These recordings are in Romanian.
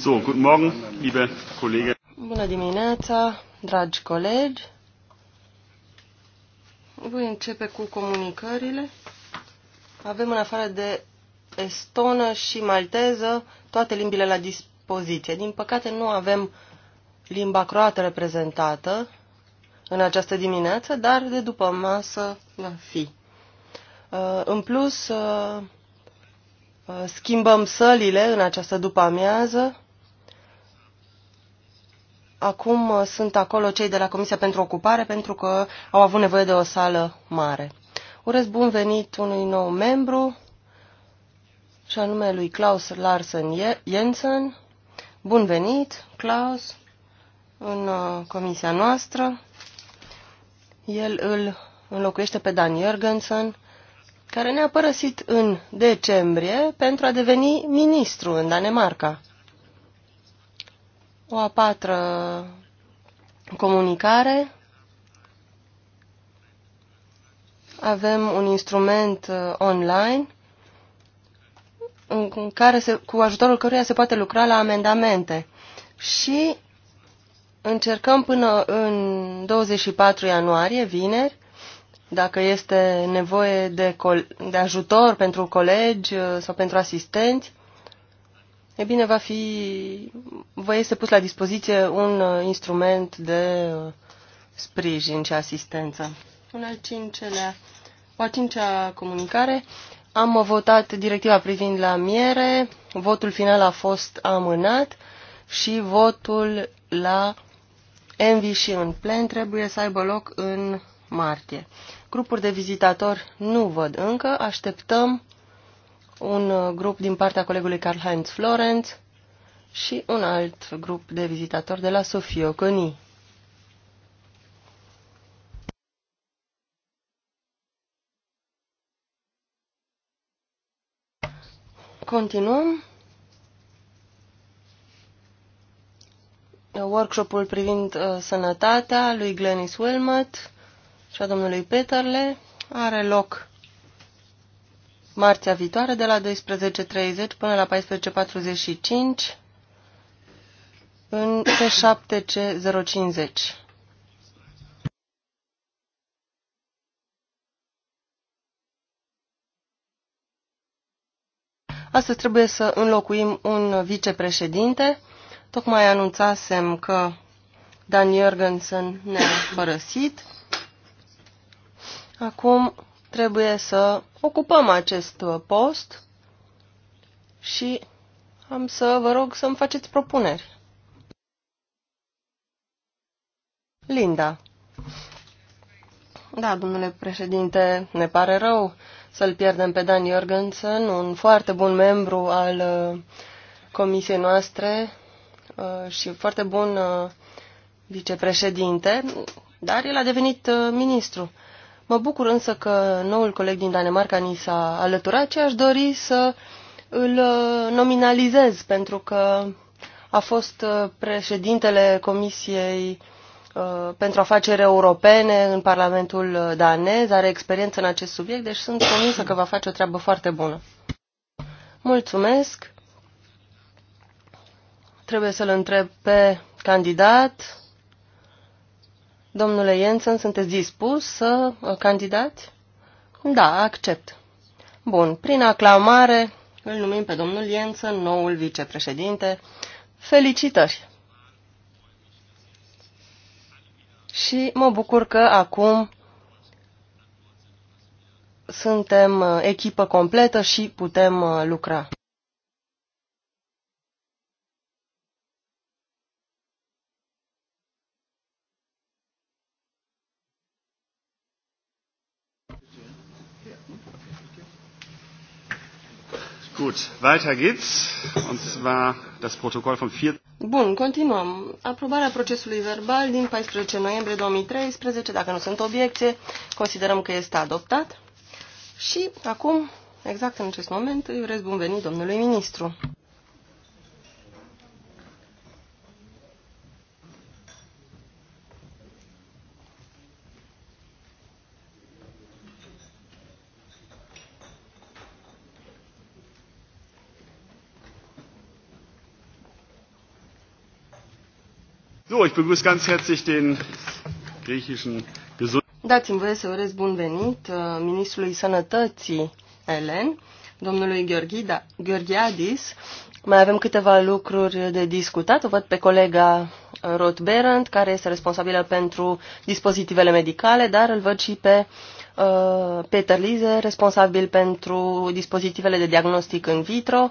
So, guten Morgen, liebe Kollegen. Bună dimineața, dragi colegi. Voi începe cu comunicările. Avem în afară de estonă și malteză toate limbile la dispoziție. Din păcate nu avem limba croată reprezentată în această dimineață, dar de după masă va fi. Uh, în plus, uh, uh, schimbăm sălile în această după-amiază. Acum uh, sunt acolo cei de la Comisia pentru Ocupare pentru că au avut nevoie de o sală mare. Urez bun venit unui nou membru și anume lui Klaus Larsen Jensen. Bun venit, Klaus, în uh, comisia noastră. El îl înlocuiește pe Dan Jorgensen, care ne-a părăsit în decembrie pentru a deveni ministru în Danemarca. O a patra comunicare. Avem un instrument uh, online în care se, cu ajutorul căruia se poate lucra la amendamente. Și încercăm până în 24 ianuarie, vineri, dacă este nevoie de, de ajutor pentru colegi uh, sau pentru asistenți, E bine, va fi, vă este pus la dispoziție un uh, instrument de uh, sprijin și asistență. Un al cincelea, o a cincea comunicare. Am votat directiva privind la miere, votul final a fost amânat și votul la Envy și în plen trebuie să aibă loc în martie. Grupuri de vizitatori nu văd încă, așteptăm un uh, grup din partea colegului Karl-Heinz Florenz și un alt grup de vizitatori de la Sofia Coni. Continuăm. Workshopul privind uh, sănătatea lui Glenis Wilmot și a domnului Peterle are loc marțea viitoare de la 12.30 până la 14.45 în P7C050. Astăzi trebuie să înlocuim un vicepreședinte. Tocmai anunțasem că Dan Jorgensen ne-a părăsit. Acum trebuie să ocupăm acest uh, post și am să vă rog să-mi faceți propuneri. Linda. Da, domnule președinte, ne pare rău să-l pierdem pe Dan Jorgensen, un foarte bun membru al uh, comisiei noastre uh, și foarte bun vicepreședinte, dar el a devenit ministru. Mă bucur însă că noul coleg din Danemarca ni s-a alăturat și aș dori să îl uh, nominalizez pentru că a fost uh, președintele Comisiei uh, pentru afaceri europene în Parlamentul danez, are experiență în acest subiect, deci sunt convinsă că va face o treabă foarte bună. Mulțumesc! Trebuie să-l întreb pe candidat Domnule Jensen, sunteți dispus să uh, candidați? Da, accept. Bun, prin aclamare îl numim pe domnul Jensen, noul vicepreședinte. Felicitări! Și mă bucur că acum suntem uh, echipă completă și putem uh, lucra. Gut, weiter geht's. Und zwar das Protokoll vom 4. Bun, continuăm. Aprobarea procesului verbal din 14 noiembrie 2013. Dacă nu sunt obiecte, considerăm că este adoptat. Și acum, exact în acest moment, îi urez bun venit domnului ministru. So, ich begrüße ganz herzlich den griechischen Dați-mi voie să urez bun venit uh, ministrului sănătății Elen, domnului da- Gheorghiadis. Mai avem câteva lucruri de discutat. O văd pe colega Roth Berend, care este responsabilă pentru dispozitivele medicale, dar îl văd și pe uh, Peter Lize, responsabil pentru dispozitivele de diagnostic în vitro.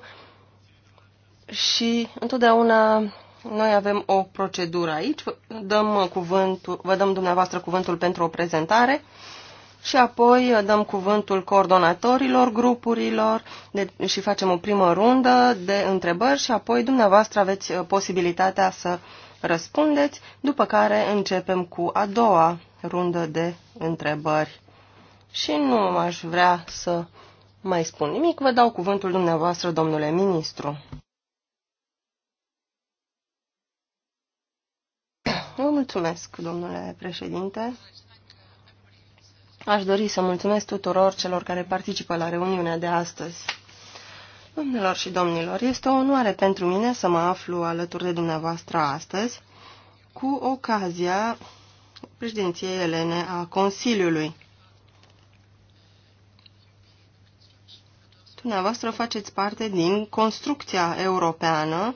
Și întotdeauna noi avem o procedură aici, dăm cuvântul, vă dăm dumneavoastră cuvântul pentru o prezentare și apoi dăm cuvântul coordonatorilor grupurilor de, și facem o primă rundă de întrebări și apoi dumneavoastră aveți uh, posibilitatea să răspundeți, după care începem cu a doua rundă de întrebări. Și nu aș vrea să mai spun nimic, vă dau cuvântul dumneavoastră, domnule ministru. Vă mulțumesc, domnule președinte. Aș dori să mulțumesc tuturor celor care participă la reuniunea de astăzi. Domnilor și domnilor, este o onoare pentru mine să mă aflu alături de dumneavoastră astăzi cu ocazia președinției elene a Consiliului. Dumneavoastră faceți parte din construcția europeană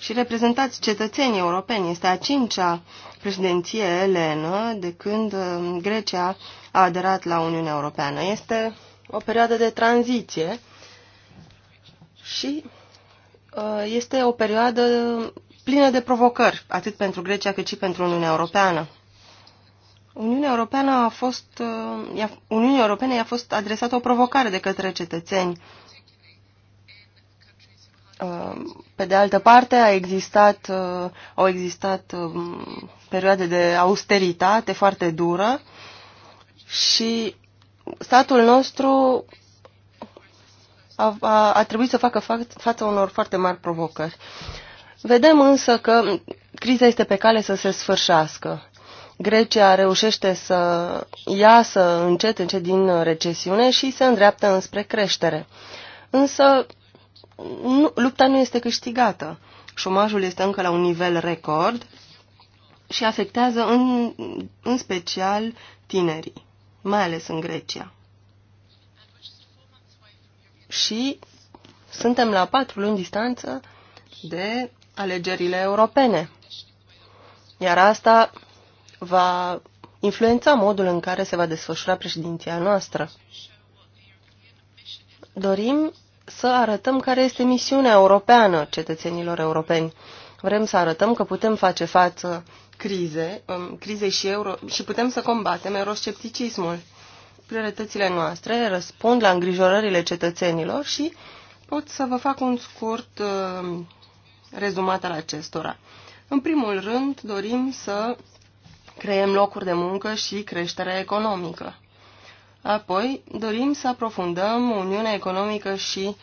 și reprezentați cetățenii europeni. Este a cincea președinție elenă de când um, Grecia a aderat la Uniunea Europeană. Este o perioadă de tranziție și uh, este o perioadă plină de provocări, atât pentru Grecia cât și pentru Uniunea Europeană. Uniunea Europeană a fost, uh, Uniunea Europeană i-a fost adresată o provocare de către cetățeni Uh, pe de altă parte, a existat, uh, au existat um, perioade de austeritate foarte dură și statul nostru a, a, a trebuit să facă fa față unor foarte mari provocări. Vedem însă că criza este pe cale să se sfârșească. Grecia reușește să iasă încet, încet din recesiune și se îndreaptă înspre creștere. Însă nu, lupta nu este câștigată. Șomajul este încă la un nivel record și afectează în, în special tinerii, mai ales în Grecia. Și suntem la patru luni distanță de alegerile europene. Iar asta va influența modul în care se va desfășura președinția noastră. Dorim să arătăm care este misiunea europeană cetățenilor europeni. Vrem să arătăm că putem face față crize, um, crize și, euro, și putem să combatem euroscepticismul. Prioritățile noastre răspund la îngrijorările cetățenilor și pot să vă fac un scurt um, rezumat al acestora. În primul rând, dorim să creăm locuri de muncă și creștere economică. Apoi, dorim să aprofundăm Uniunea Economică și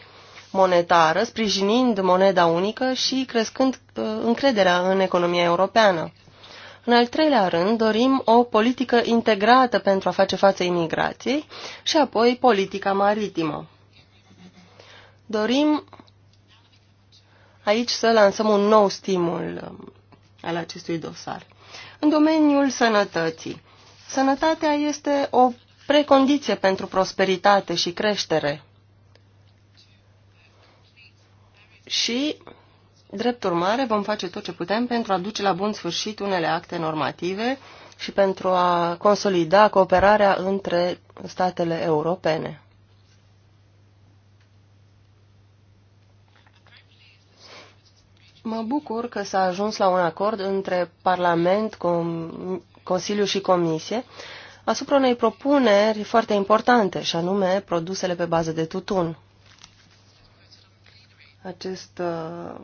monetară, sprijinind moneda unică și crescând uh, încrederea în economia europeană. În al treilea rând, dorim o politică integrată pentru a face față imigrației și apoi politica maritimă. Dorim aici să lansăm un nou stimul um, al acestui dosar. În domeniul sănătății. Sănătatea este o precondiție pentru prosperitate și creștere. Și, drept urmare, vom face tot ce putem pentru a duce la bun sfârșit unele acte normative și pentru a consolida cooperarea între statele europene. Mă bucur că s-a ajuns la un acord între Parlament, Consiliu și Comisie asupra unei propuneri foarte importante, și anume produsele pe bază de tutun. Acest uh,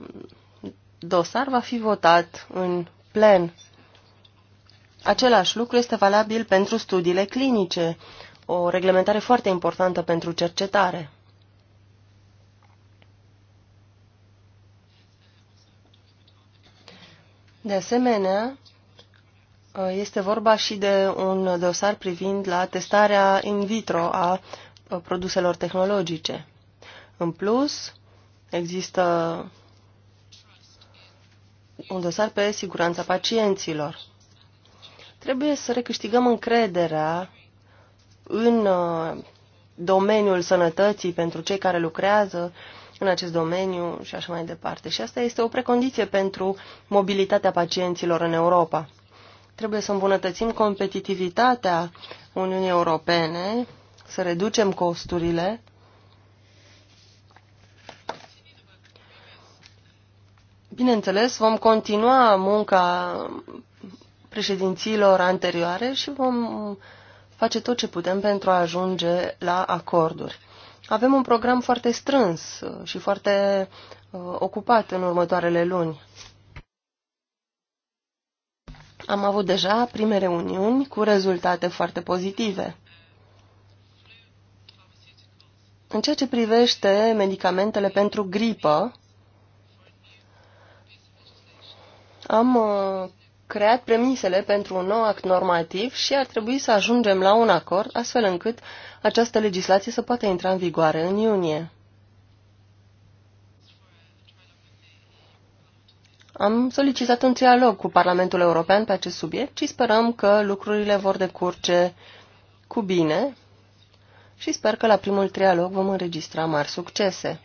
dosar va fi votat în plen. Același lucru este valabil pentru studiile clinice, o reglementare foarte importantă pentru cercetare. De asemenea, Uh, este vorba și de un dosar privind la testarea in vitro a uh, produselor tehnologice. În plus, există un dosar pe siguranța pacienților. Trebuie să recâștigăm încrederea în uh, domeniul sănătății pentru cei care lucrează în acest domeniu și așa mai departe. Și asta este o precondiție pentru mobilitatea pacienților în Europa. Trebuie să îmbunătățim competitivitatea Uniunii Europene, să reducem costurile. Bineînțeles, vom continua munca președinților anterioare și vom face tot ce putem pentru a ajunge la acorduri. Avem un program foarte strâns și foarte uh, ocupat în următoarele luni. Am avut deja prime reuniuni cu rezultate foarte pozitive. În ceea ce privește medicamentele pentru gripă, am uh, creat premisele pentru un nou act normativ și ar trebui să ajungem la un acord astfel încât această legislație să poată intra în vigoare în iunie. Am solicitat un dialog cu Parlamentul European pe acest subiect și sperăm că lucrurile vor decurge cu bine și sper că la primul trialog vom înregistra mari succese.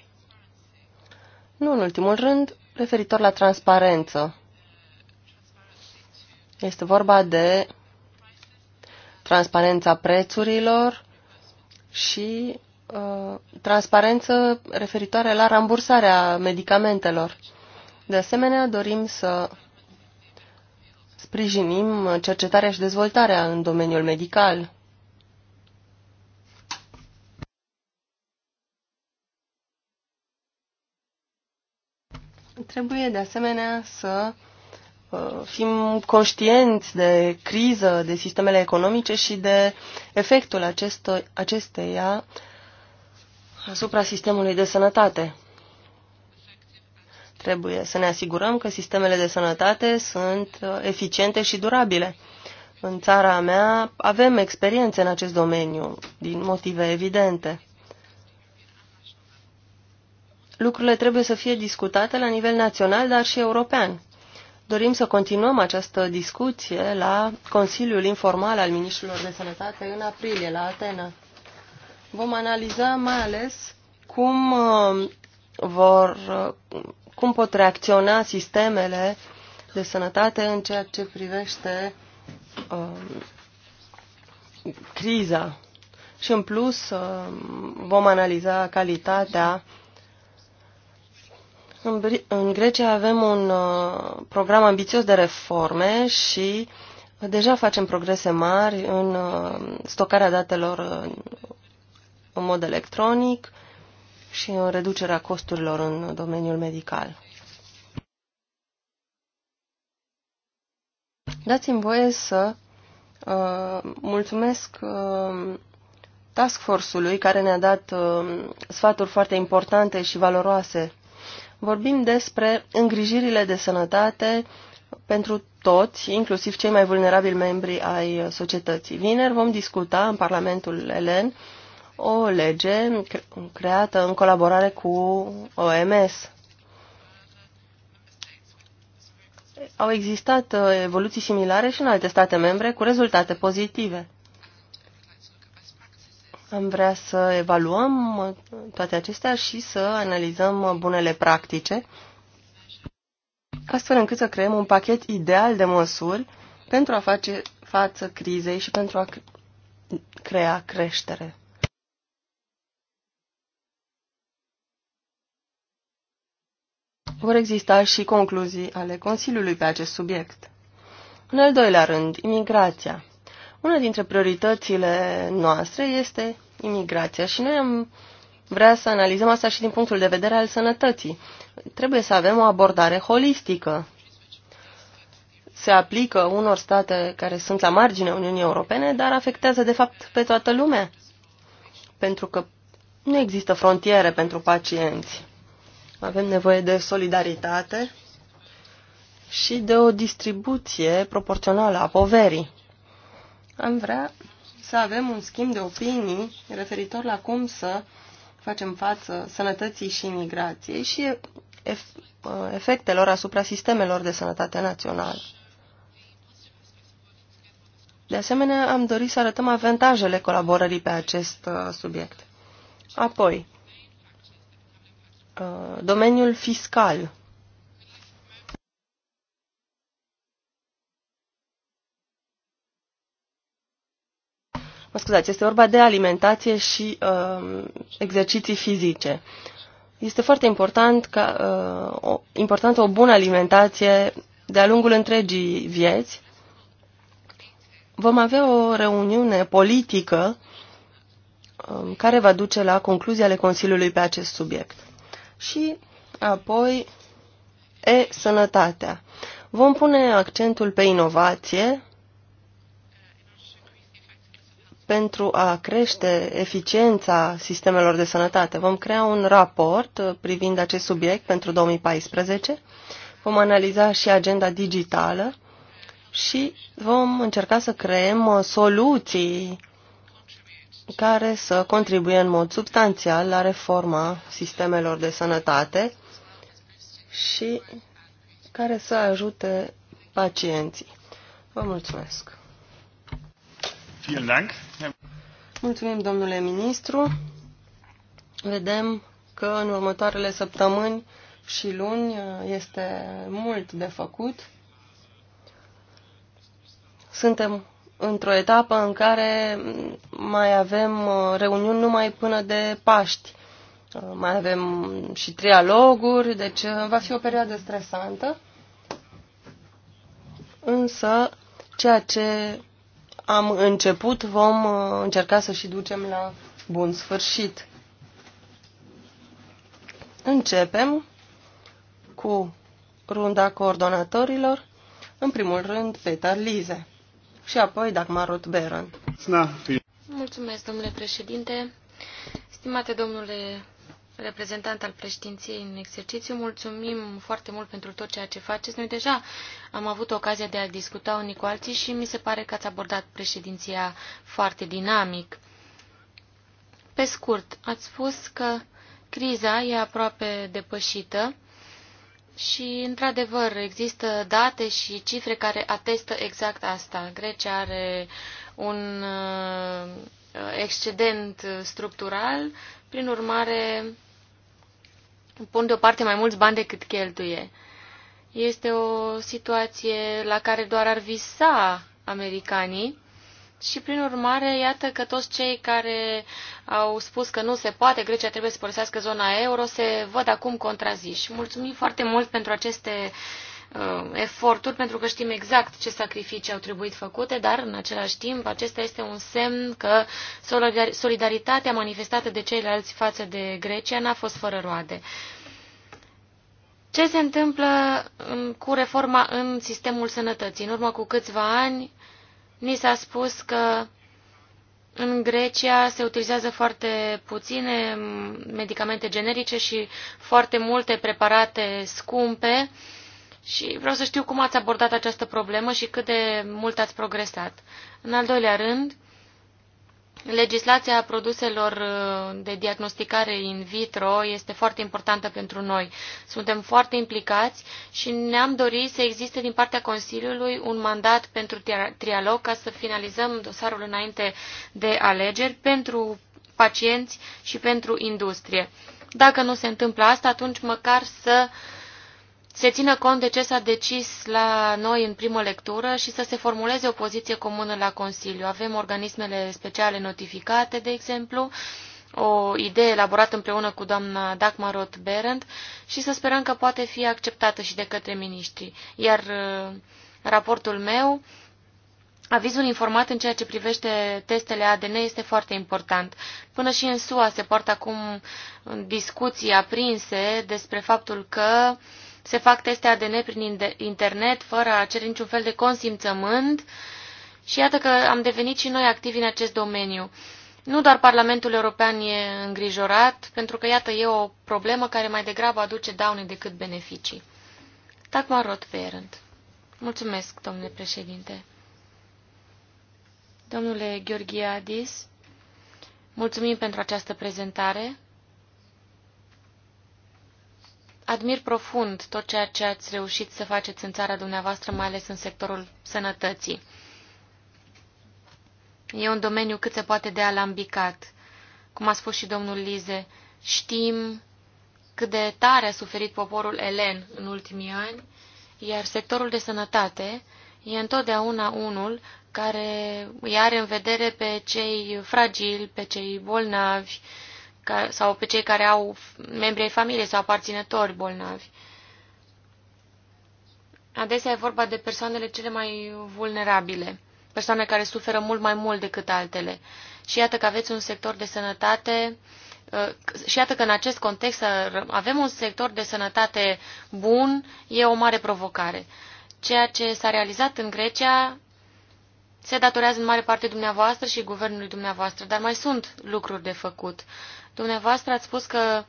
Nu în ultimul rând, referitor la transparență. Este vorba de transparența prețurilor și uh, transparență referitoare la rambursarea medicamentelor. De asemenea, dorim să sprijinim cercetarea și dezvoltarea în domeniul medical. Trebuie de asemenea să uh, fim conștienți de criză, de sistemele economice și de efectul acestuia acesteia asupra sistemului de sănătate. Trebuie să ne asigurăm că sistemele de sănătate sunt uh, eficiente și durabile. În țara mea avem experiențe în acest domeniu, din motive evidente. Lucrurile trebuie să fie discutate la nivel național, dar și european. Dorim să continuăm această discuție la Consiliul Informal al Ministrilor de Sănătate în aprilie, la Atena. Vom analiza mai ales cum uh, vor, uh, cum pot reacționa sistemele de sănătate în ceea ce privește um, criza. Și în plus um, vom analiza calitatea. În, în Grecia avem un uh, program ambițios de reforme și deja facem progrese mari în uh, stocarea datelor uh, în mod electronic, uh, și în reducerea costurilor în domeniul medical. Dați-mi voie să uh, mulțumesc uh, task force-ului care ne-a dat uh, sfaturi foarte importante și valoroase. Vorbim despre îngrijirile de sănătate pentru toți, inclusiv cei mai vulnerabili membri ai societății. Vineri vom discuta în Parlamentul Elen uh, o lege creată în colaborare cu OMS. Au existat uh, evoluții similare și în alte state membre cu rezultate pozitive. Am vrea să evaluăm uh, toate acestea și să analizăm uh, bunele practice, astfel încât să creăm un pachet ideal de măsuri pentru a face față crizei și pentru a crea creștere. vor exista și concluzii ale Consiliului pe acest subiect. În al doilea rând, imigrația. Una dintre prioritățile noastre este imigrația și noi am vrea să analizăm asta și din punctul de vedere al sănătății. Trebuie să avem o abordare holistică. Se aplică unor state care sunt la marginea Uniunii Europene, dar afectează de fapt pe toată lumea, pentru că nu există frontiere pentru pacienți. Avem nevoie de solidaritate și de o distribuție proporțională a poverii. Am vrea să avem un schimb de opinii referitor la cum să facem față sănătății și imigrației și efectelor asupra sistemelor de sănătate națională. De asemenea, am dorit să arătăm avantajele colaborării pe acest uh, subiect. Apoi, Uh, domeniul fiscal. Mă scuzați, este vorba de alimentație și uh, exerciții fizice. Este foarte important ca, uh, o, importantă o bună alimentație de-a lungul întregii vieți. Vom avea o reuniune politică uh, care va duce la concluzia ale Consiliului pe acest subiect și apoi e-sănătatea. Vom pune accentul pe inovație pentru a crește eficiența sistemelor de sănătate. Vom crea un raport privind acest subiect pentru 2014, vom analiza și agenda digitală și vom încerca să creăm soluții care să contribuie în mod substanțial la reforma sistemelor de sănătate și care să ajute pacienții. Vă mulțumesc! Mulțumim, domnule ministru. Vedem că în următoarele săptămâni și luni uh, este mult de făcut. Suntem într-o etapă în care mai avem uh, reuniuni numai până de Paști. Uh, mai avem și trialoguri, deci uh, va fi o perioadă stresantă. Însă, ceea ce am început, vom încerca să și ducem la bun sfârșit. Începem cu runda coordonatorilor, în primul rând Peter Lize și apoi Dagmarut Rothberen. Mulțumesc, domnule președinte. Stimate domnule reprezentant al președinției în exercițiu, mulțumim foarte mult pentru tot ceea ce faceți. Noi deja am avut ocazia de a discuta unii cu alții și mi se pare că ați abordat președinția foarte dinamic. Pe scurt, ați spus că criza e aproape depășită și, într-adevăr, există date și cifre care atestă exact asta. Grecia are un uh, excedent structural, prin urmare pun deoparte mai mulți bani decât cheltuie. Este o situație la care doar ar visa americanii și prin urmare, iată că toți cei care au spus că nu se poate, Grecia trebuie să părăsească zona euro, se văd acum contraziși. Mulțumim foarte mult pentru aceste uh, eforturi, pentru că știm exact ce sacrificii au trebuit făcute, dar în același timp acesta este un semn că solidaritatea manifestată de ceilalți față de Grecia n-a fost fără roade. Ce se întâmplă um, cu reforma în sistemul sănătății? În urmă cu câțiva ani, Ni s-a spus că în Grecia se utilizează foarte puține medicamente generice și foarte multe preparate scumpe și vreau să știu cum ați abordat această problemă și cât de mult ați progresat. În al doilea rând, Legislația produselor uh, de diagnosticare in vitro este foarte importantă pentru noi. Suntem foarte implicați și ne-am dorit să existe din partea Consiliului un mandat pentru trialog ca să finalizăm dosarul înainte de alegeri pentru pacienți și pentru industrie. Dacă nu se întâmplă asta, atunci măcar să uh, se țină cont de ce s-a decis la noi în primă lectură și să se formuleze o poziție comună la Consiliu. Avem organismele speciale notificate, de exemplu, o idee elaborată împreună cu doamna Dagmar Roth Berend și să sperăm că poate fi acceptată și de către miniștri. Iar uh, raportul meu, avizul informat în ceea ce privește testele ADN este foarte important. Până și în SUA se poartă acum discuții aprinse despre faptul că se fac teste ADN prin internet fără a cere niciun fel de consimțământ și iată că am devenit și noi activi în acest domeniu. Nu doar Parlamentul European e îngrijorat, pentru că, iată, e o problemă care mai degrabă aduce daune decât beneficii. Dagmar Rothberend. Mulțumesc, domnule președinte. Domnule Adis, mulțumim pentru această prezentare. Admir profund tot ceea ce ați reușit să faceți în țara dumneavoastră, mai ales în sectorul sănătății. E un domeniu cât se poate de alambicat. Cum a spus și domnul Lize, știm cât de tare a suferit poporul elen în ultimii ani, iar sectorul de sănătate e întotdeauna unul care îi are în vedere pe cei fragili, pe cei bolnavi, sau pe cei care au membri ai familiei sau aparținători bolnavi. Adesea e vorba de persoanele cele mai vulnerabile, persoane care suferă mult mai mult decât altele. Și iată că aveți un sector de sănătate uh, și iată că în acest context să uh, avem un sector de sănătate bun e o mare provocare. Ceea ce s-a realizat în Grecia se datorează în mare parte dumneavoastră și guvernului dumneavoastră, dar mai sunt lucruri de făcut. Dumneavoastră ați spus că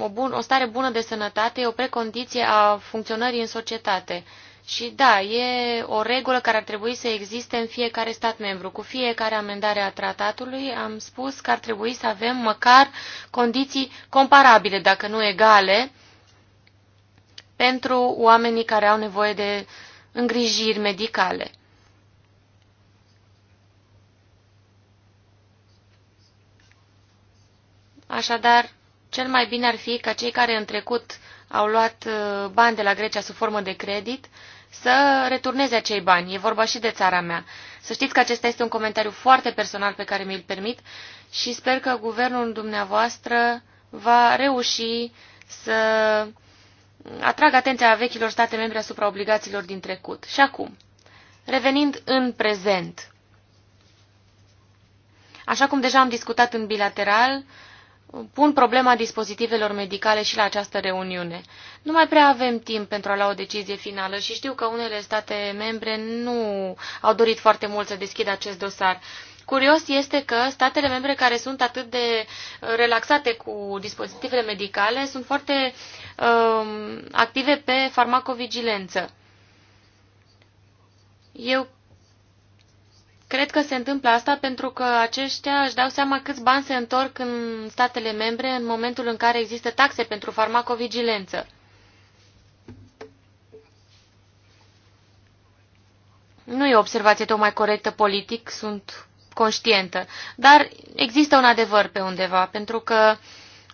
o, bun, o stare bună de sănătate e o precondiție a funcționării în societate. Și da, e o regulă care ar trebui să existe în fiecare stat membru. Cu fiecare amendare a tratatului am spus că ar trebui să avem măcar condiții comparabile, dacă nu egale, pentru oamenii care au nevoie de îngrijiri medicale. Așadar, cel mai bine ar fi ca cei care în trecut au luat uh, bani de la Grecia sub formă de credit să returneze acei bani. E vorba și de țara mea. Să știți că acesta este un comentariu foarte personal pe care mi-l permit și sper că guvernul dumneavoastră va reuși să atragă atenția vechilor state membre asupra obligațiilor din trecut. Și acum, revenind în prezent, așa cum deja am discutat în bilateral, pun problema dispozitivelor medicale și la această reuniune. Nu mai prea avem timp pentru a lua o decizie finală și știu că unele state membre nu au dorit foarte mult să deschidă acest dosar. Curios este că statele membre care sunt atât de uh, relaxate cu dispozitivele medicale sunt foarte um, active pe farmacovigilență. Eu Cred că se întâmplă asta pentru că aceștia își dau seama câți bani se întorc în statele membre în momentul în care există taxe pentru farmacovigilență. Nu e o observație tocmai corectă politic, sunt conștientă, dar există un adevăr pe undeva, pentru că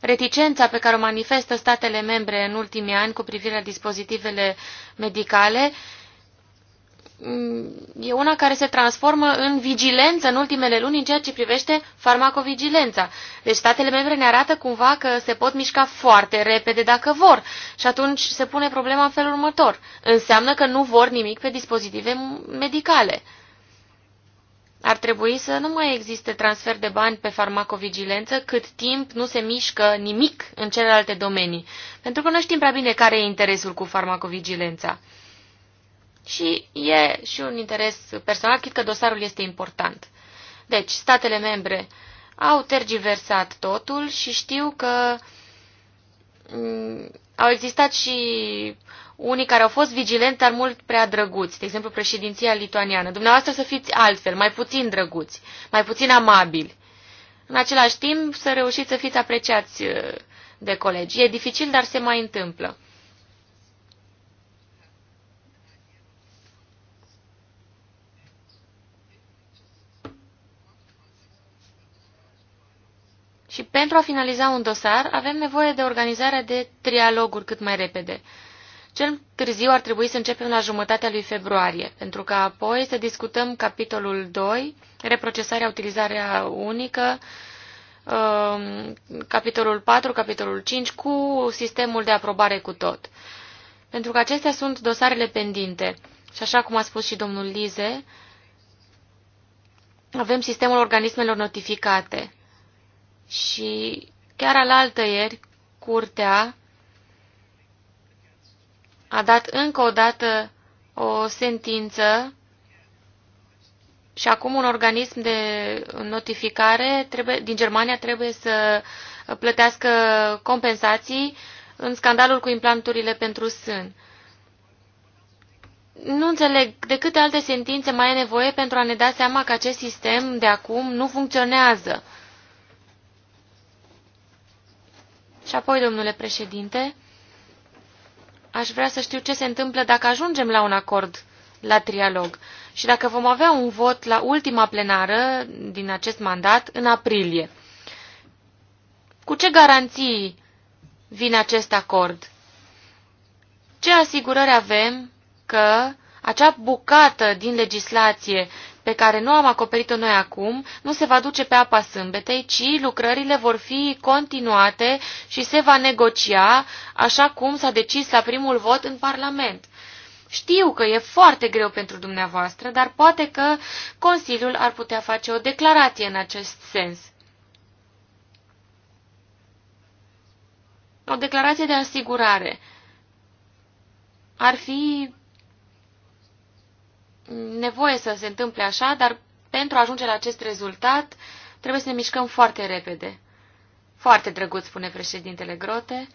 reticența pe care o manifestă statele membre în ultimii ani cu privire la dispozitivele medicale Mm, e una care se transformă în vigilență în ultimele luni în ceea ce privește farmacovigilența. Deci statele membre ne arată cumva că se pot mișca foarte repede dacă vor și atunci se pune problema în felul următor. Înseamnă că nu vor nimic pe dispozitive medicale. Ar trebui să nu mai existe transfer de bani pe farmacovigilență cât timp nu se mișcă nimic în celelalte domenii, pentru că nu știm prea bine care e interesul cu farmacovigilența și e și un interes personal, cred că dosarul este important. Deci, statele membre au tergiversat totul și știu că mm, au existat și unii care au fost vigilenți, dar mult prea drăguți. De exemplu, președinția lituaniană. Dumneavoastră să fiți altfel, mai puțin drăguți, mai puțin amabili. În același timp, să reușiți să fiți apreciați uh, de colegi. E dificil, dar se mai întâmplă. Și pentru a finaliza un dosar, avem nevoie de organizarea de trialoguri cât mai repede. Cel târziu ar trebui să începem la jumătatea lui februarie, pentru că apoi să discutăm capitolul 2, reprocesarea, utilizarea unică, um, capitolul 4, capitolul 5, cu sistemul de aprobare cu tot. Pentru că acestea sunt dosarele pendinte. Și așa cum a spus și domnul Lize, avem sistemul organismelor notificate. Și chiar alaltă ieri, curtea a dat încă o dată o sentință și acum un organism de notificare trebuie, din Germania trebuie să plătească compensații în scandalul cu implanturile pentru sân. Nu înțeleg de câte alte sentințe mai e nevoie pentru a ne da seama că acest sistem de acum nu funcționează. Și apoi, domnule președinte, aș vrea să știu ce se întâmplă dacă ajungem la un acord la trialog și dacă vom avea un vot la ultima plenară din acest mandat în aprilie. Cu ce garanții vine acest acord? Ce asigurări avem că acea bucată din legislație pe care nu am acoperit-o noi acum nu se va duce pe apa sâmbetei, ci lucrările vor fi continuate și se va negocia așa cum s-a decis la primul vot în Parlament. Știu că e foarte greu pentru dumneavoastră, dar poate că Consiliul ar putea face o declarație în acest sens. O declarație de asigurare. Ar fi nevoie să se întâmple așa, dar pentru a ajunge la acest rezultat trebuie să ne mișcăm foarte repede. Foarte drăguț, spune președintele Grote.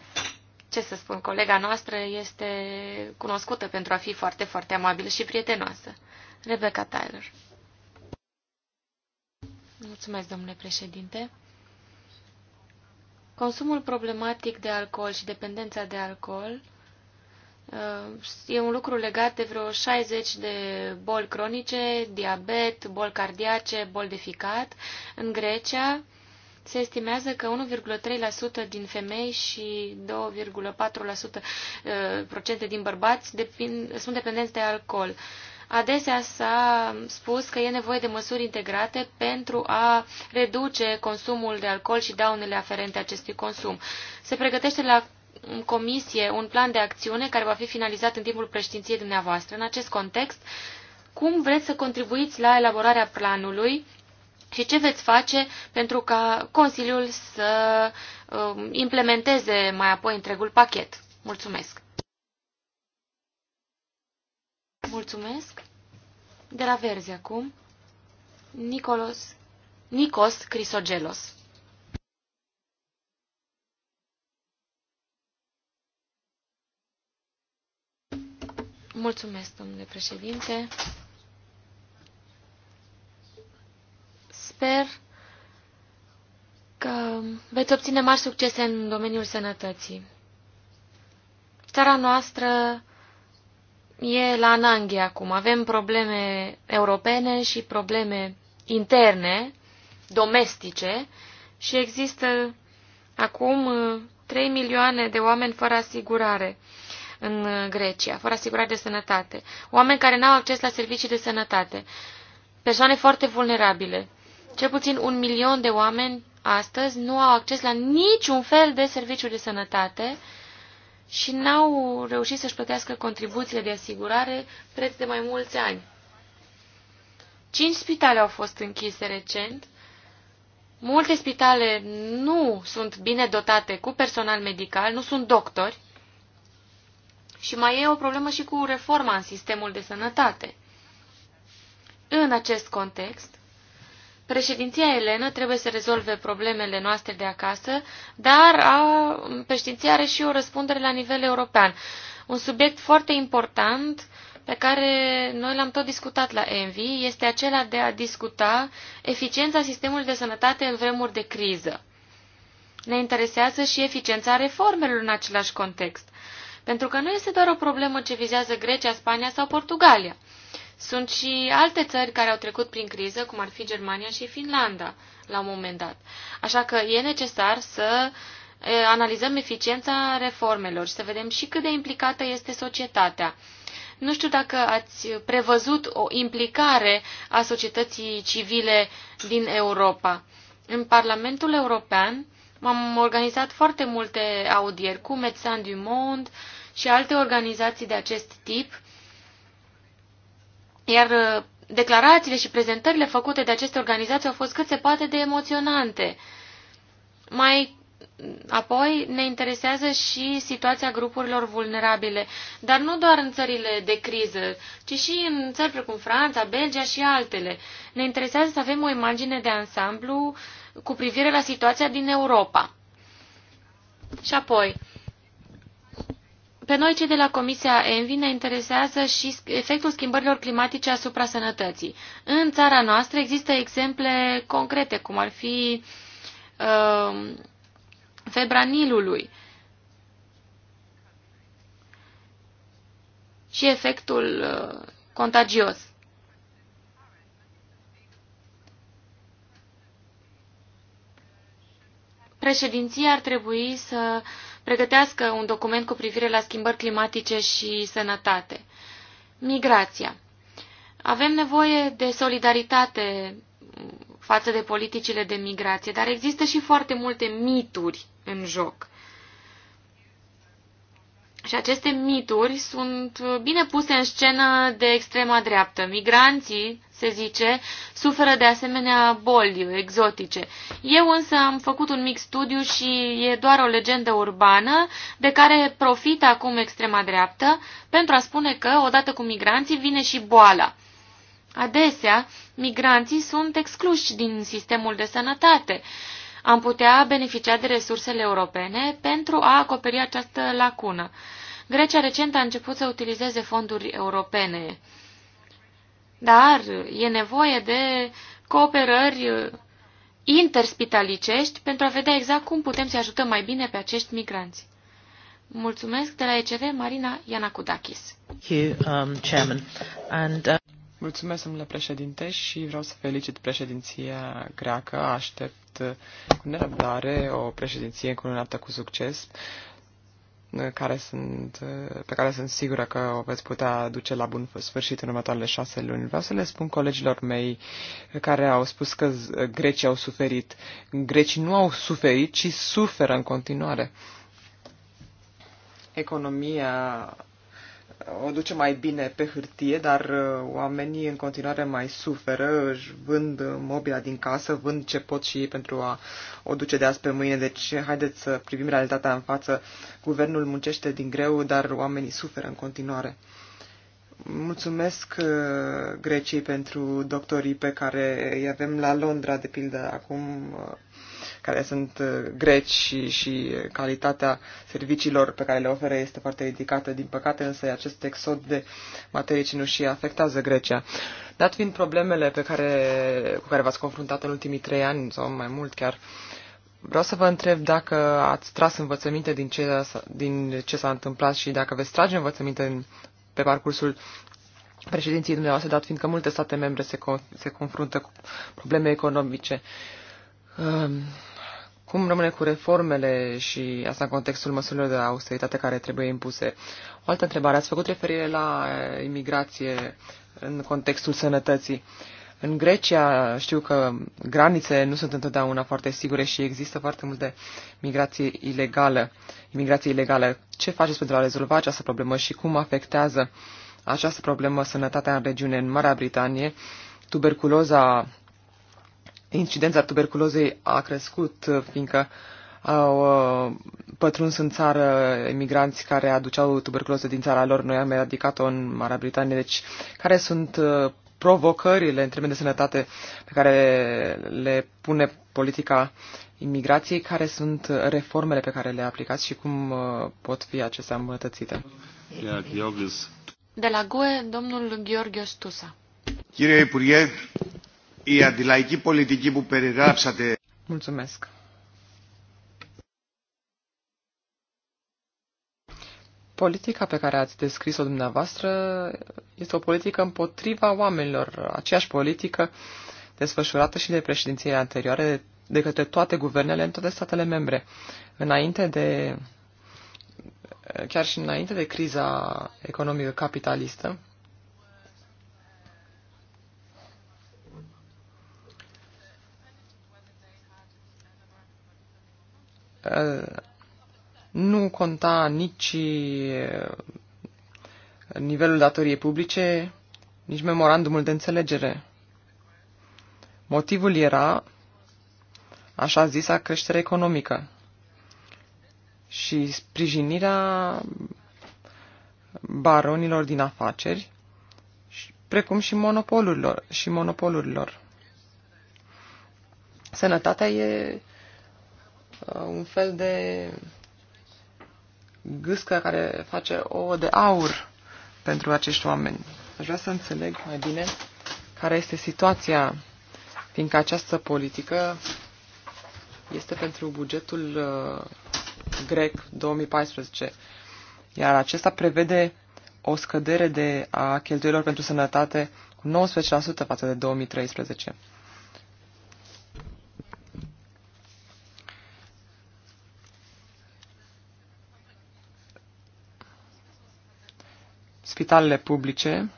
Ce să spun, colega noastră este cunoscută pentru a fi foarte, foarte amabilă și prietenoasă. Rebecca Tyler. Mulțumesc, domnule președinte. Consumul problematic de alcool și dependența de alcool Uh, e un lucru legat de vreo 60 de boli cronice, diabet, boli cardiace, boli de ficat. În Grecia se estimează că 1,3% din femei și 2,4% uh, din bărbați sunt dependenți de alcool. Adesea s-a spus că e nevoie de măsuri integrate pentru a reduce consumul de alcool și daunele aferente acestui consum. Se pregătește la în comisie un plan de acțiune care va fi finalizat în timpul președinției dumneavoastră. În acest context, cum vreți să contribuiți la elaborarea planului și ce veți face pentru ca Consiliul să um, implementeze mai apoi întregul pachet? Mulțumesc! Mulțumesc! De la Verzi acum, Nicolos, Nicos Crisogelos. Mulțumesc, domnule președinte. Sper că veți obține mari succese în domeniul sănătății. Țara noastră e la ananghe acum. Avem probleme europene și probleme interne, domestice, și există acum 3 milioane de oameni fără asigurare în uh, Grecia, fără asigurare de sănătate, oameni care n-au acces la servicii de sănătate, persoane foarte vulnerabile. Cel puțin un milion de oameni astăzi nu au acces la niciun fel de serviciu de sănătate și n-au reușit să-și plătească contribuțiile de asigurare preț de mai mulți ani. Cinci spitale au fost închise recent. Multe spitale nu sunt bine dotate cu personal medical, nu sunt doctori. Și mai e o problemă și cu reforma în sistemul de sănătate. În acest context, președinția elenă trebuie să rezolve problemele noastre de acasă, dar a, președinția are și o răspundere la nivel european. Un subiect foarte important pe care noi l-am tot discutat la ENVI este acela de a discuta eficiența sistemului de sănătate în vremuri de criză. Ne interesează și eficiența reformelor în același context. Pentru că nu este doar o problemă ce vizează Grecia, Spania sau Portugalia. Sunt și alte țări care au trecut prin criză, cum ar fi Germania și Finlanda, la un moment dat. Așa că e necesar să analizăm eficiența reformelor și să vedem și cât de implicată este societatea. Nu știu dacă ați prevăzut o implicare a societății civile din Europa. În Parlamentul European am organizat foarte multe audieri cu Médecins du Monde și alte organizații de acest tip, iar uh, declarațiile și prezentările făcute de aceste organizații au fost cât se poate de emoționante. Mai apoi ne interesează și situația grupurilor vulnerabile, dar nu doar în țările de criză, ci și în țări precum Franța, Belgia și altele. Ne interesează să avem o imagine de ansamblu uh, cu privire la situația din Europa. Și apoi, pe noi cei de la Comisia ENVI ne interesează și efectul schimbărilor climatice asupra sănătății. În țara noastră există exemple concrete, cum ar fi uh, um, febra Nilului și efectul uh, contagios. președinția ar trebui să pregătească un document cu privire la schimbări climatice și sănătate. Migrația. Avem nevoie de solidaritate față de politicile de migrație, dar există și foarte multe mituri în joc. Și aceste mituri sunt bine puse în scenă de extrema dreaptă. Migranții se zice, suferă de asemenea boli exotice. Eu însă am făcut un mic studiu și e doar o legendă urbană de care profită acum extrema dreaptă pentru a spune că, odată cu migranții, vine și boala. Adesea, migranții sunt excluși din sistemul de sănătate. Am putea beneficia de resursele europene pentru a acoperi această lacună. Grecia recent a început să utilizeze fonduri europene dar e nevoie de cooperări interspitalicești pentru a vedea exact cum putem să ajutăm mai bine pe acești migranți. Mulțumesc de la ECV, Marina Ianacudakis. Um, uh, Mulțumesc, domnule președinte, și vreau să felicit președinția greacă. Aștept cu nerăbdare o președinție încununată cu succes care sunt, pe care sunt sigură că o veți putea duce la bun sfârșit în următoarele șase luni. Vreau să le spun colegilor mei care au spus că grecii au suferit. Grecii nu au suferit, ci suferă în continuare. Economia o duce mai bine pe hârtie, dar uh, oamenii în continuare mai suferă, își vând uh, mobila din casă, vând ce pot și ei pentru a o duce de azi pe mâine. Deci haideți să privim realitatea în față. Guvernul muncește din greu, dar oamenii suferă în continuare. Mulțumesc uh, Greciei pentru doctorii pe care îi avem la Londra, de pildă, acum care sunt uh, greci și, și calitatea serviciilor pe care le oferă este foarte ridicată. Din păcate, însă, acest exod de materii cinușii afectează Grecia. Dat fiind problemele pe care, cu care v-ați confruntat în ultimii trei ani sau mai mult chiar, vreau să vă întreb dacă ați tras învățăminte din ce, din ce s-a întâmplat și dacă veți trage învățăminte în, pe parcursul președinției dumneavoastră, dat fiindcă multe state membre se, con- se confruntă cu probleme economice. Um, cum rămâne cu reformele și asta în contextul măsurilor de austeritate care trebuie impuse? O altă întrebare. Ați făcut referire la eh, imigrație în contextul sănătății. În Grecia știu că granițele nu sunt întotdeauna foarte sigure și există foarte mult de migrație ilegală. Imigrație ilegală. Ce faceți pentru a rezolva această problemă și cum afectează această problemă sănătatea în regiune? În Marea Britanie, tuberculoza incidența tuberculozei a crescut, fiindcă au uh, pătruns în țară emigranți care aduceau tuberculoză din țara lor. Noi am eradicat-o în Marea Britanie. Deci, care sunt uh, provocările în termen de sănătate pe care le pune politica imigrației, care sunt reformele pe care le aplicați și cum uh, pot fi acestea îmbunătățite. De la GUE, domnul Gheorghe Stusa. Chirie Ipurie, Η αντιλαϊκή πολιτική που περιγράψατε... Politica pe care ați descris-o dumneavoastră este o politică împotriva oamenilor, aceeași politică desfășurată și de președinției anterioare de către toate guvernele în toate statele membre. Înainte de, chiar și înainte de criza economică capitalistă, Uh, nu conta nici uh, nivelul datoriei publice, nici memorandumul de înțelegere. Motivul era așa zisa creștere economică și sprijinirea baronilor din afaceri, precum și monopolurilor. Și monopolurilor. Sănătatea e Uh, un fel de gâscă care face o de aur pentru acești oameni. Aș vrea să înțeleg mai bine care este situația, fiindcă această politică este pentru bugetul uh, grec 2014, iar acesta prevede o scădere de a cheltuielor pentru sănătate cu 19% față de 2013. Spitalele publice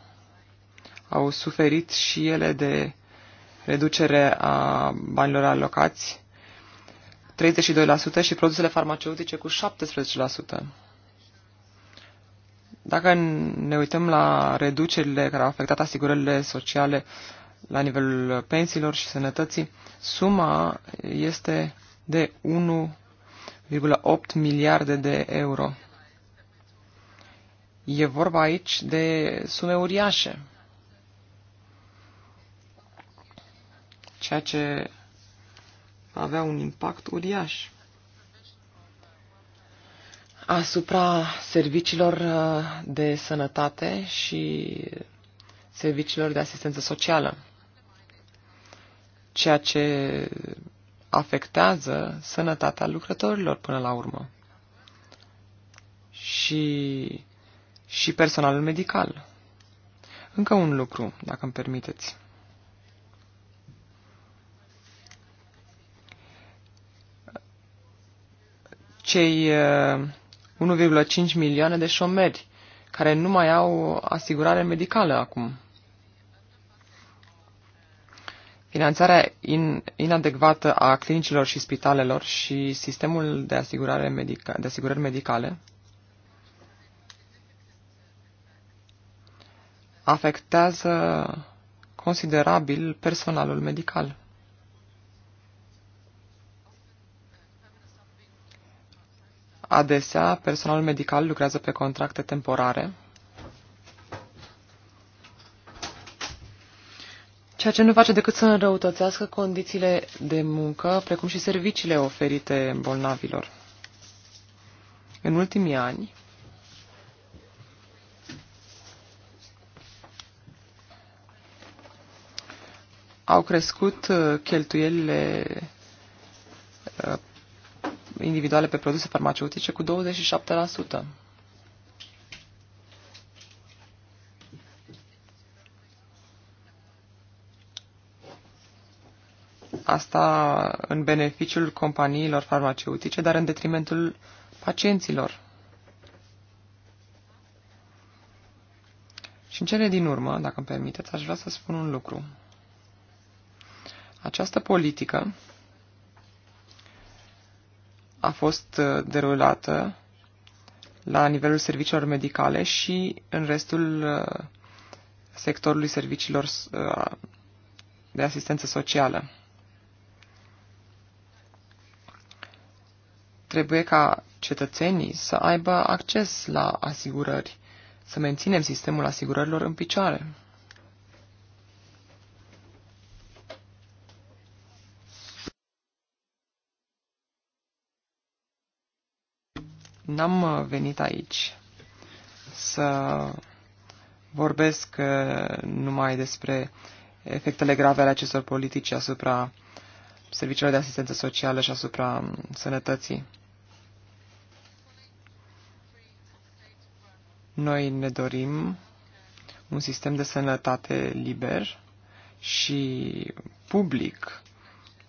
au suferit și ele de reducere a banilor alocați 32% și produsele farmaceutice cu 17%. Dacă ne uităm la reducerile care au afectat asigurările sociale la nivelul pensiilor și sănătății, suma este de 1,8 miliarde de euro. E vorba aici de sume uriașe. Ceea ce avea un impact uriaș asupra serviciilor uh, de sănătate și serviciilor de asistență socială, ceea ce afectează sănătatea lucrătorilor până la urmă. Și și personalul medical. Încă un lucru, dacă îmi permiteți. Cei 1,5 uh, milioane de șomeri care nu mai au asigurare medicală acum. Finanțarea in, inadecvată a clinicilor și spitalelor și sistemul de, asigurare medica, de asigurări medicale afectează considerabil personalul medical. Adesea, personalul medical lucrează pe contracte temporare, ceea ce nu face decât să înrăutățească condițiile de muncă, precum și serviciile oferite bolnavilor. În ultimii ani, au crescut uh, cheltuielile uh, individuale pe produse farmaceutice cu 27%. Asta în beneficiul companiilor farmaceutice, dar în detrimentul pacienților. Și în cele din urmă, dacă îmi permiteți, aș vrea să spun un lucru. Această politică a fost uh, derulată la nivelul serviciilor medicale și în restul uh, sectorului serviciilor uh, de asistență socială. Trebuie ca cetățenii să aibă acces la asigurări, să menținem sistemul asigurărilor în picioare. N-am uh, venit aici să vorbesc uh, numai despre efectele grave ale acestor politici asupra serviciilor de asistență socială și asupra um, sănătății. Noi ne dorim un sistem de sănătate liber și public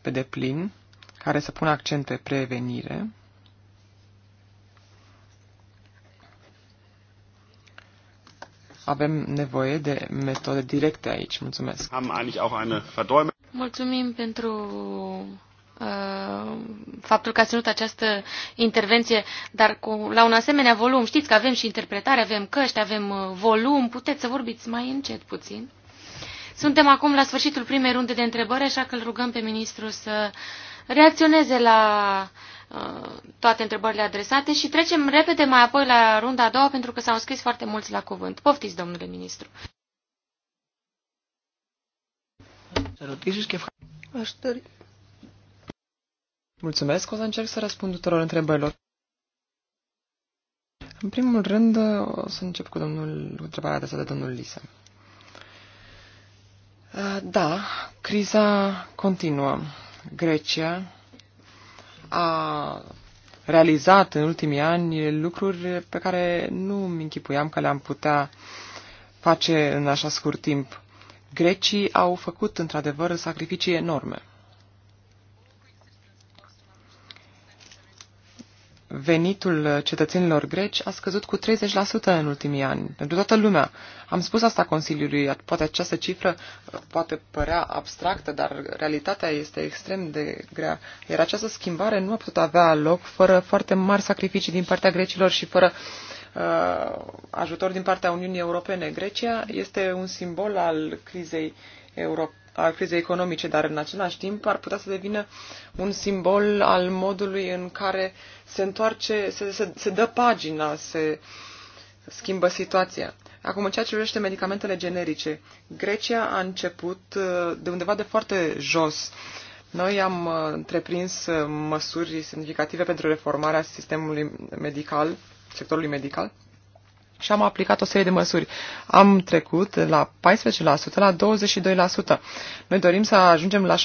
pe deplin, care să pună accent pe prevenire avem nevoie de metode directe aici. Mulțumesc. Am eigentlich auch eine verdäume. Mulțumim pentru uh, faptul că ați ținut această intervenție, dar cu, la un asemenea volum. Știți că avem și interpretare, avem căști, avem uh, volum. Puteți să vorbiți mai încet puțin. Suntem acum la sfârșitul primei runde de întrebări, așa că îl rugăm pe ministru să uh, reacționeze la uh, toate întrebările adresate și trecem repede mai apoi la runda a doua pentru că s-au scris foarte mulți la cuvânt. Poftiți, domnule ministru! Aș dori. Mulțumesc, o să încerc să răspund tuturor întrebărilor. În primul rând, o să încep cu domnul, cu întrebarea adresată de domnul Lisa. Uh, da, criza continuă. Grecia a realizat în ultimii ani lucruri pe care nu mi închipuiam că le-am putea face în așa scurt timp. Grecii au făcut într-adevăr sacrificii enorme. venitul cetățenilor greci a scăzut cu 30% în ultimii ani, pentru toată lumea. Am spus asta Consiliului, poate această cifră uh, poate părea abstractă, dar realitatea este extrem de grea. Iar această schimbare nu a putut avea loc fără foarte mari sacrificii din partea grecilor și fără uh, ajutor din partea Uniunii Europene. Grecia este un simbol al crizei europene al crizei economice, dar în același timp ar putea să devină un simbol al modului în care se întoarce, se, se, se dă pagina, se schimbă situația. Acum, în ceea ce privește medicamentele generice, Grecia a început uh, de undeva de foarte jos. Noi am uh, întreprins uh, măsuri semnificative pentru reformarea sistemului medical, sectorului medical, și am aplicat o serie de măsuri. Am trecut la 14%, la 22%. Noi dorim să ajungem la 60%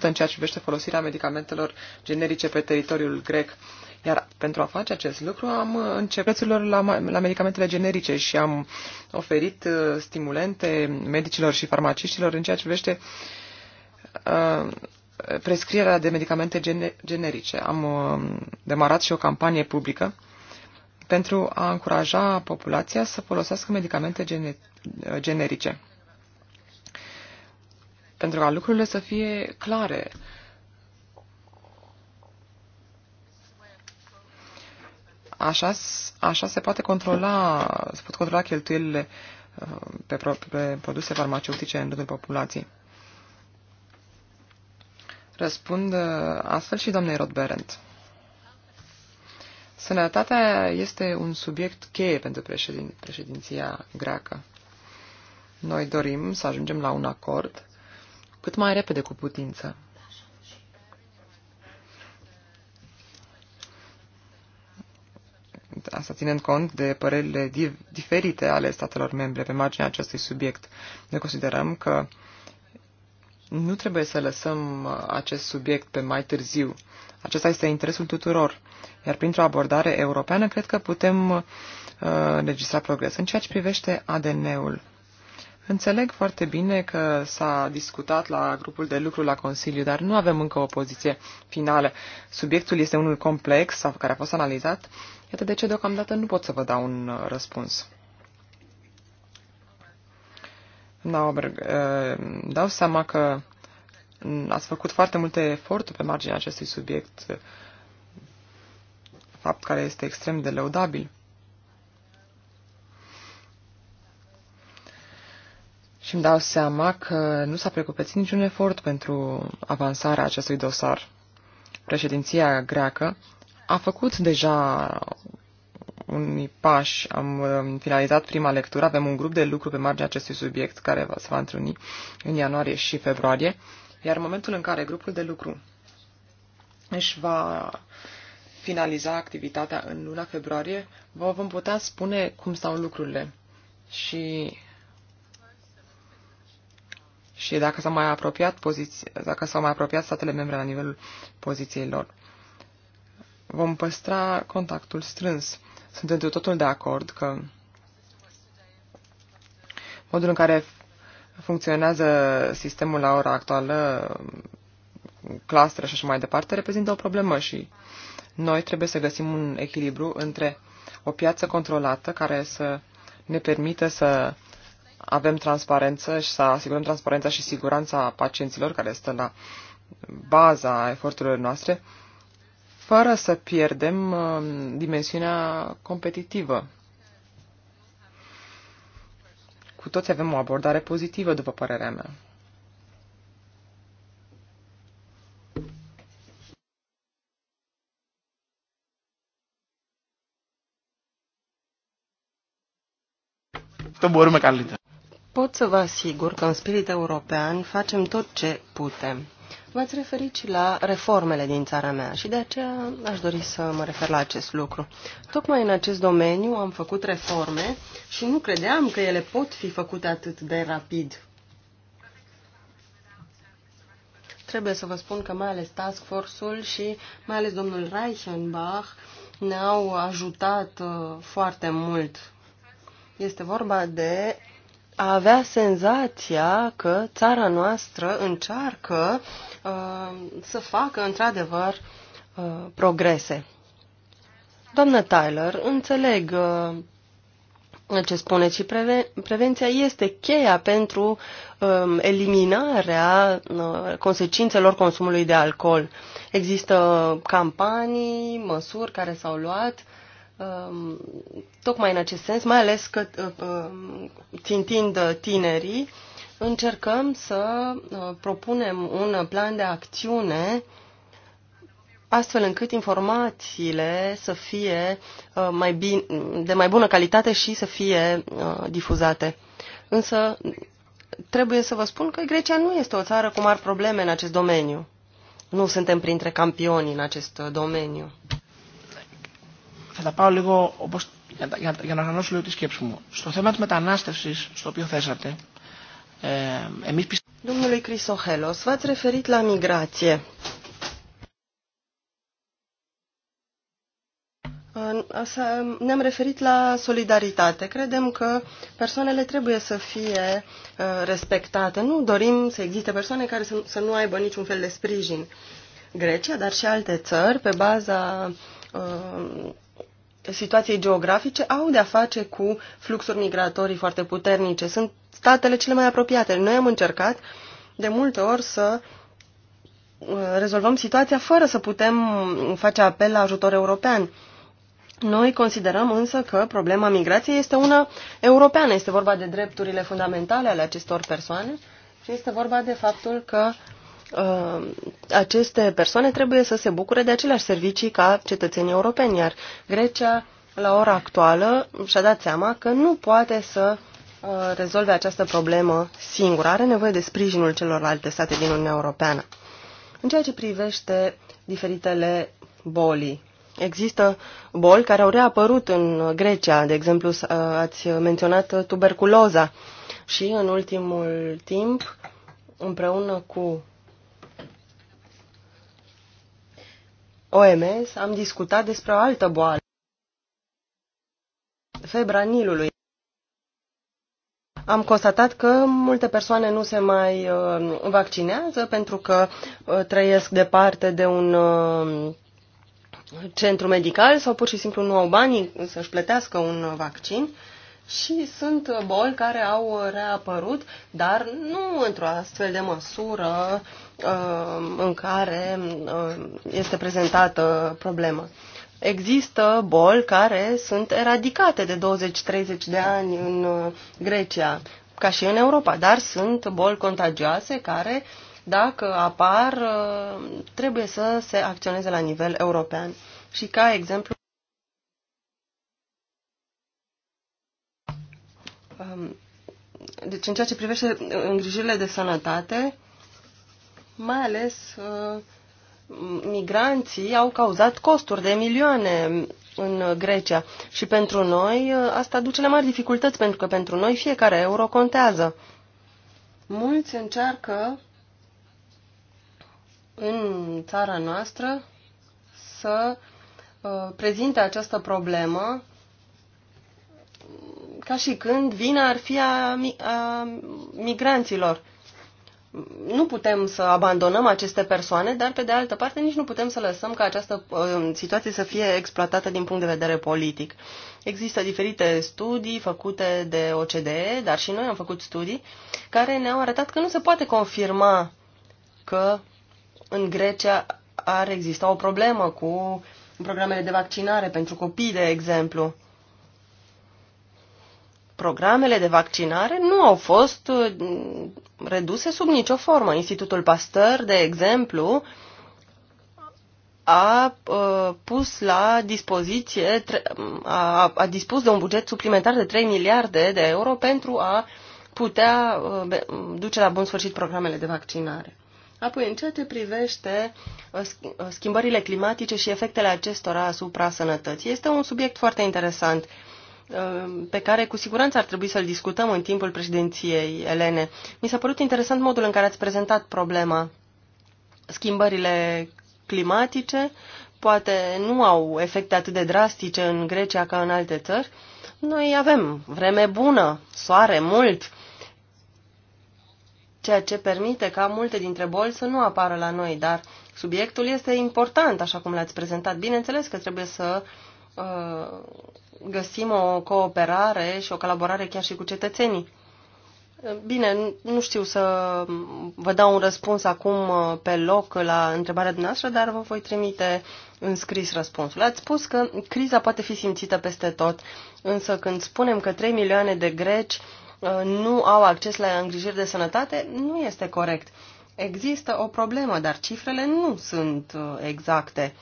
în ceea ce privește folosirea medicamentelor generice pe teritoriul grec. Iar pentru a face acest lucru am început prețurilor la, la medicamentele generice și am oferit uh, stimulente medicilor și farmaciștilor în ceea ce privește uh, prescrierea de medicamente gene, generice. Am uh, demarat și o campanie publică pentru a încuraja populația să folosească medicamente gene generice. Pentru ca lucrurile să fie clare. Așa, așa se poate controla, se pot controla cheltuielile uh, pe, pro, pe produse farmaceutice în rândul populației. Răspund uh, astfel și doamnei Berendt. Sănătatea este un subiect cheie pentru președin, președinția greacă. Noi dorim să ajungem la un acord cât mai repede cu putință. Asta ținând cont de părerile diferite ale statelor membre pe marginea acestui subiect. Ne considerăm că nu trebuie să lăsăm acest subiect pe mai târziu acesta este interesul tuturor. Iar printr-o abordare europeană, cred că putem uh, registra progres. În ceea ce privește ADN-ul, Înțeleg foarte bine că s-a discutat la grupul de lucru la Consiliu, dar nu avem încă o poziție finală. Subiectul este unul complex care a fost analizat. Iată de ce deocamdată nu pot să vă dau un uh, răspuns. Nauberg, uh, dau seama că ați făcut foarte multe eforturi pe marginea acestui subiect, fapt care este extrem de lăudabil. Și îmi dau seama că nu s-a precupețit niciun efort pentru avansarea acestui dosar. Președinția greacă a făcut deja unii pași. Am finalizat prima lectură, avem un grup de lucru pe marginea acestui subiect care se va întruni în ianuarie și februarie iar în momentul în care grupul de lucru își va finaliza activitatea în luna februarie, vă vom putea spune cum stau lucrurile și, și dacă s-au mai apropiat dacă s-au mai apropiat statele membre la nivelul poziției lor. Vom păstra contactul strâns. Sunt întru totul de acord că modul în care funcționează sistemul la ora actuală, clastră și așa mai departe, reprezintă o problemă și noi trebuie să găsim un echilibru între o piață controlată care să ne permită să avem transparență și să asigurăm transparența și siguranța pacienților care stă la baza eforturilor noastre, fără să pierdem uh, dimensiunea competitivă cu toți avem o abordare pozitivă, după părerea mea. Pot să vă asigur că în spirit european facem tot ce putem. V-ați referit și la reformele din țara mea și de aceea aș dori să mă refer la acest lucru. Tocmai în acest domeniu am făcut reforme și nu credeam că ele pot fi făcute atât de rapid. Trebuie să vă spun că mai ales Task Force-ul și mai ales domnul Reichenbach ne-au ajutat uh, foarte mult. Este vorba de a avea senzația că țara noastră încearcă uh, să facă într-adevăr uh, progrese. Doamnă Tyler, înțeleg uh, ce spuneți și preven prevenția este cheia pentru uh, eliminarea uh, consecințelor consumului de alcool. Există campanii, măsuri care s-au luat uh, Um, tocmai în acest sens, mai ales că uh, um, țintind uh, tinerii, încercăm să uh, propunem un plan de acțiune astfel încât informațiile să fie mai bine, de mai bună calitate și să fie difuzate. Însă trebuie să vă spun că Grecia nu este o țară cu mari probleme în acest domeniu. Nu suntem printre campioni în acest domeniu θα τα πάω λίγο όπως, για, για, για να οργανώσω λίγο τη σκέψη μου. Στο θέμα της μετανάστευσης, στο οποίο θέσατε, ε, εμείς πιστεύουμε... Domnului Crisohelos, v-ați referit la migrație. Ne-am referit la solidaritate. Credem că persoanele trebuie să fie respectate. Nu dorim să existe persoane care să nu aibă niciun fel de sprijin. Grecia, dar și alte țări, pe baza situației geografice au de-a face cu fluxuri migratorii foarte puternice. Sunt statele cele mai apropiate. Noi am încercat de multe ori să uh, rezolvăm situația fără să putem face apel la ajutor european. Noi considerăm însă că problema migrației este una europeană. Este vorba de drepturile fundamentale ale acestor persoane și este vorba de faptul că uh, Uh, aceste persoane trebuie să se bucure de aceleași servicii ca cetățenii europeni, iar Grecia, la ora actuală, și-a dat seama că nu poate să uh, rezolve această problemă singură. Are nevoie de sprijinul celorlalte state din Uniunea Europeană. În ceea ce privește diferitele boli, există boli care au reapărut în Grecia. De exemplu, ați menționat tuberculoza și în ultimul timp, împreună cu OMS am discutat despre o altă boală, febra Nilului. Am constatat că multe persoane nu se mai uh, vaccinează pentru că uh, trăiesc departe de un uh, centru medical sau pur și simplu nu au banii să-și plătească un vaccin și sunt boli care au reapărut, dar nu într-o astfel de măsură uh, Uh, în care uh, este prezentată problema. Există boli care sunt eradicate de 20-30 de ani în uh, Grecia, ca și în Europa, dar sunt boli contagioase care, dacă apar, trebuie să se acționeze la nivel european. Și ca exemplu, um, deci în ceea ce privește îngrijirile de sănătate, mai ales uh, migranții au cauzat costuri de milioane în Grecia și pentru noi uh, asta duce la mari dificultăți, pentru că pentru noi fiecare euro contează. Mulți încearcă în țara noastră să uh, prezinte această problemă ca și când vina ar fi a, a migranților nu putem să abandonăm aceste persoane, dar pe de altă parte nici nu putem să lăsăm ca această um, situație să fie exploatată din punct de vedere politic. Există diferite studii făcute de OCDE, dar și noi am făcut studii care ne-au arătat că nu se poate confirma că în Grecia ar exista o problemă cu programele de vaccinare pentru copii, de exemplu programele de vaccinare nu au fost uh, reduse sub nicio formă. Institutul Pasteur, de exemplu, a uh, pus la dispoziție, a, dispus de un buget suplimentar de 3 miliarde de euro pentru a putea uh, duce la bun sfârșit programele de vaccinare. Apoi, în ceea ce privește schimbările climatice și efectele acestora asupra sănătății, este un subiect foarte interesant. Um, pe care cu siguranță ar trebui să-l discutăm în timpul președinției Elene. Mi s-a părut interesant modul în care ați prezentat problema. Schimbările climatice poate nu au efecte atât de drastice în Grecia ca în alte țări. Noi avem vreme bună, soare mult, ceea ce permite ca multe dintre boli să nu apară la noi, dar subiectul este important, așa cum l-ați prezentat. Bineînțeles că trebuie să uh, Uh, găsim o cooperare și o colaborare chiar și cu cetățenii. Uh, bine, nu știu să vă dau un răspuns acum uh, pe loc la întrebarea dumneavoastră, dar vă voi trimite în scris răspunsul. Ați spus că criza poate fi simțită peste tot, însă când spunem că 3 milioane de greci nu au acces la îngrijiri de sănătate, nu este corect. Există o problemă, dar cifrele nu sunt exacte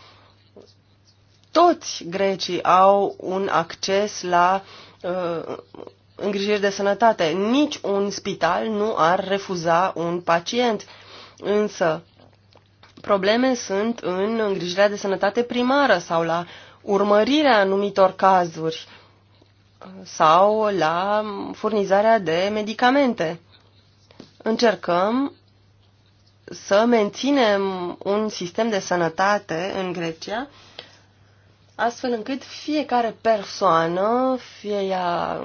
toți grecii au un acces la uh, îngrijiri de sănătate. Nici un spital nu ar refuza un pacient. Însă, probleme sunt în îngrijirea de sănătate primară sau la urmărirea anumitor cazuri sau la furnizarea de medicamente. Încercăm să menținem un sistem de sănătate în Grecia astfel încât fiecare persoană, fie ea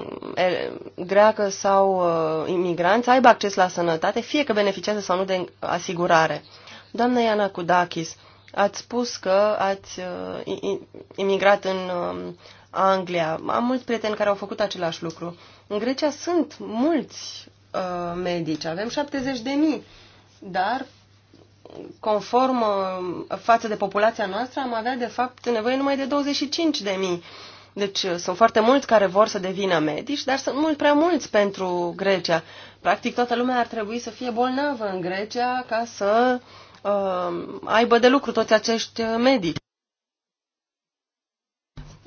greacă sau uh, imigranță, aibă acces la sănătate, fie că beneficiază sau nu de asigurare. Doamna Iana Kudakis, ați spus că ați uh, imigrat în um, Anglia. Am mulți prieteni care au făcut același lucru. În Grecia sunt mulți uh, medici, avem 70 de mii, dar conform uh, față de populația noastră, am avea de fapt nevoie numai de 25 de mii. Deci uh, sunt foarte mulți care vor să devină medici, dar sunt mult prea mulți pentru Grecia. Practic toată lumea ar trebui să fie bolnavă în Grecia ca să uh, aibă de lucru toți acești uh, medici.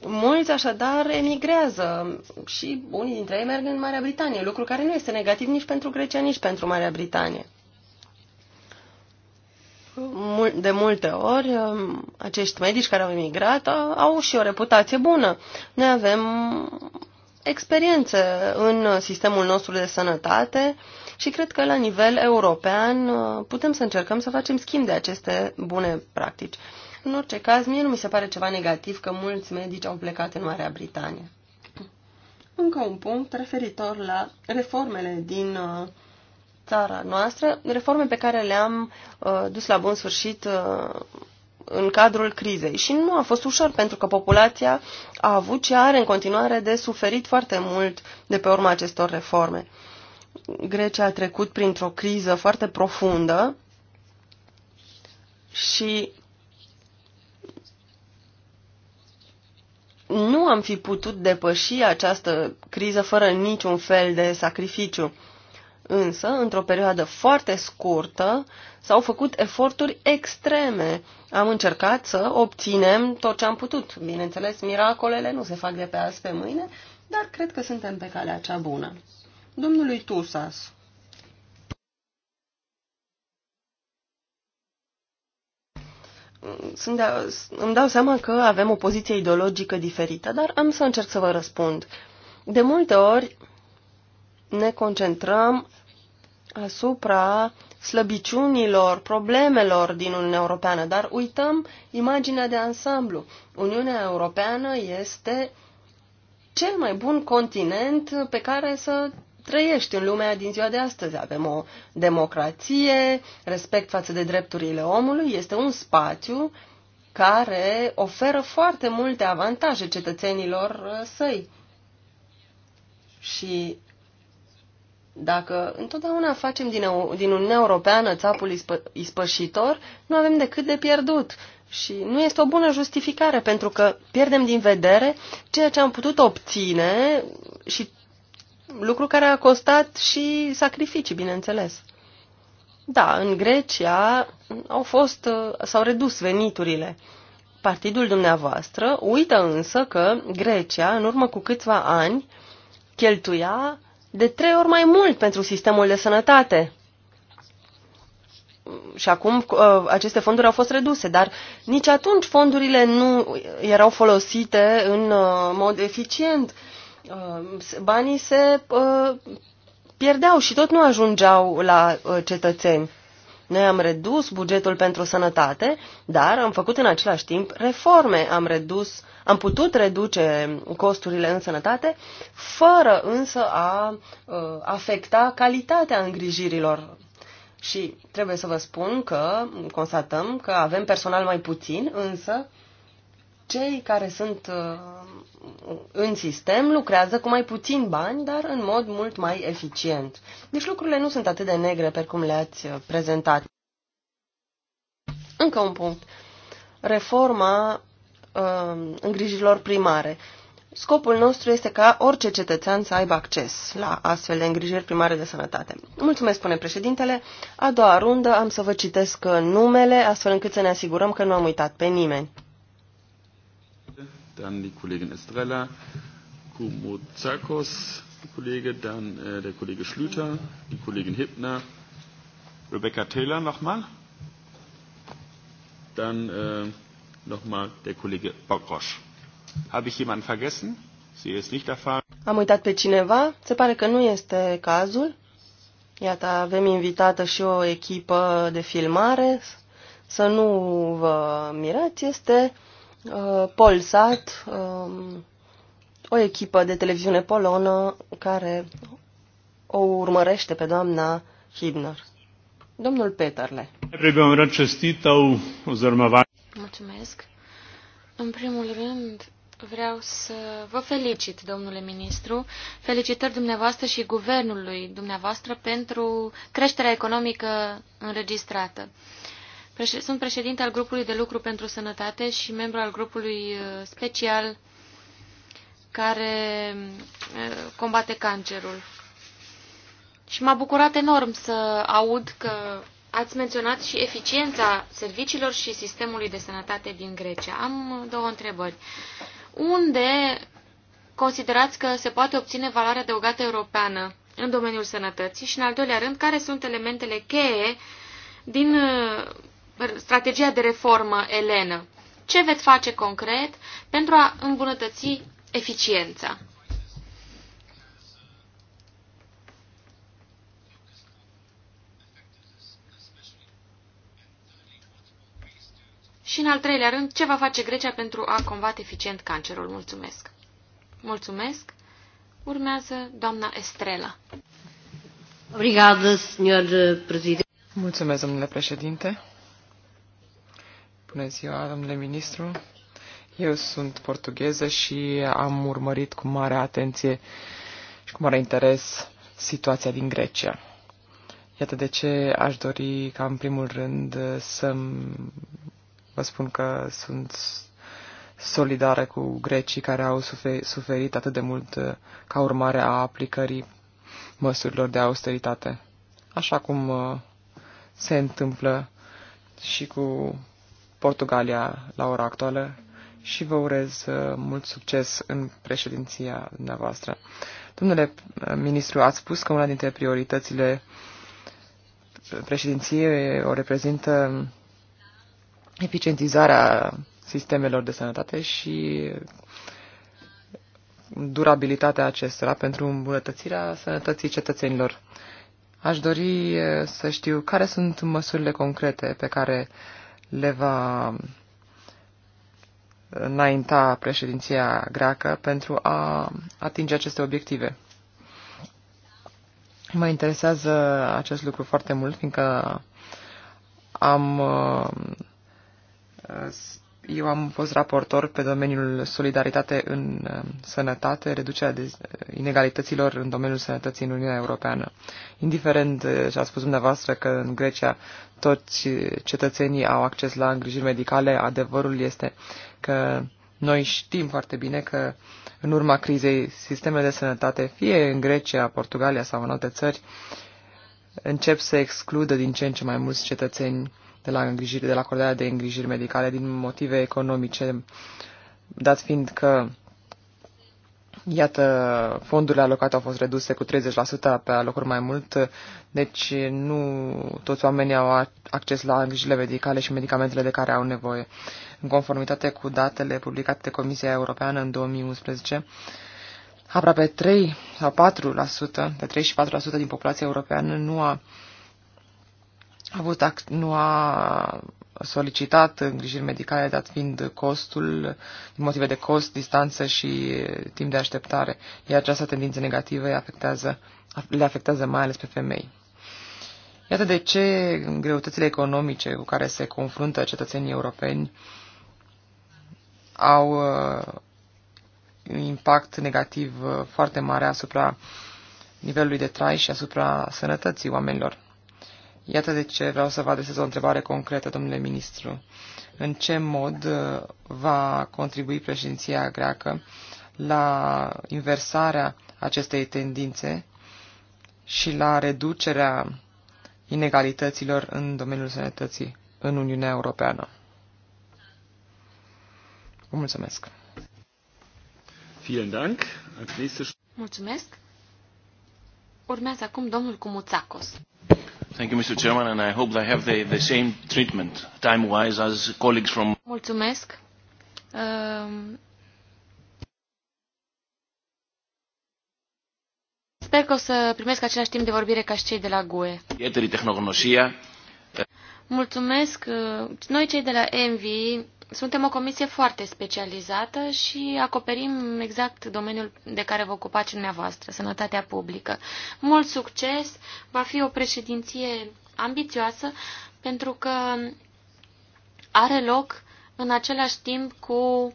Mulți așadar emigrează și unii dintre ei merg în Marea Britanie, lucru care nu este negativ nici pentru Grecia, nici pentru Marea Britanie de multe ori um, acești medici care au emigrat uh, au și o reputație bună. Noi avem experiențe în sistemul nostru de sănătate și cred că la nivel european uh, putem să încercăm să facem schimb de aceste bune practici. În orice caz, mie nu mi se pare ceva negativ că mulți medici au plecat în Marea Britanie. Încă un punct referitor la reformele din uh, țara noastră, reforme pe care le-am uh, dus la bun sfârșit uh, în cadrul crizei. Și nu a fost ușor, pentru că populația a avut și are în continuare de suferit foarte mult de pe urma acestor reforme. Grecia a trecut printr-o criză foarte profundă și nu am fi putut depăși această criză fără niciun fel de sacrificiu. Însă, într-o perioadă foarte scurtă, s-au făcut eforturi extreme. Am încercat să obținem tot ce am putut. Bineînțeles, miracolele nu se fac de pe azi pe mâine, dar cred că suntem pe calea cea bună. Domnului Tusas. Sunt de, îmi dau seama că avem o poziție ideologică diferită, dar am să încerc să vă răspund. De multe ori ne concentrăm asupra slăbiciunilor, problemelor din Uniunea Europeană, dar uităm imaginea de ansamblu. Uniunea Europeană este cel mai bun continent pe care să trăiești în lumea din ziua de astăzi. Avem o democrație, respect față de drepturile omului, este un spațiu care oferă foarte multe avantaje cetățenilor uh, săi. Și dacă întotdeauna facem din, din Uniunea Europeană țapul ispă, ispășitor, nu avem decât de pierdut. Și nu este o bună justificare, pentru că pierdem din vedere ceea ce am putut obține și lucru care a costat și sacrificii, bineînțeles. Da, în Grecia au fost, uh, s-au redus veniturile. Partidul dumneavoastră uită însă că Grecia, în urmă cu câțiva ani, cheltuia de trei ori mai mult pentru sistemul de sănătate. Și acum uh, aceste fonduri au fost reduse, dar nici atunci fondurile nu erau folosite în uh, mod eficient. Uh, banii se pierdeau și tot nu ajungeau la cetățeni. Noi am redus bugetul pentru sănătate, dar am făcut în același timp reforme. Am, redus, am putut reduce costurile în sănătate, fără însă a uh, afecta calitatea îngrijirilor. Și trebuie să vă spun că constatăm că avem personal mai puțin, însă cei care sunt uh, în sistem lucrează cu mai puțin bani, dar în mod mult mai eficient. Deci lucrurile nu sunt atât de negre pe cum le-ați uh, prezentat. Încă un punct. Reforma uh, îngrijilor primare. Scopul nostru este ca orice cetățean să aibă acces la astfel de îngrijiri primare de sănătate. Mulțumesc, spune președintele. A doua rundă am să vă citesc numele, astfel încât să ne asigurăm că nu am uitat pe nimeni dann die Kollegin Estrella, Kumuzakos, Kollege, dann äh, der Kollege Schlüter, die Kollegin Hibner, Rebecca Taylor nochmal, dann äh, nochmal der Kollege Bogrosch. Habe ich jemanden vergessen? Sie ist nicht erfahren. Am uitat pe cineva? Se pare că nu este cazul. Iată, avem invitată și o echipă de filmare. Să nu vă mirați, este Uh, Polsat, um, o echipă de televiziune polonă care o urmărește pe doamna Hibner. Domnul Peterle. Mulțumesc. În primul rând, vreau să vă felicit, domnule ministru. Felicitări dumneavoastră și guvernului dumneavoastră pentru creșterea economică înregistrată. Uh, sunt președinte al grupului de lucru pentru sănătate și membru al grupului uh, special care uh, combate cancerul. Și m-a bucurat enorm să aud că ați menționat și eficiența serviciilor și sistemului de sănătate din Grecia. Am două întrebări. Unde considerați că se poate obține valoare adăugată europeană în domeniul sănătății? Și, în al doilea rând, care sunt elementele cheie din uh, strategia de reformă elenă. Ce veți face concret pentru a îmbunătăți eficiența? Și în al treilea rând, ce va face Grecia pentru a combate eficient cancerul? Mulțumesc! Mulțumesc! Urmează doamna Estrela. Obrigada, senhor presidente. Mulțumesc, domnule președinte. Bună ziua, domnule ministru. Eu sunt portugheză și am urmărit cu mare atenție și cu mare interes situația din Grecia. Iată de ce aș dori ca în primul rând să vă spun că sunt solidară cu grecii care au suferit atât de mult uh, ca urmare a aplicării măsurilor de austeritate, așa cum uh, se întâmplă și cu Portugalia la ora actuală și vă urez uh, mult succes în președinția dumneavoastră. Domnule uh, ministru, ați spus că una dintre prioritățile uh, președinției o reprezintă eficientizarea sistemelor de sănătate și durabilitatea acestora pentru îmbunătățirea sănătății cetățenilor. Aș dori să știu care sunt măsurile concrete pe care uh, le va înainta președinția greacă pentru a atinge aceste obiective. Mă interesează acest lucru foarte mult, fiindcă am uh, eu am fost raportor pe domeniul solidaritate în um, sănătate, reducerea de uh, inegalităților în domeniul sănătății în Uniunea Europeană. Indiferent, uh, și-a spus dumneavoastră că în Grecia toți uh, cetățenii au acces la îngrijiri medicale, adevărul este că noi știm foarte bine că în urma crizei sistemele de sănătate, fie în Grecia, Portugalia sau în alte țări, încep să excludă din ce în ce mai mulți cetățeni de la, îngrijire, de la acordarea de îngrijiri medicale din motive economice, dat fiind că Iată, fondurile alocate au fost reduse cu 30% pe alocuri mai mult, deci nu toți oamenii au acces la îngrijirile medicale și medicamentele de care au nevoie. În conformitate cu datele publicate de Comisia Europeană în 2011, aproape 3 sau 4%, de 3 și 4% din populația europeană nu a a avut, nu a solicitat îngrijiri medicale, dat fiind costul, motive de cost, distanță și timp de așteptare. Iar această tendință negativă afectează, le afectează mai ales pe femei. Iată de ce greutățile economice cu care se confruntă cetățenii europeni au un uh, impact negativ uh, foarte mare asupra nivelului de trai și asupra sănătății oamenilor. Iată de ce vreau să vă adresez o întrebare concretă, domnule ministru. În ce mod uh, va contribui președinția greacă la inversarea acestei tendințe și la reducerea inegalităților în domeniul sănătății în Uniunea Europeană? Vă mulțumesc! Mulțumesc! Urmează acum domnul Cumuțacos. Thank you, Mr. Chairman, and I hope they have the, the same treatment time-wise as colleagues from. Mulțumesc. Um... Sper că o să primesc același timp de vorbire ca și cei de la GUE. Mulțumesc. Uh, noi, cei de la Envi, suntem o comisie foarte specializată și acoperim exact domeniul de care vă ocupați dumneavoastră, sănătatea publică. Mult succes! Va fi o președinție ambițioasă pentru că are loc în același timp cu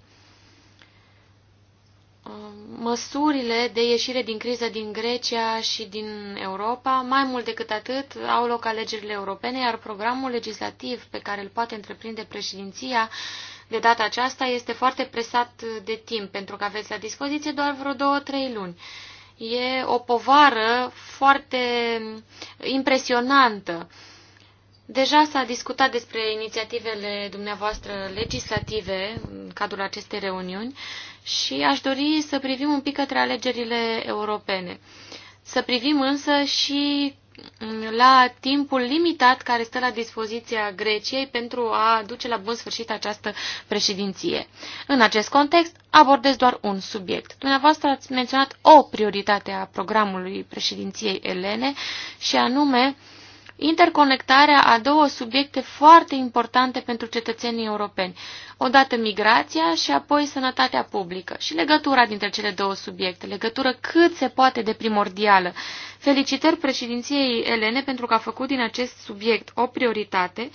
Um, măsurile de ieșire din criză din Grecia și din Europa. Mai mult decât atât, au loc alegerile europene, iar programul legislativ pe care îl poate întreprinde președinția de data aceasta este foarte presat de timp, pentru că aveți la dispoziție doar vreo două-trei luni. E o povară foarte impresionantă. Deja s-a discutat despre inițiativele dumneavoastră legislative în cadrul acestei reuniuni și aș dori să privim un pic către alegerile europene. Să privim însă și mm, la timpul limitat care stă la dispoziția Greciei pentru a duce la bun sfârșit această președinție. În acest context, abordez doar un subiect. Dumneavoastră ați menționat o prioritate a programului președinției Elene și anume uh, interconectarea a două subiecte foarte importante pentru cetățenii europeni, odată migrația și apoi sănătatea publică și legătura dintre cele două subiecte, legătură cât se poate de primordială. Felicitări președinției Elene pentru că a făcut din acest subiect o prioritate,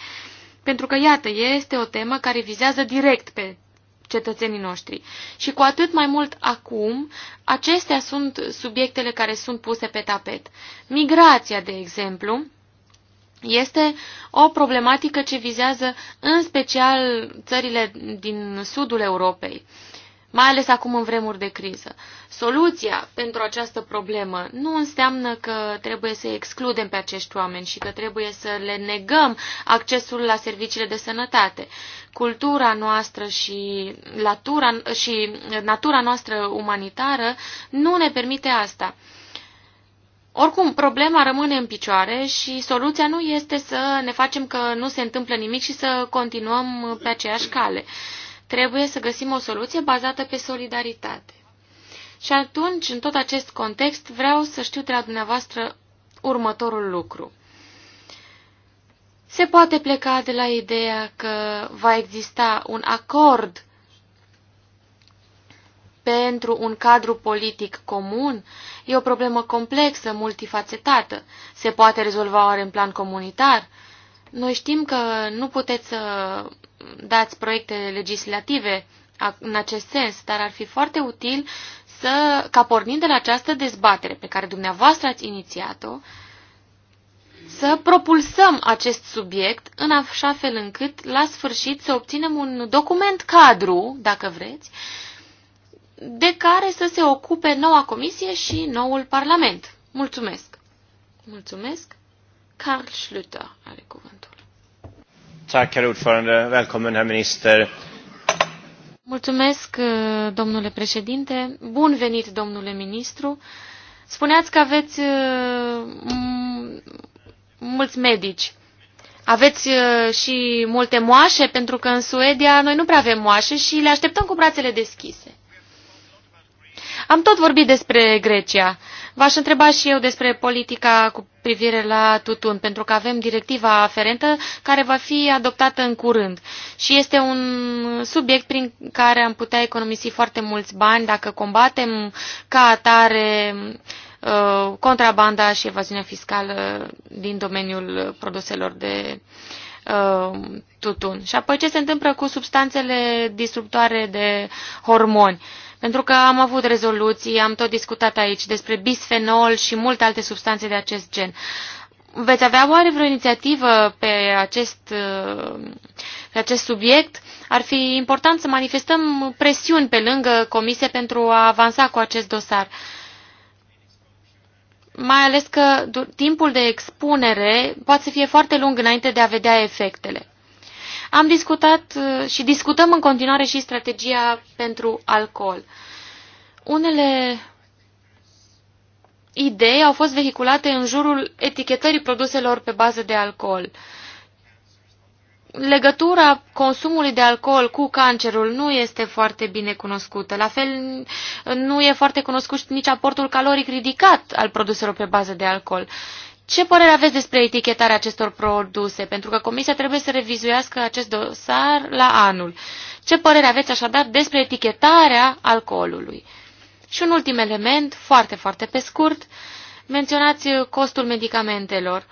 pentru că, iată, este o temă care vizează direct pe cetățenii noștri. Și cu atât mai mult acum, acestea sunt subiectele care sunt puse pe tapet. Migrația, de exemplu, este o problematică ce vizează în special țările din sudul Europei, mai ales acum în vremuri de criză. Soluția pentru această problemă nu înseamnă că trebuie să excludem pe acești oameni și că trebuie să le negăm accesul la serviciile de sănătate. Cultura noastră și, latura, și natura noastră umanitară nu ne permite asta. Oricum, problema rămâne în picioare și soluția nu este să ne facem că nu se întâmplă nimic și să continuăm pe aceeași cale. Trebuie să găsim o soluție bazată pe solidaritate. Și atunci, în tot acest context, vreau să știu de la dumneavoastră următorul lucru. Se poate pleca de la ideea că va exista un acord pentru un cadru politic comun? E o problemă complexă, multifacetată. Se poate rezolva oare în plan comunitar? Noi știm că nu puteți să dați proiecte legislative în acest sens, dar ar fi foarte util să, ca pornind de la această dezbatere pe care dumneavoastră ați inițiat-o, să propulsăm acest subiect în așa fel încât, la sfârșit, să obținem un document cadru, dacă vreți, de care să se ocupe noua comisie și noul parlament. Mulțumesc! Mulțumesc! Carl Schlüter are cuvântul. Mulțumesc, uh, domnule președinte. Bun venit, domnule ministru. Spuneați că aveți uh, mulți medici. Aveți uh, și multe moașe, pentru că în Suedia noi nu prea avem moașe și le așteptăm cu brațele deschise. Am tot vorbit despre Grecia. V-aș întreba și eu despre politica cu privire la tutun, pentru că avem directiva aferentă care va fi adoptată în curând. Și este un subiect prin care am putea economisi foarte mulți bani dacă combatem ca atare uh, contrabanda și evaziunea fiscală din domeniul produselor de uh, tutun. Și apoi ce se întâmplă cu substanțele disruptoare de hormoni? Pentru că am avut rezoluții, am tot discutat aici despre bisfenol și multe alte substanțe de acest gen. Veți avea oare vreo inițiativă pe acest, pe acest subiect? Ar fi important să manifestăm presiuni pe lângă comisie pentru a avansa cu acest dosar. Mai ales că timpul de expunere poate să fie foarte lung înainte de a vedea efectele. Am discutat uh, și discutăm în continuare și strategia pentru alcool. Unele idei au fost vehiculate în jurul etichetării produselor pe bază de alcool. Legătura consumului de alcool cu cancerul nu este foarte bine cunoscută. La fel, nu e foarte cunoscut nici aportul caloric ridicat al produselor pe bază de alcool. Ce părere aveți despre etichetarea acestor produse? Pentru că Comisia trebuie să revizuiască acest dosar la anul. Ce părere aveți așadar despre etichetarea alcoolului? Și un ultim element, foarte, foarte pe scurt, menționați costul medicamentelor.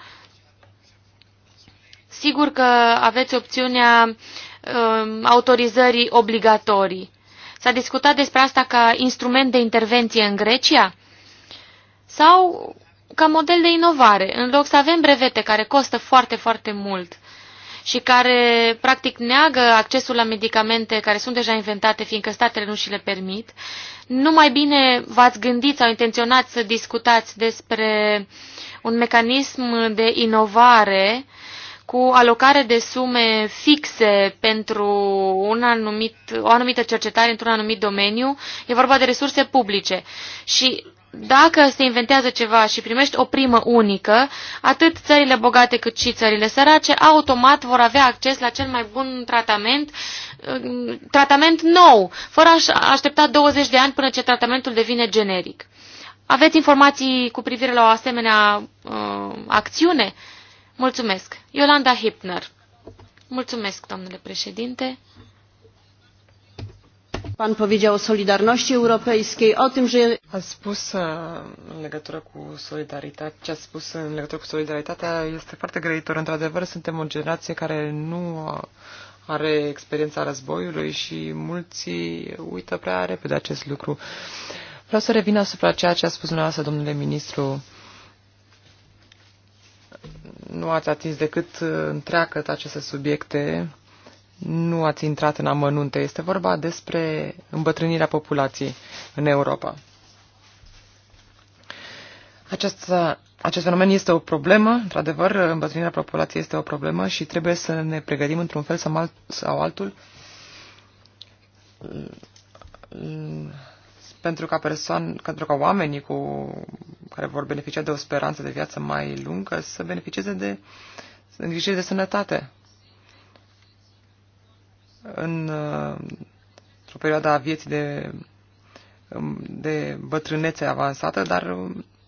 Sigur că aveți opțiunea um, autorizării obligatorii. S-a discutat despre asta ca instrument de intervenție în Grecia? Sau ca model de inovare. În loc să avem brevete care costă foarte, foarte mult și care practic neagă accesul la medicamente care sunt deja inventate, fiindcă statele nu și le permit, nu mai bine v-ați gândit sau intenționat să discutați despre un mecanism de inovare uh, cu alocare de sume fixe pentru un anumit, o anumită cercetare într-un anumit domeniu, e vorba de resurse publice. Și dacă se inventează ceva și primești o primă unică, atât țările bogate cât și țările sărace automat vor avea acces la cel mai bun tratament, tratament nou, fără a aștepta 20 de ani până ce tratamentul devine generic. Aveți informații cu privire la o asemenea uh, acțiune? Uh, Mulțumesc. Iolanda Hipner. Mulțumesc, domnule președinte. Pan powiedział o solidarności europejskiej, o tym, że... A spus în legătură cu solidaritatea, ce a spus în legătură cu solidaritatea este foarte greitor. Într-adevăr, suntem o generație care nu are experiența războiului și mulți uită prea repede acest lucru. Vreau să revin asupra ceea ce a spus dumneavoastră, domnule ministru, nu ați atins decât uh, întreagă aceste subiecte, nu ați intrat în amănunte. Este vorba despre îmbătrânirea populației în Europa. Acest, acest fenomen este o problemă, într-adevăr, îmbătrânirea populației este o problemă și trebuie să ne pregătim într-un fel sau altul pentru ca, persoan, pentru ca oamenii cu, care vor beneficia de o speranță de viață mai lungă să beneficieze de îngrijiri de sănătate. În, într-o perioadă a vieții de, de bătrânețe avansată, dar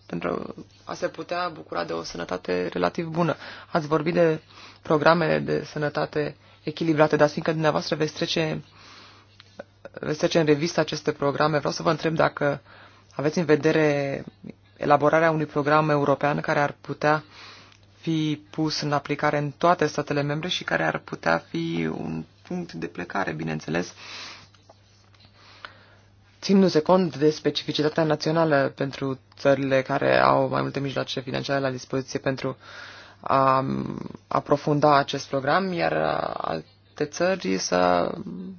pentru a se putea bucura de o sănătate relativ bună. Ați vorbit de programele de sănătate echilibrate, dar fiindcă dumneavoastră veți trece veți trece în revistă aceste programe, vreau să vă întreb dacă aveți în vedere elaborarea unui program european care ar putea fi pus în aplicare în toate statele membre și care ar putea fi un punct de plecare, bineînțeles, ținându-se cont de specificitatea națională pentru țările care au mai multe mijloace financiare la dispoziție pentru a aprofunda acest program, iar alt alte țări să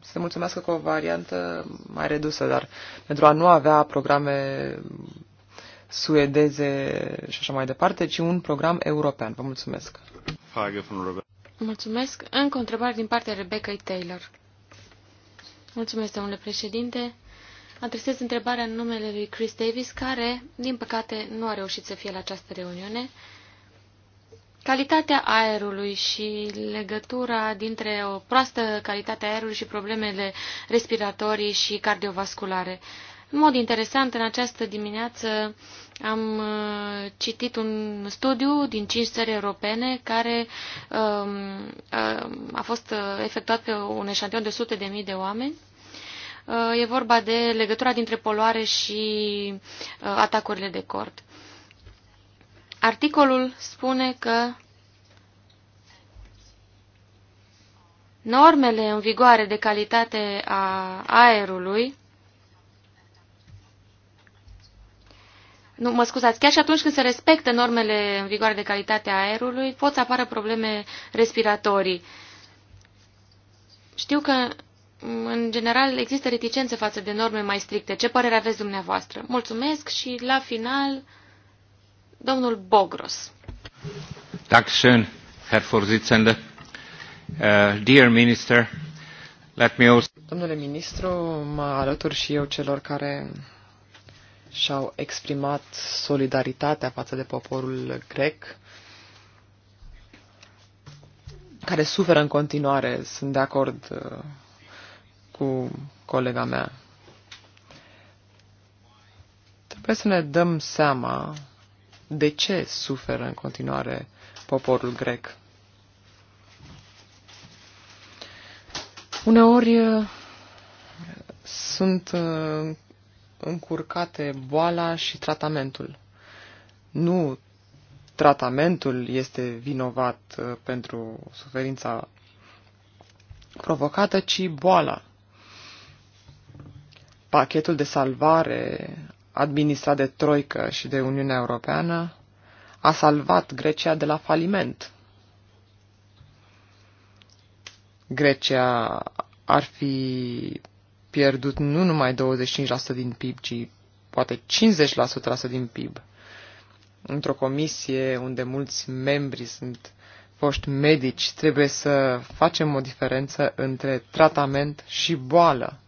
se mulțumească cu o variantă mai redusă, dar pentru a nu avea programe suedeze și așa mai departe, ci un program european. Vă mulțumesc. Mulțumesc. Încă o întrebare din partea Rebecca Taylor. Mulțumesc, domnule președinte. Adresez întrebarea în numele lui Chris Davis, care, din păcate, nu a reușit să fie la această reuniune calitatea aerului și legătura dintre o proastă calitate a aerului și problemele respiratorii și cardiovasculare. În mod interesant, în această dimineață am uh, citit un studiu din cinci țări europene care um, uh, a fost uh, efectuat pe un eșantion de sute de mii de oameni. E vorba de legătura dintre poluare și atacurile de cord. Articolul spune că normele în vigoare de calitate a aerului Nu, mă scuzați, chiar și atunci când se respectă normele în vigoare de calitate a aerului, pot să apară probleme respiratorii. Știu că, în general, există reticențe față de norme mai stricte. Ce părere aveți dumneavoastră? Mulțumesc și, la final, Bogros. Uh, dear Minister, let me also... Domnule ministru, mă alătur și eu celor care și-au exprimat solidaritatea față de poporul grec, care suferă în continuare. Sunt de acord uh, cu colega mea. Trebuie să ne dăm seama de ce suferă în continuare poporul grec. Uneori uh, sunt uh, încurcate boala și tratamentul. Nu tratamentul este vinovat uh, pentru suferința provocată, ci boala. Pachetul de salvare administrat de Troică și de Uniunea Europeană, a salvat Grecia de la faliment. Grecia ar fi pierdut nu numai 25% din PIB, ci poate 50% din PIB. Într-o comisie unde mulți membri sunt foști medici, trebuie să facem o diferență între tratament și boală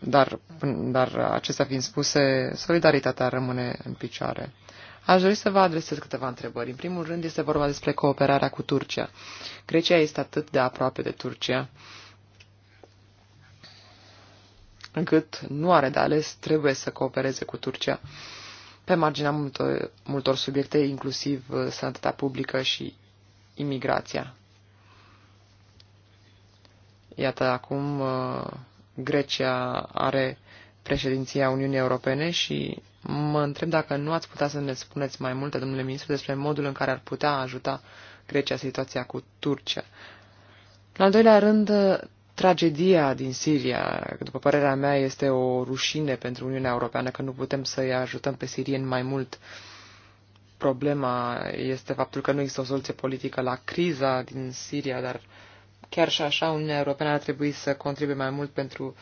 dar, dar acestea fiind spuse, solidaritatea rămâne în picioare. Aș dori să vă adresez câteva întrebări. În primul rând este vorba despre cooperarea cu Turcia. Grecia este atât de aproape de Turcia încât nu are de ales, trebuie să coopereze cu Turcia pe marginea multor, multor subiecte, inclusiv uh, sănătatea publică și imigrația. Iată, acum uh, Grecia are președinția Uniunii Europene și mă întreb dacă nu ați putea să ne spuneți mai multe, domnule ministru, despre modul în care ar putea ajuta Grecia situația cu Turcia. În al doilea rând, tragedia din Siria, după părerea mea, este o rușine pentru Uniunea Europeană că nu putem să-i ajutăm pe sirieni mai mult. Problema este faptul că nu există o soluție politică la criza din Siria, dar uh, Chiar și așa, Uniunea Europeană ar trebui să contribuie mai mult pentru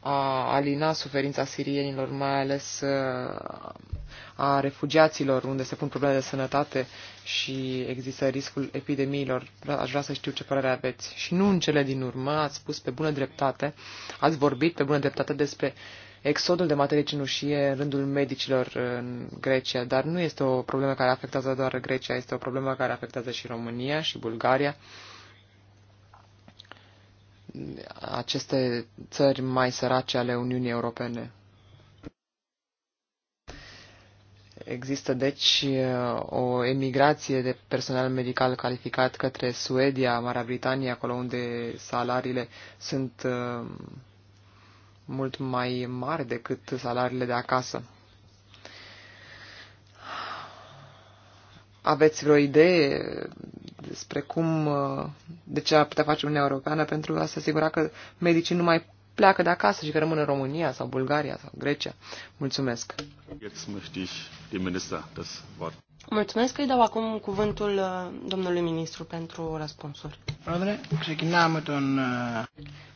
a alina suferința sirienilor, mai ales uh, a refugiaților, unde se pun probleme de sănătate și există riscul epidemiilor. Aș vrea să știu ce părere aveți. Și nu în cele din urmă, ați spus pe bună dreptate, ați vorbit pe bună dreptate despre exodul de materie cenușie în rândul medicilor în Grecia, dar nu este o problemă care afectează doar Grecia, este o problemă care afectează și România și Bulgaria aceste țări mai sărace ale Uniunii Europene. Există, deci, o emigrație de personal medical calificat către Suedia, Marea Britanie, acolo unde salariile sunt uh, mult mai mari decât salariile de acasă. aveți vreo idee despre cum, uh, de ce ar putea face Uniunea Europeană pentru a se asigura că medicii nu mai pleacă de acasă și că rămân în România sau Bulgaria sau Grecia. Mulțumesc. Mulțumesc că îi dau acum cuvântul uh, domnului ministru pentru răspunsuri. Uh,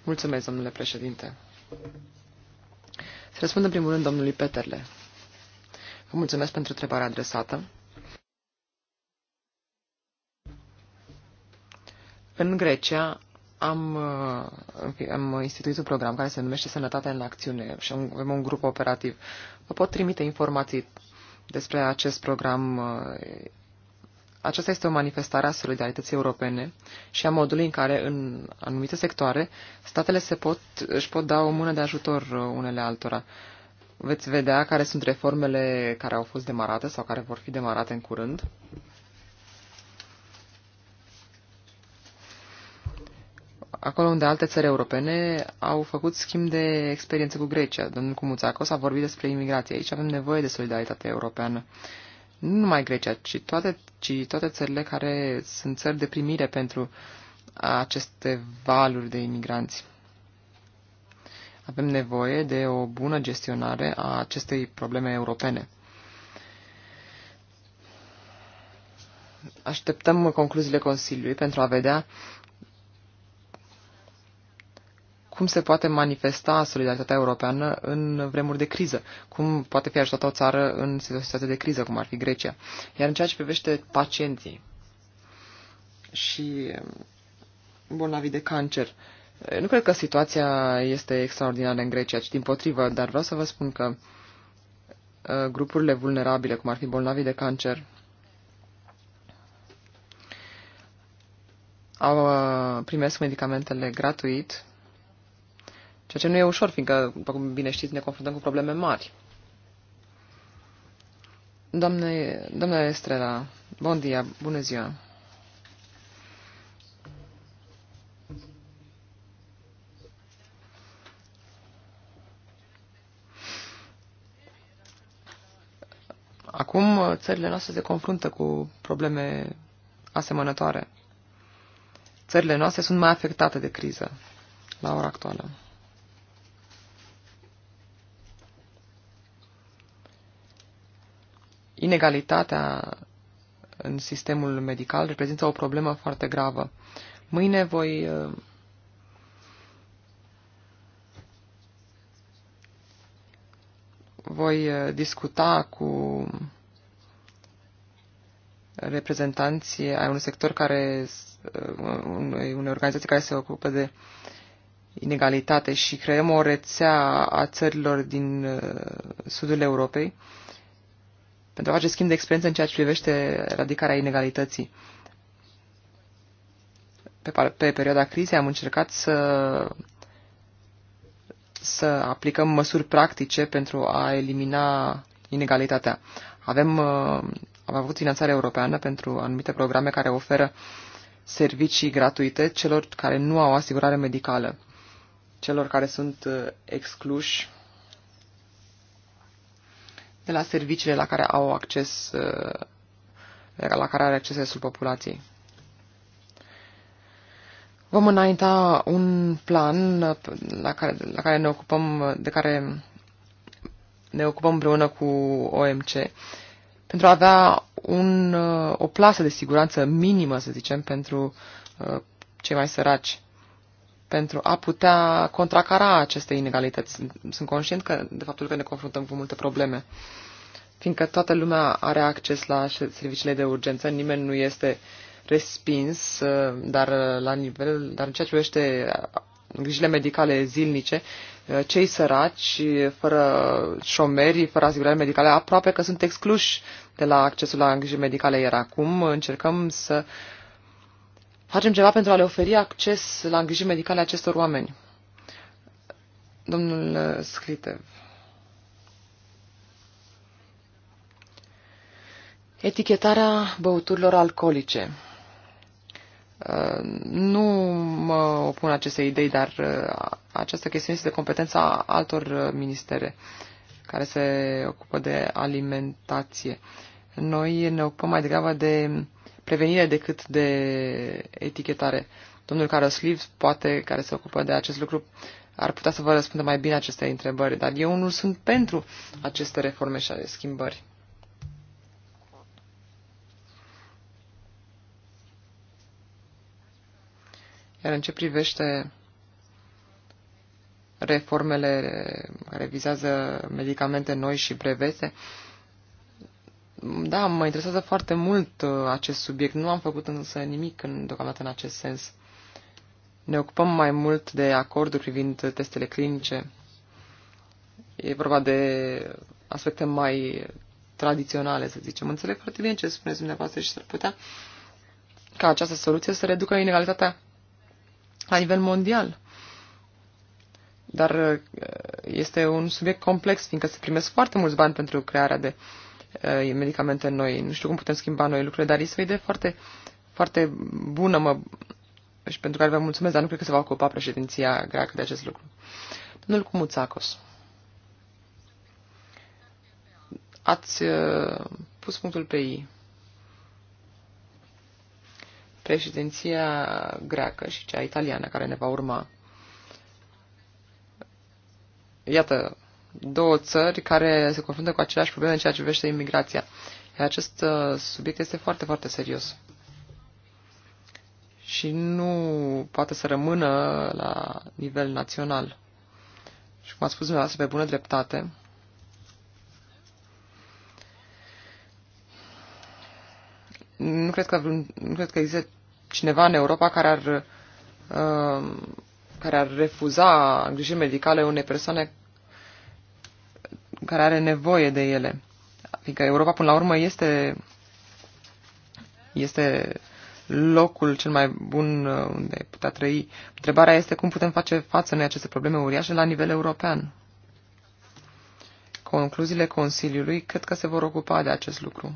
mulțumesc, domnule președinte. Să răspund în primul rând domnului Peterle. Vă mulțumesc pentru întrebarea adresată. În Grecia am, uh, am instituit un program care se numește Sănătatea în Acțiune și avem un grup operativ. Vă pot trimite informații despre acest program. Uh, aceasta este o manifestare a solidarității europene și a modului în care, în anumite sectoare, statele se pot, își pot da o mână de ajutor uh, unele altora. Veți vedea care sunt reformele care au fost demarate sau care vor fi demarate în curând. acolo unde alte țări europene au făcut schimb de experiență cu Grecia. Domnul Cumuțacos a vorbit despre imigrație. Aici avem nevoie de solidaritate europeană. Nu numai Grecia, ci toate, ci toate țările care sunt țări de primire pentru aceste valuri de imigranți. Avem nevoie de o bună gestionare a acestei probleme europene. Așteptăm concluziile Consiliului pentru a vedea cum se poate manifesta solidaritatea europeană în vremuri de criză, cum poate fi ajutată o țară în situație de criză, cum ar fi Grecia. Iar în ceea ce privește pacienții și um, bolnavii de cancer, nu cred că situația este extraordinară în Grecia, ci din potrivă, dar vreau să vă spun că uh, grupurile vulnerabile, cum ar fi bolnavii de cancer, au, uh, primesc medicamentele gratuit Ceea ce nu e ușor, fiindcă, după cum bine știți, ne confruntăm cu probleme mari. Doamne, doamne Estrela, bun dia, bună ziua. Acum țările noastre se confruntă cu probleme asemănătoare. Țările noastre sunt mai afectate de criză la ora actuală. Inegalitatea în sistemul medical reprezintă o problemă foarte gravă. Mâine voi uh, voi uh, discuta cu reprezentanții ai unui sector care, uh, unei, unei organizații care se ocupă de inegalitate și creăm o rețea a țărilor din sudul Europei pentru a face schimb de experiență în ceea ce privește radicarea inegalității. Pe, pe perioada crizei am încercat să, să aplicăm măsuri practice pentru a elimina inegalitatea. Avem, uh, am avut finanțare europeană pentru anumite programe care oferă servicii gratuite celor care nu au asigurare medicală, celor care sunt uh, excluși de la serviciile la care au acces, uh, la care are acces restul populației. Vom înainta un plan la care, la care ne ocupăm, de care ne ocupăm împreună cu OMC pentru a avea un, uh, o plasă de siguranță minimă, să zicem, pentru uh, cei mai săraci pentru a putea contracara aceste inegalități. Sunt conștient că, de faptul că ne confruntăm cu multe probleme, fiindcă toată lumea are acces la serviciile de urgență, nimeni nu este respins, uh, dar uh, la nivel, dar în ceea ce privește uh, grijile medicale zilnice, cei săraci, fără șomeri, fără asigurare medicale, aproape că sunt excluși de la accesul la grijile medicale, iar acum încercăm să uh, facem ceva pentru a le oferi acces la îngrijiri medicale acestor oameni. Domnul uh, Sclitev. Etichetarea băuturilor alcoolice. Uh, nu mă opun acestei idei, dar uh, această chestiune este de competența altor ministere care se ocupă de alimentație. Noi ne ocupăm mai degrabă de prevenire decât de etichetare. Domnul Carosliv, poate, care se ocupă de acest lucru, ar putea să vă răspundă mai bine aceste întrebări, dar eu nu sunt pentru aceste reforme și schimbări. Iar în ce privește reformele care vizează medicamente noi și brevete, uh, da, mă interesează foarte mult uh, acest subiect. Nu am făcut însă nimic în, deocamdată în acest sens. Ne ocupăm mai mult de acorduri privind testele clinice. E vorba de aspecte mai tradiționale, să zicem. Înțeleg foarte bine ce spuneți dumneavoastră și s-ar putea ca această soluție să reducă inegalitatea la nivel mondial. Dar uh, este un subiect complex, fiindcă se primesc foarte mulți bani pentru crearea de uh, Uh, medicamente noi. Nu știu cum putem schimba noi lucrurile, dar este o idee foarte, foarte bună mă, și pentru care vă mulțumesc, dar nu cred că se va ocupa președinția greacă de acest lucru. Domnul Cumuțacos, ați uh, pus punctul pe I. Președinția greacă și cea italiană care ne va urma. Iată, două țări care se confruntă cu aceleași probleme în ceea ce privește imigrația. Iar acest uh, subiect este foarte, foarte serios. Și nu poate să rămână la nivel național. Și cum a spus dumneavoastră, pe bună dreptate, nu cred că, nu cred că există cineva în Europa care ar, uh, care ar refuza îngrijiri medicale unei persoane care are nevoie de ele. Fiindcă Europa, până la urmă, este, este locul cel mai bun uh, unde putea trăi. Întrebarea este cum putem face față noi aceste probleme uriașe la nivel european. Concluziile Consiliului cred că se vor ocupa de acest lucru.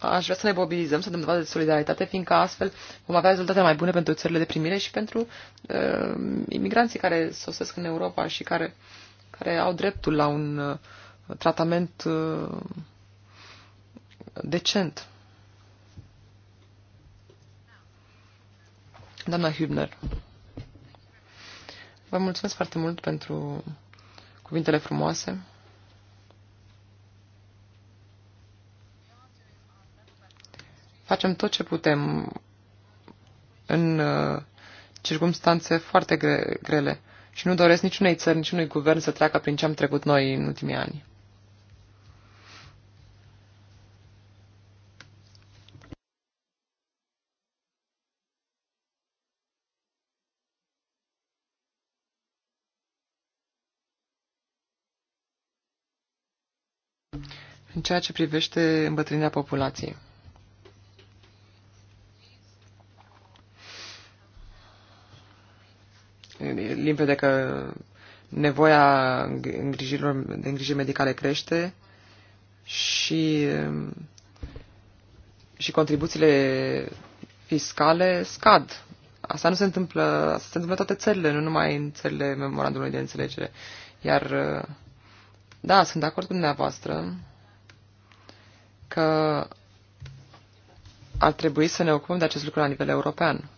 aș vrea să ne mobilizăm, să dăm dovadă de solidaritate, fiindcă astfel vom avea rezultate mai bune pentru țările de primire și pentru uh, imigranții care sosesc în Europa și care, care au dreptul la un uh, tratament uh, decent. Doamna Hübner, vă mulțumesc foarte mult pentru cuvintele frumoase. Facem tot ce putem în uh, circumstanțe foarte gre- grele și nu doresc niciunei țări, niciunui guvern să treacă prin ce am trecut noi în ultimii ani. în ceea ce privește îmbătrânirea populației. limpede că nevoia îngrijirilor, de îngrijiri medicale crește și, um, și contribuțiile fiscale scad. Asta nu se întâmplă, asta se întâmplă în toate țările, nu numai în țările memorandumului de înțelegere. Iar, uh, da, sunt de acord cu dumneavoastră că ar trebui să ne ocupăm de acest lucru la nivel european.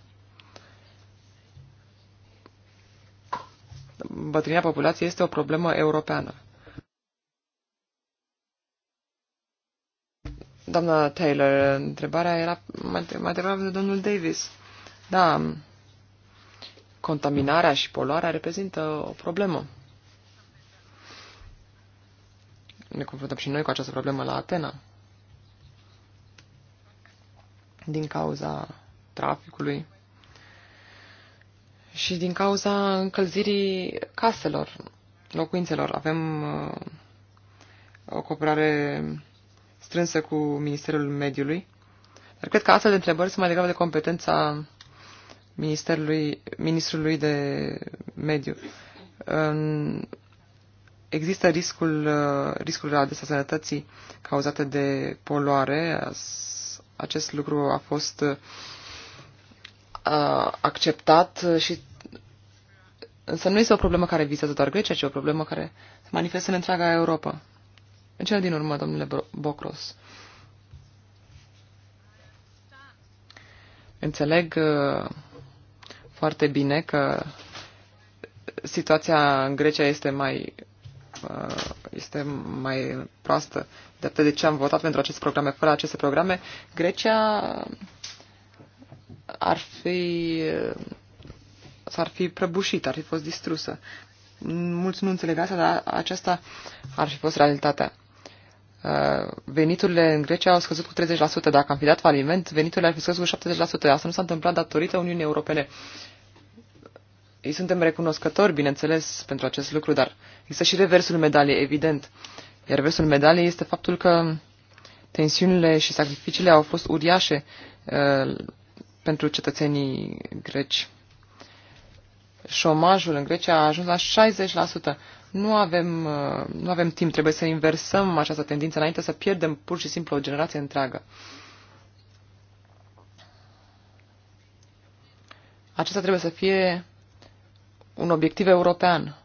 îmbătrânirea populației este o problemă europeană. Doamna Taylor, întrebarea era mai degrabă de domnul Davis. Da, contaminarea și poluarea reprezintă o problemă. Ne confruntăm și noi cu această problemă la Atena. Din cauza traficului, și din cauza încălzirii caselor, locuințelor. Avem uh, o cooperare strânsă cu Ministerul Mediului. Dar cred că astfel de întrebări sunt mai degrabă de competența Ministerului, Ministrului de Mediu. Există riscul, uh, riscul adesea sănătății cauzate de poluare. Acest lucru a fost uh, acceptat și însă nu este o problemă care vizează doar Grecia, ci o problemă care se manifestă în întreaga Europa. În cel din urmă, domnule Bocros, înțeleg uh, foarte bine că situația în Grecia este mai uh, este mai proastă. De atât de ce am votat pentru aceste programe. Fără aceste programe, Grecia ar fi s-ar fi prăbușit, ar fi fost distrusă. Mulți nu înțeleg asta, dar aceasta ar fi fost realitatea. Uh, veniturile în Grecia au scăzut cu 30%. Dacă am fi dat faliment, veniturile ar fi scăzut cu 70%. Asta nu s-a întâmplat datorită Uniunii Europene. Ei suntem recunoscători, bineînțeles, pentru acest lucru, dar există și reversul medaliei, evident. Iar reversul medaliei este faptul că tensiunile și sacrificiile au fost uriașe uh, pentru cetățenii greci. Șomajul în Grecia a ajuns la 60%. Nu avem, uh, nu avem timp, trebuie să inversăm această tendință înainte să pierdem pur și simplu o generație întreagă. Acesta trebuie să fie un obiectiv european,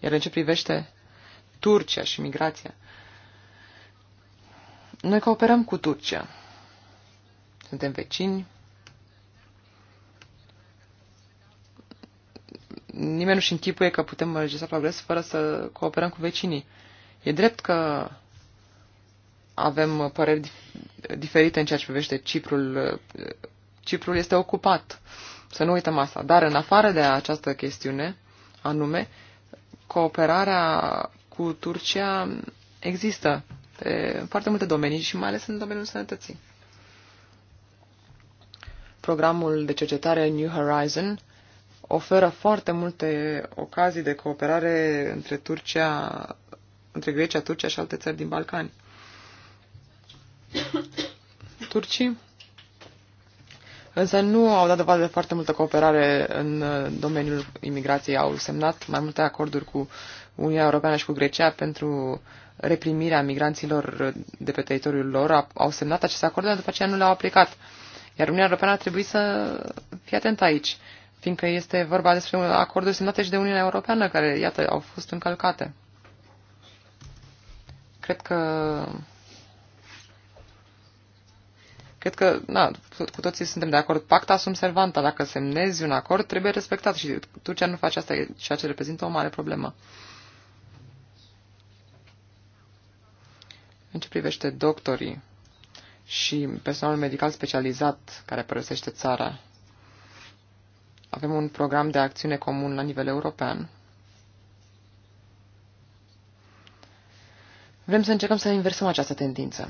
iar în ce privește Turcia și migrația. Noi cooperăm cu Turcia. Suntem vecini, nimeni nu-și închipuie că putem registra progres fără să cooperăm cu vecinii. E drept că avem păreri diferite în ceea ce privește Ciprul. Ciprul este ocupat. Să nu uităm asta. Dar în afară de această chestiune, anume, cooperarea cu Turcia există pe foarte multe domenii și mai ales în domeniul sănătății. Programul de cercetare New Horizon oferă foarte multe ocazii de cooperare între Turcia, între Grecia, Turcia și alte țări din Balcani. Turcii însă nu au dat dovadă de foarte multă cooperare în domeniul imigrației. Au semnat mai multe acorduri cu Uniunea Europeană și cu Grecia pentru reprimirea migranților de pe teritoriul lor. Au semnat aceste acorduri, dar după aceea nu le-au aplicat. Iar Uniunea Europeană a trebuit să fie atentă aici fiindcă este vorba despre acorduri semnate și de Uniunea Europeană, care, iată, au fost încălcate. Cred că... Cred că, na, cu toții suntem de acord. Pacta sunt servanta. Dacă semnezi un acord, trebuie respectat. Și Turcia nu face asta, ceea ce reprezintă o mare problemă. În ce privește doctorii și personalul medical specializat care părăsește țara, avem un program de acțiune comun la nivel european. Vrem să încercăm să inversăm această tendință.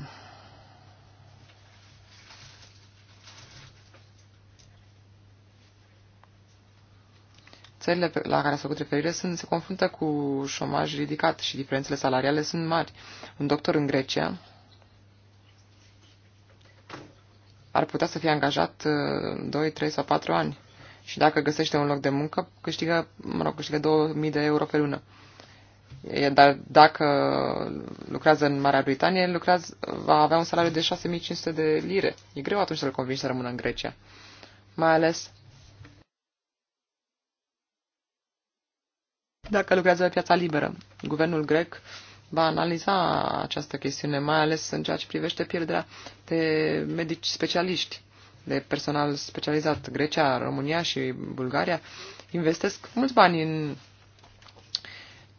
Țările la care s-a făcut referire sunt, se confruntă cu șomaj ridicat și diferențele salariale sunt mari. Un doctor în Grecia ar putea să fie angajat 2, uh, 3 sau 4 ani și dacă găsește un loc de muncă, câștigă, mă rog, câștigă 2000 de euro pe lună. Dar dacă lucrează în Marea Britanie, lucrează, va avea un salariu de 6500 de lire. E greu atunci să-l convingi să rămână în Grecia. Mai ales dacă lucrează pe piața liberă. Guvernul grec va analiza această chestiune, mai ales în ceea ce privește pierderea de medici specialiști de personal specializat, Grecia, România și Bulgaria, investesc mulți bani în,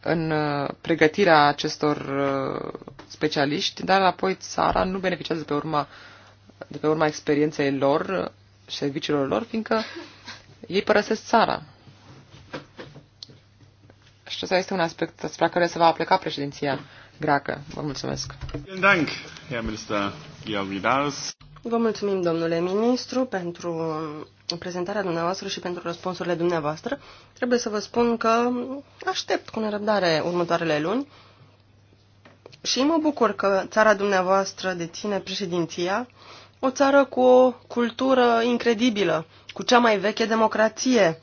în uh, pregătirea acestor uh, specialiști, dar apoi țara nu beneficiază de pe urma, de pe urma experienței lor, serviciilor lor, fiindcă ei părăsesc țara. Și acesta este un aspect asupra care se va apleca președinția greacă. Vă mulțumesc. Mulțumesc, Dank, Herr Minister Georgidaris. Vă mulțumim, domnule ministru, pentru prezentarea dumneavoastră și pentru răspunsurile dumneavoastră. Trebuie să vă spun că aștept cu nerăbdare următoarele luni și mă bucur că țara dumneavoastră deține președinția, o țară cu o cultură incredibilă, cu cea mai veche democrație.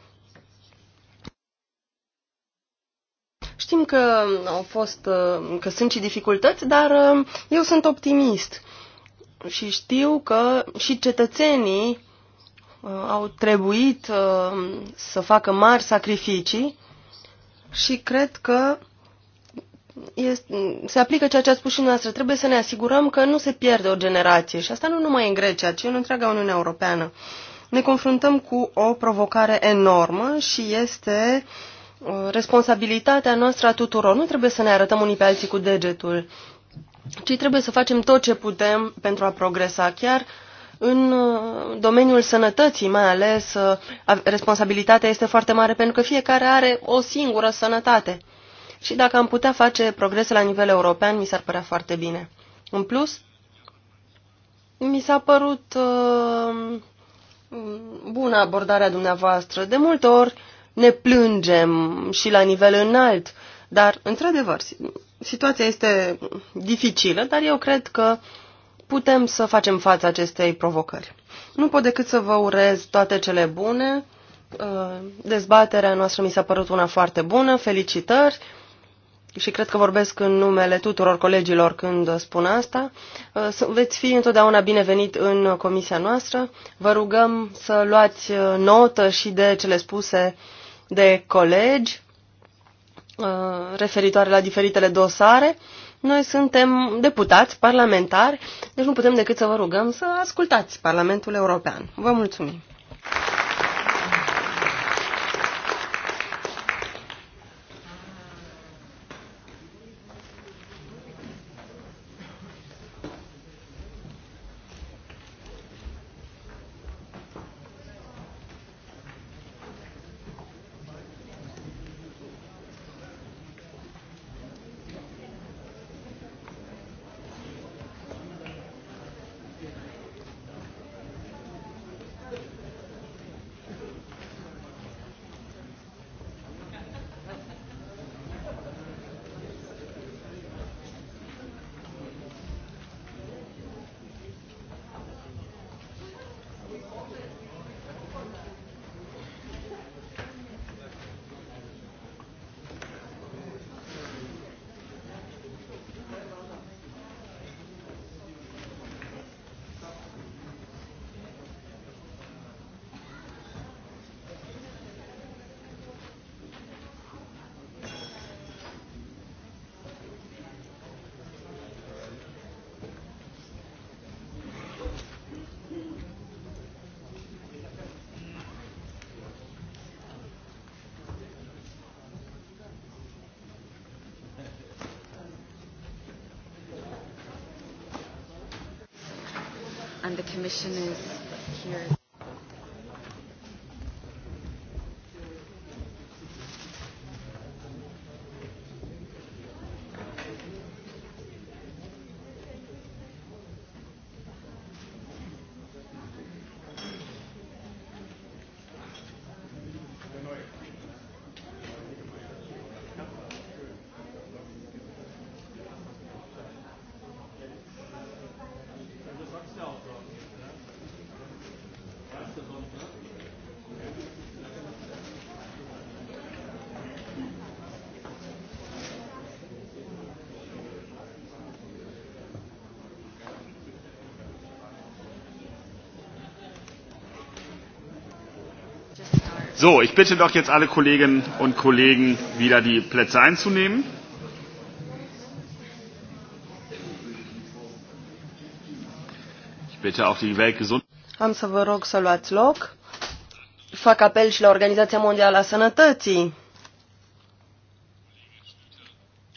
Știm că au fost, că sunt și dificultăți, dar uh, eu sunt optimist și știu că și cetățenii uh, au trebuit uh, să facă mari sacrificii și cred că este, se aplică ceea ce a spus și noastră. Trebuie să ne asigurăm că nu se pierde o generație și asta nu numai în Grecia, ci în întreaga Uniune Europeană. Ne confruntăm cu o provocare enormă și este uh, responsabilitatea noastră a tuturor. Nu trebuie să ne arătăm unii pe alții cu degetul ci trebuie să facem tot ce putem pentru a progresa. Chiar în uh, domeniul sănătății, mai ales, uh, responsabilitatea este foarte mare pentru că fiecare are o singură sănătate. Și dacă am putea face progrese la nivel european, mi s-ar părea foarte bine. În plus, mi s-a părut uh, bună abordarea dumneavoastră. De multe ori ne plângem și la nivel înalt, dar, într-adevăr, situația este dificilă, dar eu cred că putem să facem față acestei provocări. Nu pot decât să vă urez toate cele bune. Uh, dezbaterea noastră mi s-a părut una foarte bună. Felicitări! și cred că vorbesc în numele tuturor colegilor când spun asta, uh, veți fi întotdeauna binevenit în comisia noastră. Vă rugăm să luați uh, notă și de cele spuse de colegi Uh, referitoare la diferitele dosare. Noi suntem deputați, parlamentari, deci nu putem decât să vă rugăm să ascultați Parlamentul European. Vă mulțumim! commissioners. So, ich bitte doch jetzt alle Kolleginnen und Kollegen, wieder die Plätze einzunehmen. Ich bitte auch die Weltgesundheit. Fac apel și la Organizația Mondială a Sănătății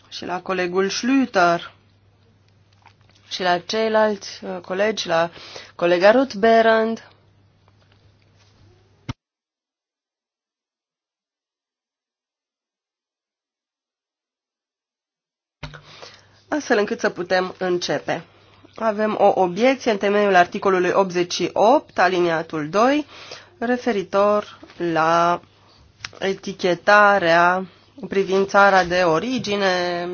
și la colegul Schlüter și la ceilalți uh, colegi, la colega Ruth Berend astfel încât să putem începe. Avem o obiecție în temeiul articolului 88, aliniatul 2, referitor la etichetarea privind țara de origine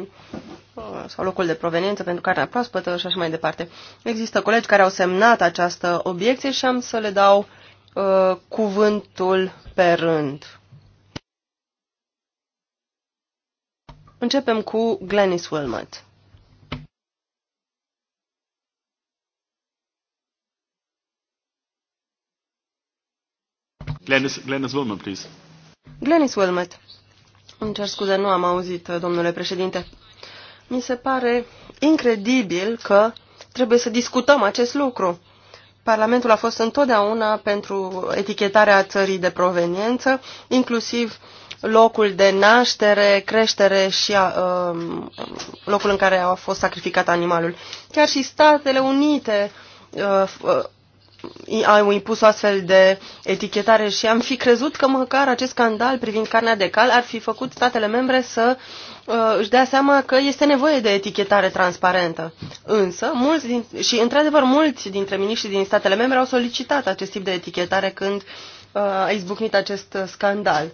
uh, sau locul de proveniență pentru carnea proaspătă și așa mai departe. Există colegi care au semnat această obiecție și am să le dau uh, cuvântul pe rând. Începem cu Glenis Wilmot. Glenis, Glenis Wilmot, please. Glenis Wilmot. Îmi cer scuze, nu am auzit, domnule președinte. Mi se pare incredibil că trebuie să discutăm acest lucru. Parlamentul a fost întotdeauna pentru etichetarea țării de proveniență, inclusiv locul de naștere, creștere și a, um, locul în care a fost sacrificat animalul. Chiar și Statele Unite uh, uh au impus o astfel de etichetare și am fi crezut că măcar acest scandal privind carnea de cal ar fi făcut statele membre să uh, își dea seama că este nevoie de etichetare transparentă. Însă, mulți din, și într-adevăr mulți dintre miniștrii din statele membre au solicitat acest tip de etichetare când uh, a izbucnit acest scandal.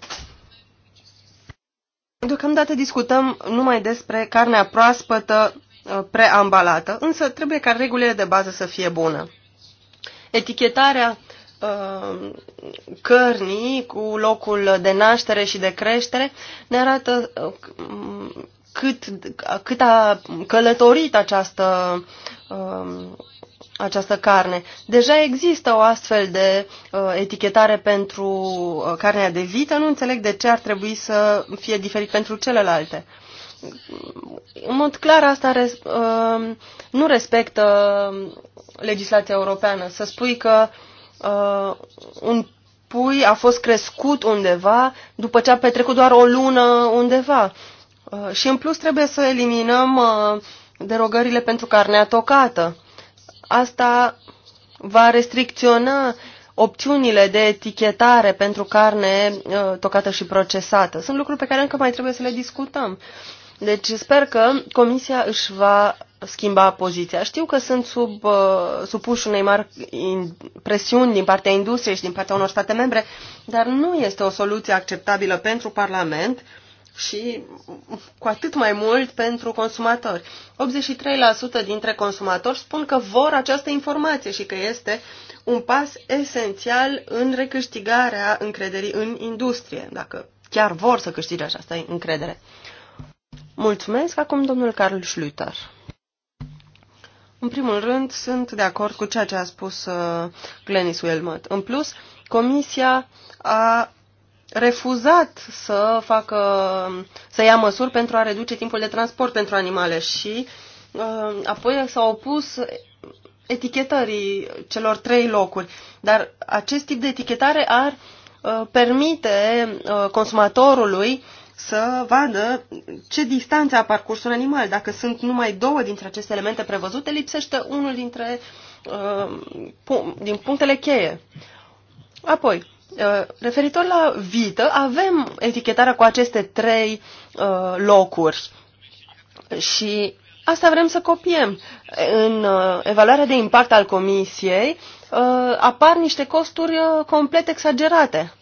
Deocamdată discutăm numai despre carnea proaspătă uh, preambalată, însă trebuie ca regulile de bază să fie bună. Etichetarea uh, cărnii cu locul de naștere și de creștere ne arată uh, cât, cât a călătorit această, uh, această carne. Deja există o astfel de etichetare pentru carnea de vită, nu înțeleg de ce ar trebui să fie diferit pentru celelalte. În mod clar, asta res, nu respectă legislația europeană. Să spui că uh, un pui a fost crescut undeva după ce a petrecut doar o lună undeva. Uh, și în plus trebuie să eliminăm uh, derogările pentru carnea tocată. Asta va restricționa opțiunile de etichetare pentru carne uh, tocată și procesată. Sunt lucruri pe care încă mai trebuie să le discutăm. Deci sper că Comisia își va schimba poziția. Știu că sunt sub, uh, supuși unei mari presiuni din partea industriei și din partea unor state membre, dar nu este o soluție acceptabilă pentru Parlament și cu atât mai mult pentru consumatori. 83% dintre consumatori spun că vor această informație și că este un pas esențial în recâștigarea încrederii în industrie, dacă chiar vor să câștige această încredere. Mulțumesc. Acum domnul Carl Schlüter. În primul rând, sunt de acord cu ceea ce a spus uh, Glenis Wilmot. În plus, Comisia a refuzat să facă, să ia măsuri pentru a reduce timpul de transport pentru animale și uh, apoi s-a opus etichetării celor trei locuri. Dar acest tip de etichetare ar uh, permite uh, consumatorului să vadă ce distanță a parcurs un animal. Dacă sunt numai două dintre aceste elemente prevăzute, lipsește unul dintre uh, din punctele cheie. Apoi, uh, referitor la vită, avem etichetarea cu aceste trei uh, locuri și asta vrem să copiem. În evaluarea de impact al comisiei apar niște costuri complet exagerate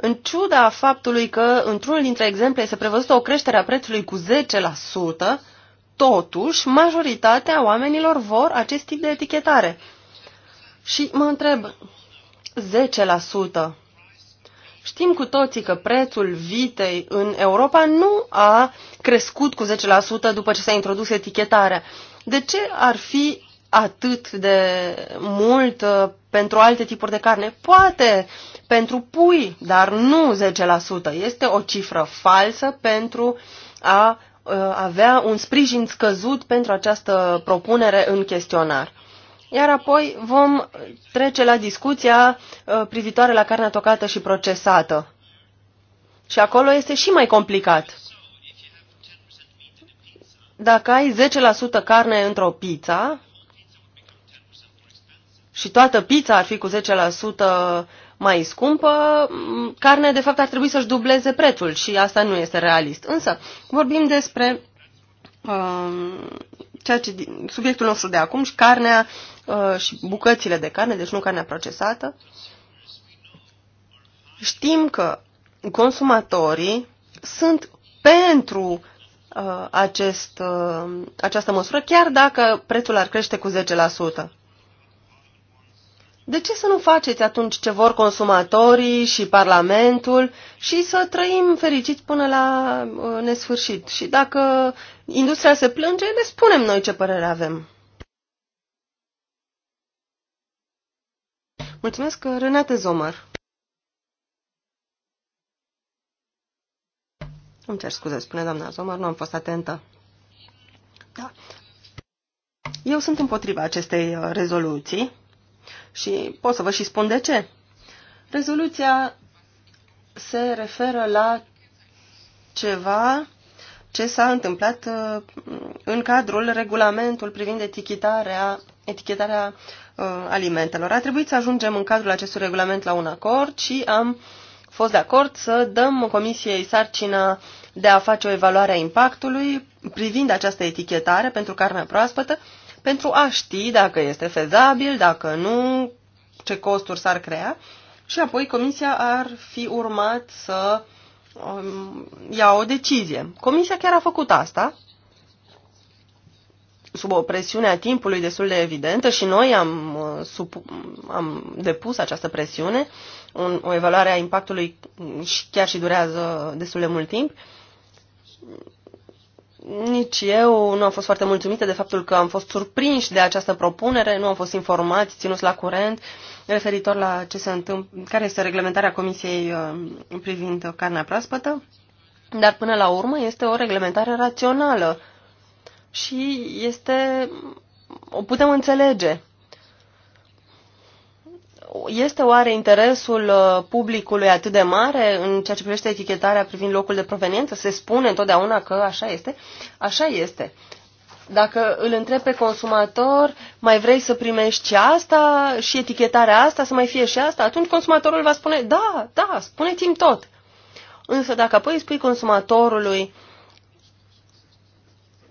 în ciuda faptului că într-unul dintre exemple se prevăzută o creștere a prețului cu 10%, totuși majoritatea oamenilor vor acest tip de etichetare. Și mă întreb, 10%. Știm cu toții că prețul vitei în Europa nu a crescut cu 10% după ce s-a introdus etichetarea. De ce ar fi atât de mult uh, pentru alte tipuri de carne. Poate pentru pui, dar nu 10%. Este o cifră falsă pentru a uh, avea un sprijin scăzut pentru această propunere în chestionar. Iar apoi vom trece la discuția uh, privitoare la carnea tocată și procesată. Și acolo este și mai complicat. Dacă ai 10% carne într-o pizza, și toată pizza ar fi cu 10% mai scumpă, carnea de fapt ar trebui să-și dubleze prețul și asta nu este realist. Însă vorbim despre um, ceea ce, subiectul nostru de acum și carnea uh, și bucățile de carne, deci nu carnea procesată. Știm că consumatorii sunt pentru uh, acest, uh, această măsură, chiar dacă prețul ar crește cu de ce să nu faceți atunci ce vor consumatorii și Parlamentul și să trăim fericiți până la uh, nesfârșit? Și dacă industria se plânge, ne spunem noi ce părere avem. Mulțumesc, Renate Zomar. Îmi cer scuze, spune doamna Zomar, nu am fost atentă. Da. Eu sunt împotriva acestei uh, rezoluții și pot să vă și spun de ce. Rezoluția se referă la ceva ce s-a întâmplat uh, în cadrul regulamentul privind etichetarea, etichetarea uh, alimentelor. A trebuit să ajungem în cadrul acestui regulament la un acord și am fost de acord să dăm Comisiei sarcina de a face o evaluare a impactului privind această etichetare pentru carnea proaspătă pentru a ști dacă este fezabil, dacă nu, ce costuri s-ar crea și apoi comisia ar fi urmat să um, ia o decizie. Comisia chiar a făcut asta, sub o presiune a timpului destul de evidentă și noi am, uh, sub, am depus această presiune, un, o evaluare a impactului și chiar și durează destul de mult timp nici eu nu am fost foarte mulțumită de faptul că am fost surprinși de această propunere, nu am fost informați, ținuți la curent, referitor la ce se întâmplă, care este reglementarea Comisiei um, privind carnea proaspătă, dar până la urmă este o reglementare rațională și este, o putem înțelege. Este oare interesul uh, publicului atât de mare în ceea ce privește etichetarea privind locul de proveniență? Se spune întotdeauna că așa este? Așa este. Dacă îl întreb pe consumator, mai vrei să primești și asta, și etichetarea asta, să mai fie și asta, atunci consumatorul va spune, da, da, spuneți-mi tot. Însă dacă apoi spui consumatorului,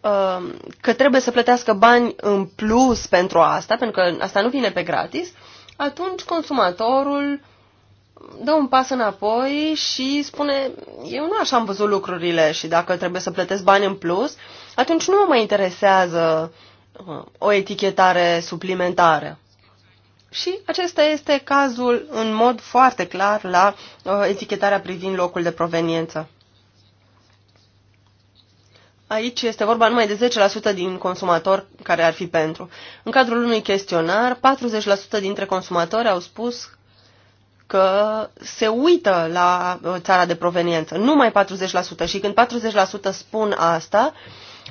uh, că trebuie să plătească bani în plus pentru asta, pentru că asta nu vine pe gratis, atunci consumatorul dă un pas înapoi și spune, eu nu așa am văzut lucrurile și dacă trebuie să plătesc bani în plus, atunci nu mă mai interesează uh, o etichetare suplimentară. Și acesta este cazul în mod foarte clar la uh, etichetarea privind locul de proveniență. Aici este vorba numai de 10% din consumatori care ar fi pentru. În cadrul unui chestionar, 40% dintre consumatori au spus că se uită la uh, țara de proveniență, numai 40%. Și când 40% spun asta,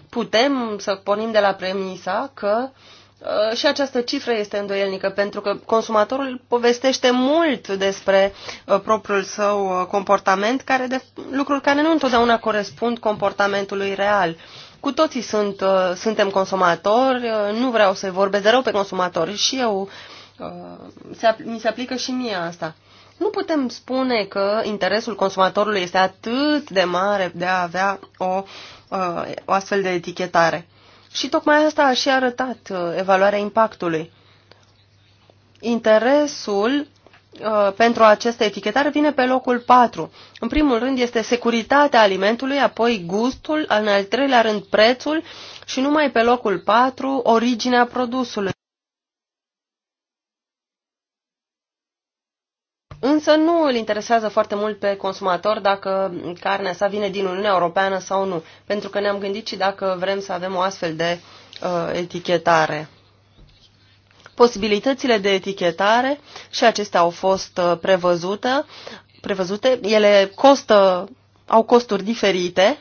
putem să pornim de la premisa că uh, Uh, și această cifră este îndoielnică, pentru că consumatorul povestește mult despre uh, propriul său uh, comportament, care de, lucruri care nu întotdeauna corespund comportamentului real. Cu toții sunt, suntem consumatori, nu vreau să-i vorbesc de rău pe consumatori și eu, se, mi se aplică și mie asta. Nu putem spune că interesul consumatorului este atât de mare de a avea o, o astfel de etichetare și tocmai asta a și arătat uh, evaluarea impactului. Interesul uh, pentru această etichetare vine pe locul 4. În primul rând este securitatea alimentului, apoi gustul, în al treilea rând prețul și numai pe locul 4 originea produsului. Însă nu îl interesează foarte mult pe consumator dacă carnea sa vine din Uniunea Europeană sau nu, pentru că ne-am gândit și dacă vrem să avem o astfel de uh, etichetare. Posibilitățile de etichetare și acestea au fost uh, prevăzute, prevăzute. ele costă, au costuri diferite.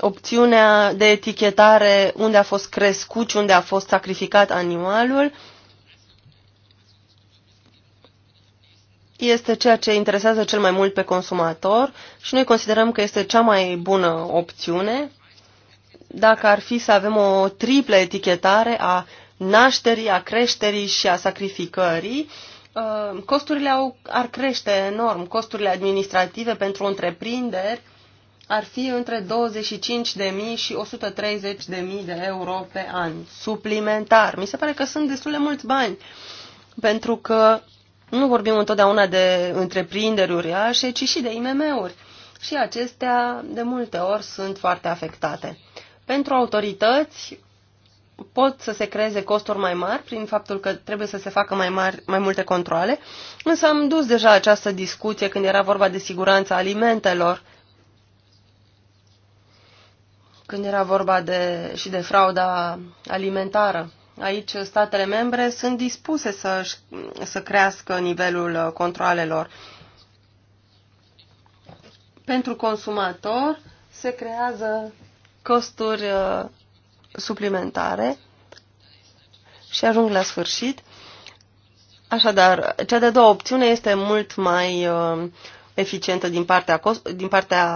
Opțiunea de etichetare unde a fost crescut și unde a fost sacrificat animalul, uh, este ceea ce interesează cel mai mult pe consumator și noi considerăm că este cea mai bună opțiune dacă ar fi să avem o triplă etichetare a nașterii, a creșterii și a sacrificării, uh, costurile au, ar crește enorm. Costurile administrative pentru întreprinderi ar fi între 25.000 și 130.000 de euro pe an, suplimentar. Mi se pare că sunt destul de mulți bani, pentru că nu vorbim întotdeauna de întreprinderi uriașe, ci și de IMM-uri. Și acestea, de multe ori, sunt foarte afectate. Pentru autorități, pot să se creeze costuri mai mari prin faptul că trebuie să se facă mai, mari, mai multe controle, însă am dus deja această discuție când era vorba de siguranța alimentelor, când era vorba de, și de frauda alimentară. Aici statele membre sunt dispuse să, să crească nivelul controalelor. Pentru consumator se creează costuri uh, suplimentare și ajung la sfârșit. Așadar, cea de-a doua opțiune este mult mai uh, eficientă din partea, din partea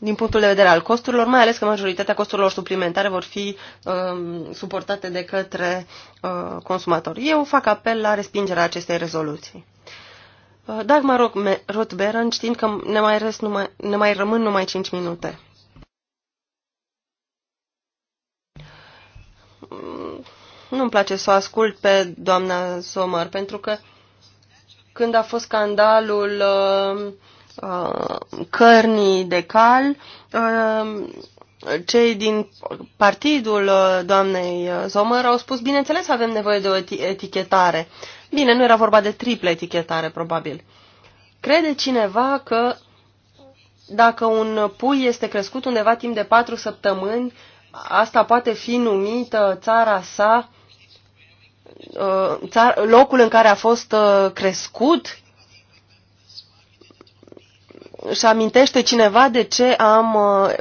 din punctul de vedere al costurilor, mai ales că majoritatea costurilor suplimentare vor fi um, suportate de către uh, consumatori. Eu fac apel la respingerea acestei rezoluții. Uh, Dagmar Rotberan, știind că ne mai, rest numai, ne mai rămân numai 5 minute. Mm, nu-mi place să o ascult pe doamna Somar, pentru că când a fost scandalul uh, Uh, cărnii de cal, uh, cei din partidul uh, doamnei Sommer au spus, bineînțeles avem nevoie de o etichetare. Bine, nu era vorba de triplă etichetare, probabil. Crede cineva că dacă un pui este crescut undeva timp de patru săptămâni, asta poate fi numită țara sa, locul în care a fost crescut își amintește cineva de ce am uh,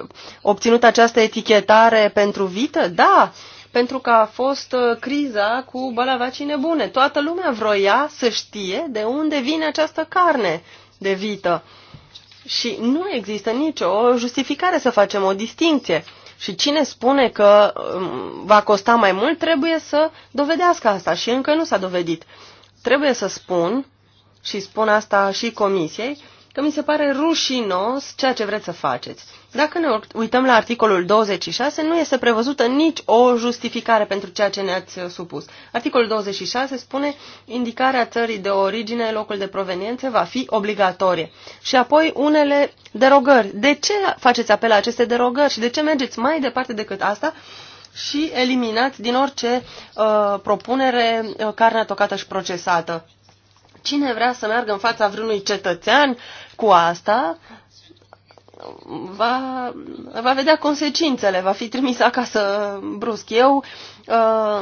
obținut această etichetare pentru vită? Da, pentru că a fost uh, criza cu balavacii nebune. Toată lumea vroia să știe de unde vine această carne de vită. Și nu există nicio justificare să facem o distinție. Și cine spune că um, va costa mai mult, trebuie să dovedească asta. Și încă nu s-a dovedit. Trebuie să spun, și spun asta și comisiei, că mi se pare rușinos ceea ce vreți să faceți. Dacă ne uităm la articolul 26, nu este prevăzută nici o justificare pentru ceea ce ne-ați uh, supus. Articolul 26 spune indicarea țării de origine, locul de proveniență va fi obligatorie. Și apoi unele derogări. De ce faceți apel la aceste derogări și de ce mergeți mai departe decât asta? și eliminați din orice uh, propunere uh, carnea tocată și procesată Cine vrea să meargă în fața vreunui cetățean cu asta, va, va vedea consecințele, va fi trimis acasă brusc. Eu uh,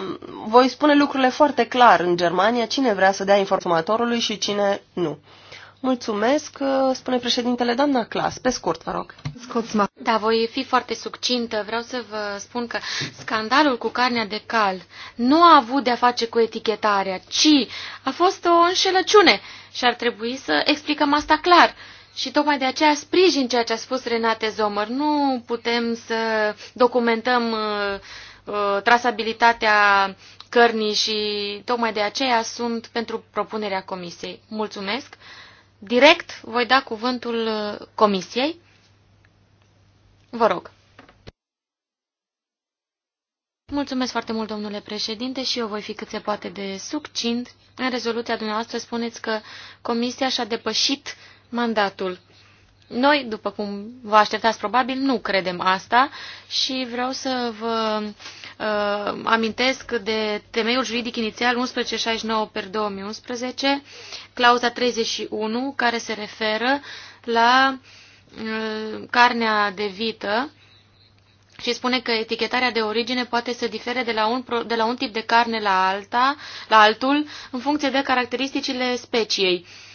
voi spune lucrurile foarte clar în Germania, cine vrea să dea informatorului și cine nu. Mulțumesc, uh, spune președintele, doamna Clas, pe scurt, vă rog. Da, voi fi foarte succintă. Vreau să vă spun că scandalul cu carnea de cal nu a avut de-a face cu etichetarea, ci a fost o înșelăciune și ar trebui să explicăm asta clar. Și tocmai de aceea sprijin ceea ce a spus Renate Zomăr. Nu putem să documentăm uh, uh, trasabilitatea cărnii și tocmai de aceea sunt pentru propunerea comisiei. Mulțumesc! direct voi da cuvântul uh, comisiei. Vă rog. Mulțumesc foarte mult, domnule președinte, și eu voi fi cât se poate de succint. În rezoluția dumneavoastră spuneți că Comisia și-a depășit mandatul. Noi, după cum vă așteptați probabil, nu credem asta și vreau să vă uh, amintesc de temeiul juridic inițial 1169 per 2011, clauza 31, care se referă la uh, carnea de vită și spune că etichetarea de origine poate să difere de la un, de la un tip de carne la, alta, la altul în funcție de caracteristicile speciei. Uh,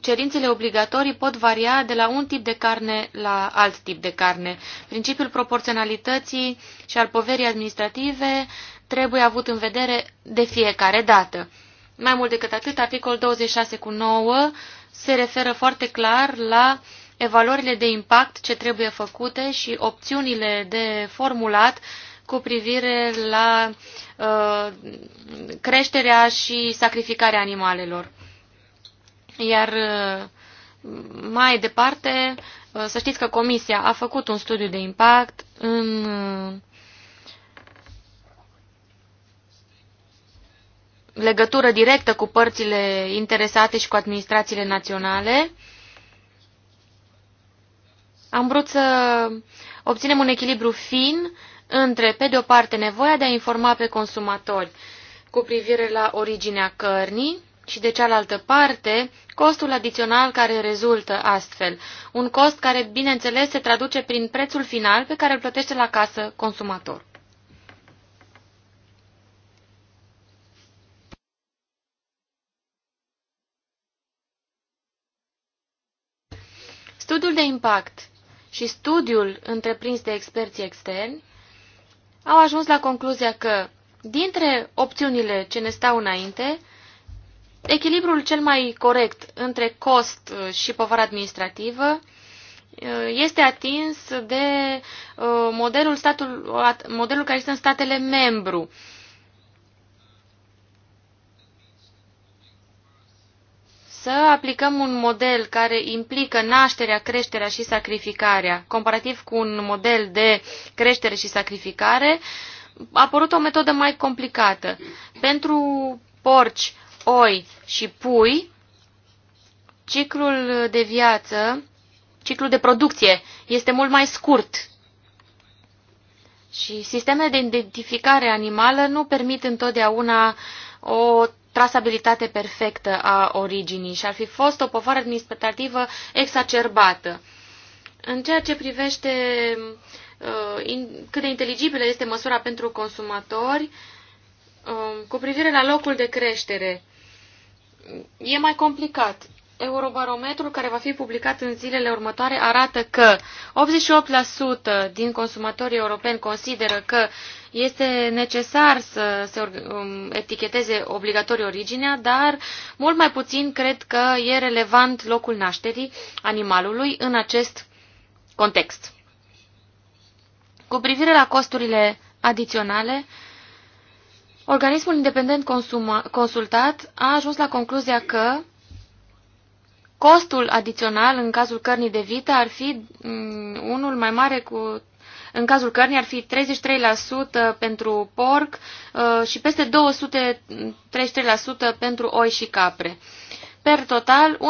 cerințele obligatorii pot varia de la un tip de carne la alt tip de carne. Principiul proporționalității și al poverii administrative trebuie avut în vedere de fiecare dată. Mai mult decât atât, articolul 26 cu 9 se referă foarte clar la evaluările de impact ce trebuie făcute și opțiunile de formulat cu privire la uh, creșterea și sacrificarea animalelor. Iar uh, mai departe, uh, să știți că Comisia a făcut un studiu de impact în uh, legătură directă cu părțile interesate și cu administrațiile naționale. Am vrut să obținem un echilibru fin între, pe de o parte, nevoia de a informa pe consumatori cu privire la originea cărnii și de cealaltă parte costul adițional care rezultă astfel, un cost care, bineînțeles, se traduce prin prețul final pe care îl plătește la casă consumator. Studiul de impact și studiul întreprins de experții externi au ajuns la concluzia că, dintre opțiunile ce ne stau înainte, Echilibrul cel mai corect între cost uh, și povară administrativă uh, este atins de uh, modelul, statul, modelul care este în statele membru. Să aplicăm un model care implică nașterea, creșterea și sacrificarea, comparativ cu un model de creștere și sacrificare, a apărut o metodă mai complicată. Pentru porci oi și pui, ciclul de viață, ciclul de producție este mult mai scurt. Și sistemele de identificare animală nu permit întotdeauna o trasabilitate perfectă a originii și ar fi fost o povară administrativă exacerbată. În ceea ce privește uh, cât de inteligibilă este măsura pentru consumatori, uh, cu privire la locul de creștere, e mai complicat. Eurobarometrul care va fi publicat în zilele următoare arată că 88% din consumatorii europeni consideră că este necesar să se um, eticheteze obligatoriu originea, dar mult mai puțin cred că e relevant locul nașterii animalului în acest context. Cu privire la costurile adiționale, Organismul independent consuma, consultat a ajuns la concluzia că costul adițional în cazul cărnii de vită ar fi mm, unul mai mare cu în cazul cărnii ar fi 33% pentru porc uh, și peste 233% pentru oi și capre. Per total, 1,3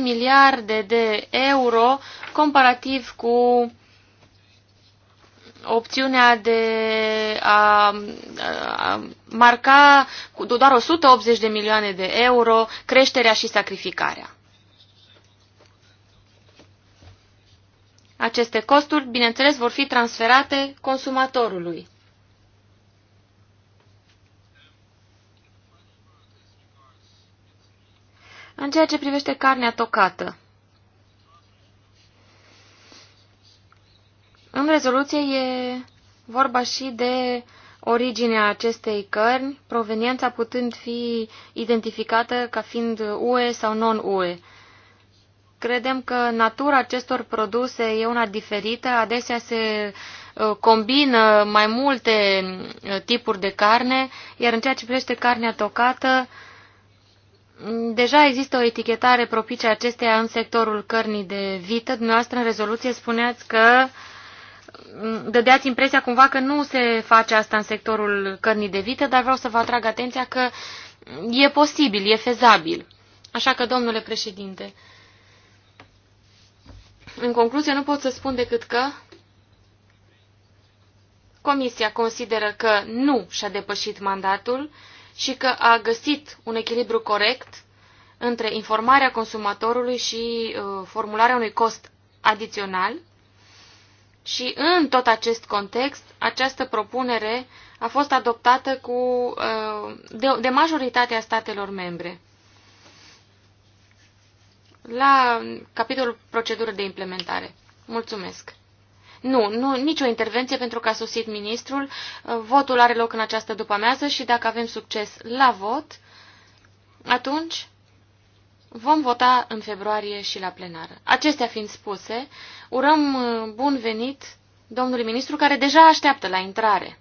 miliarde de euro comparativ cu opțiunea de a, a marca cu doar 180 de milioane de euro creșterea și sacrificarea. Aceste costuri, bineînțeles, vor fi transferate consumatorului. În ceea ce privește carnea tocată, În rezoluție e vorba și de originea acestei cărni, proveniența putând fi identificată ca fiind UE sau non-UE. Credem că natura acestor produse e una diferită, adesea se uh, combină mai multe uh, tipuri de carne, iar în ceea ce privește carnea tocată, Deja există o etichetare propice acesteia în sectorul cărnii de vită. Dumneavoastră, în rezoluție, spuneați că dădeați impresia cumva că nu se face asta în sectorul cărnii de vită, dar vreau să vă atrag atenția că e posibil, e fezabil. Așa că, domnule președinte, în concluzie nu pot să spun decât că Comisia consideră că nu și-a depășit mandatul și că a găsit un echilibru corect între informarea consumatorului și uh, formularea unui cost adițional și în tot acest context, această propunere a fost adoptată cu, uh, de, de majoritatea statelor membre. La capitolul procedură de implementare. Mulțumesc. Nu, nu, nicio intervenție pentru că a susit ministrul. Uh, votul are loc în această după-amiază și dacă avem succes la vot, atunci Vom vota în februarie și la plenară. Acestea fiind spuse, urăm uh, bun venit domnului ministru care deja așteaptă la intrare.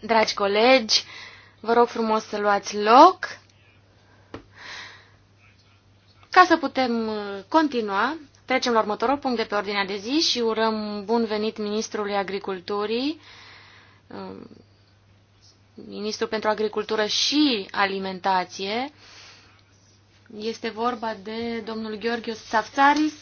Dragi colegi, vă rog frumos să luați loc ca să putem uh, continua. Trecem la următorul punct de pe ordinea de zi și urăm bun venit Ministrului Agriculturii, uh, Ministrul pentru Agricultură și Alimentație, este vorba de domnul Gheorghe Safțaris.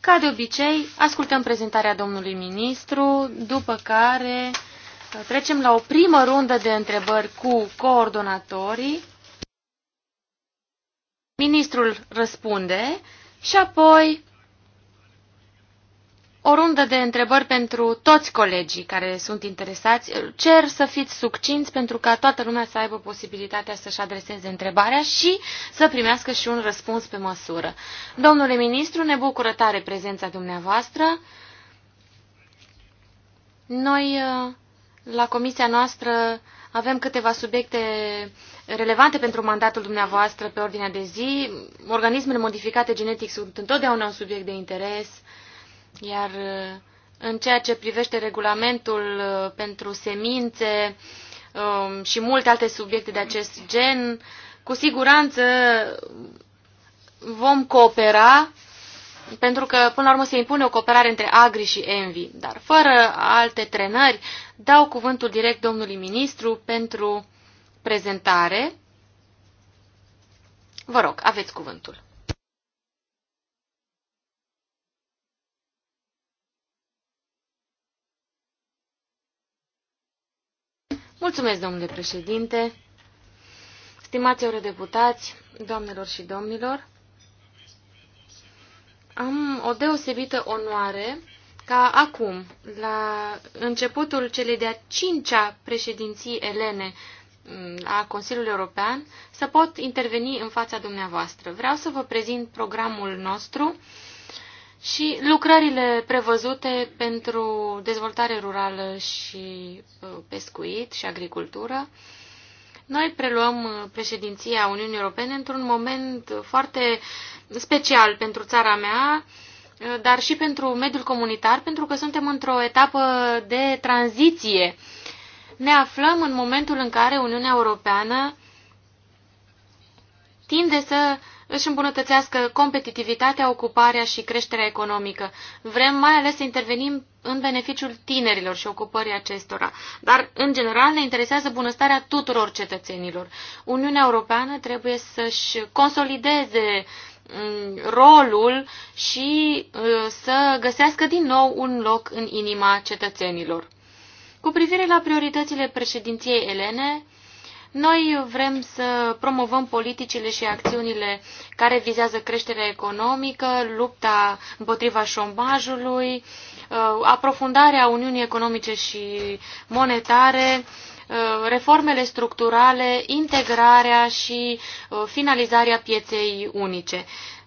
Ca de obicei, ascultăm prezentarea domnului ministru, după care uh, trecem la o primă rundă de întrebări cu coordonatorii. Ministrul răspunde și apoi o rundă de întrebări pentru toți colegii care sunt interesați. Cer să fiți succinți pentru ca toată lumea să aibă posibilitatea să-și adreseze întrebarea și să primească și un răspuns pe măsură. Domnule ministru, ne bucură tare prezența dumneavoastră. Noi, uh, la comisia noastră, avem câteva subiecte relevante pentru mandatul dumneavoastră pe ordinea de zi. Organismele modificate genetic sunt întotdeauna un subiect de interes iar uh, în ceea ce privește regulamentul uh, pentru semințe um, și multe alte subiecte de acest gen, cu siguranță vom coopera pentru că până la urmă se impune o cooperare între Agri și Envi. Dar fără alte trenări, dau cuvântul direct domnului ministru pentru prezentare. Vă rog, aveți cuvântul. Mulțumesc, domnule președinte. Stimați eurodeputați, doamnelor și domnilor, am o deosebită onoare ca acum, la începutul celei de-a cincea președinții elene mm, a Consiliului European, să pot interveni în fața dumneavoastră. Vreau să vă prezint programul nostru și lucrările prevăzute pentru dezvoltare rurală și uh, pescuit și agricultură. Noi preluăm uh, președinția Uniunii Europene într-un moment foarte special pentru țara mea, uh, dar și pentru mediul comunitar, pentru că suntem într-o etapă de tranziție. Ne aflăm în momentul în care Uniunea Europeană tinde să își îmbunătățească competitivitatea, ocuparea și creșterea economică. Vrem mai ales să intervenim în beneficiul tinerilor și ocupării acestora, dar, în general, ne interesează bunăstarea tuturor cetățenilor. Uniunea Europeană trebuie să-și consolideze mm, rolul și uh, să găsească din nou un loc în inima cetățenilor. Cu privire la prioritățile președinției elene, noi vrem să promovăm politicile și acțiunile care vizează creșterea economică, lupta împotriva șomajului, uh, aprofundarea Uniunii Economice și Monetare, uh, reformele structurale, integrarea și uh, finalizarea pieței unice.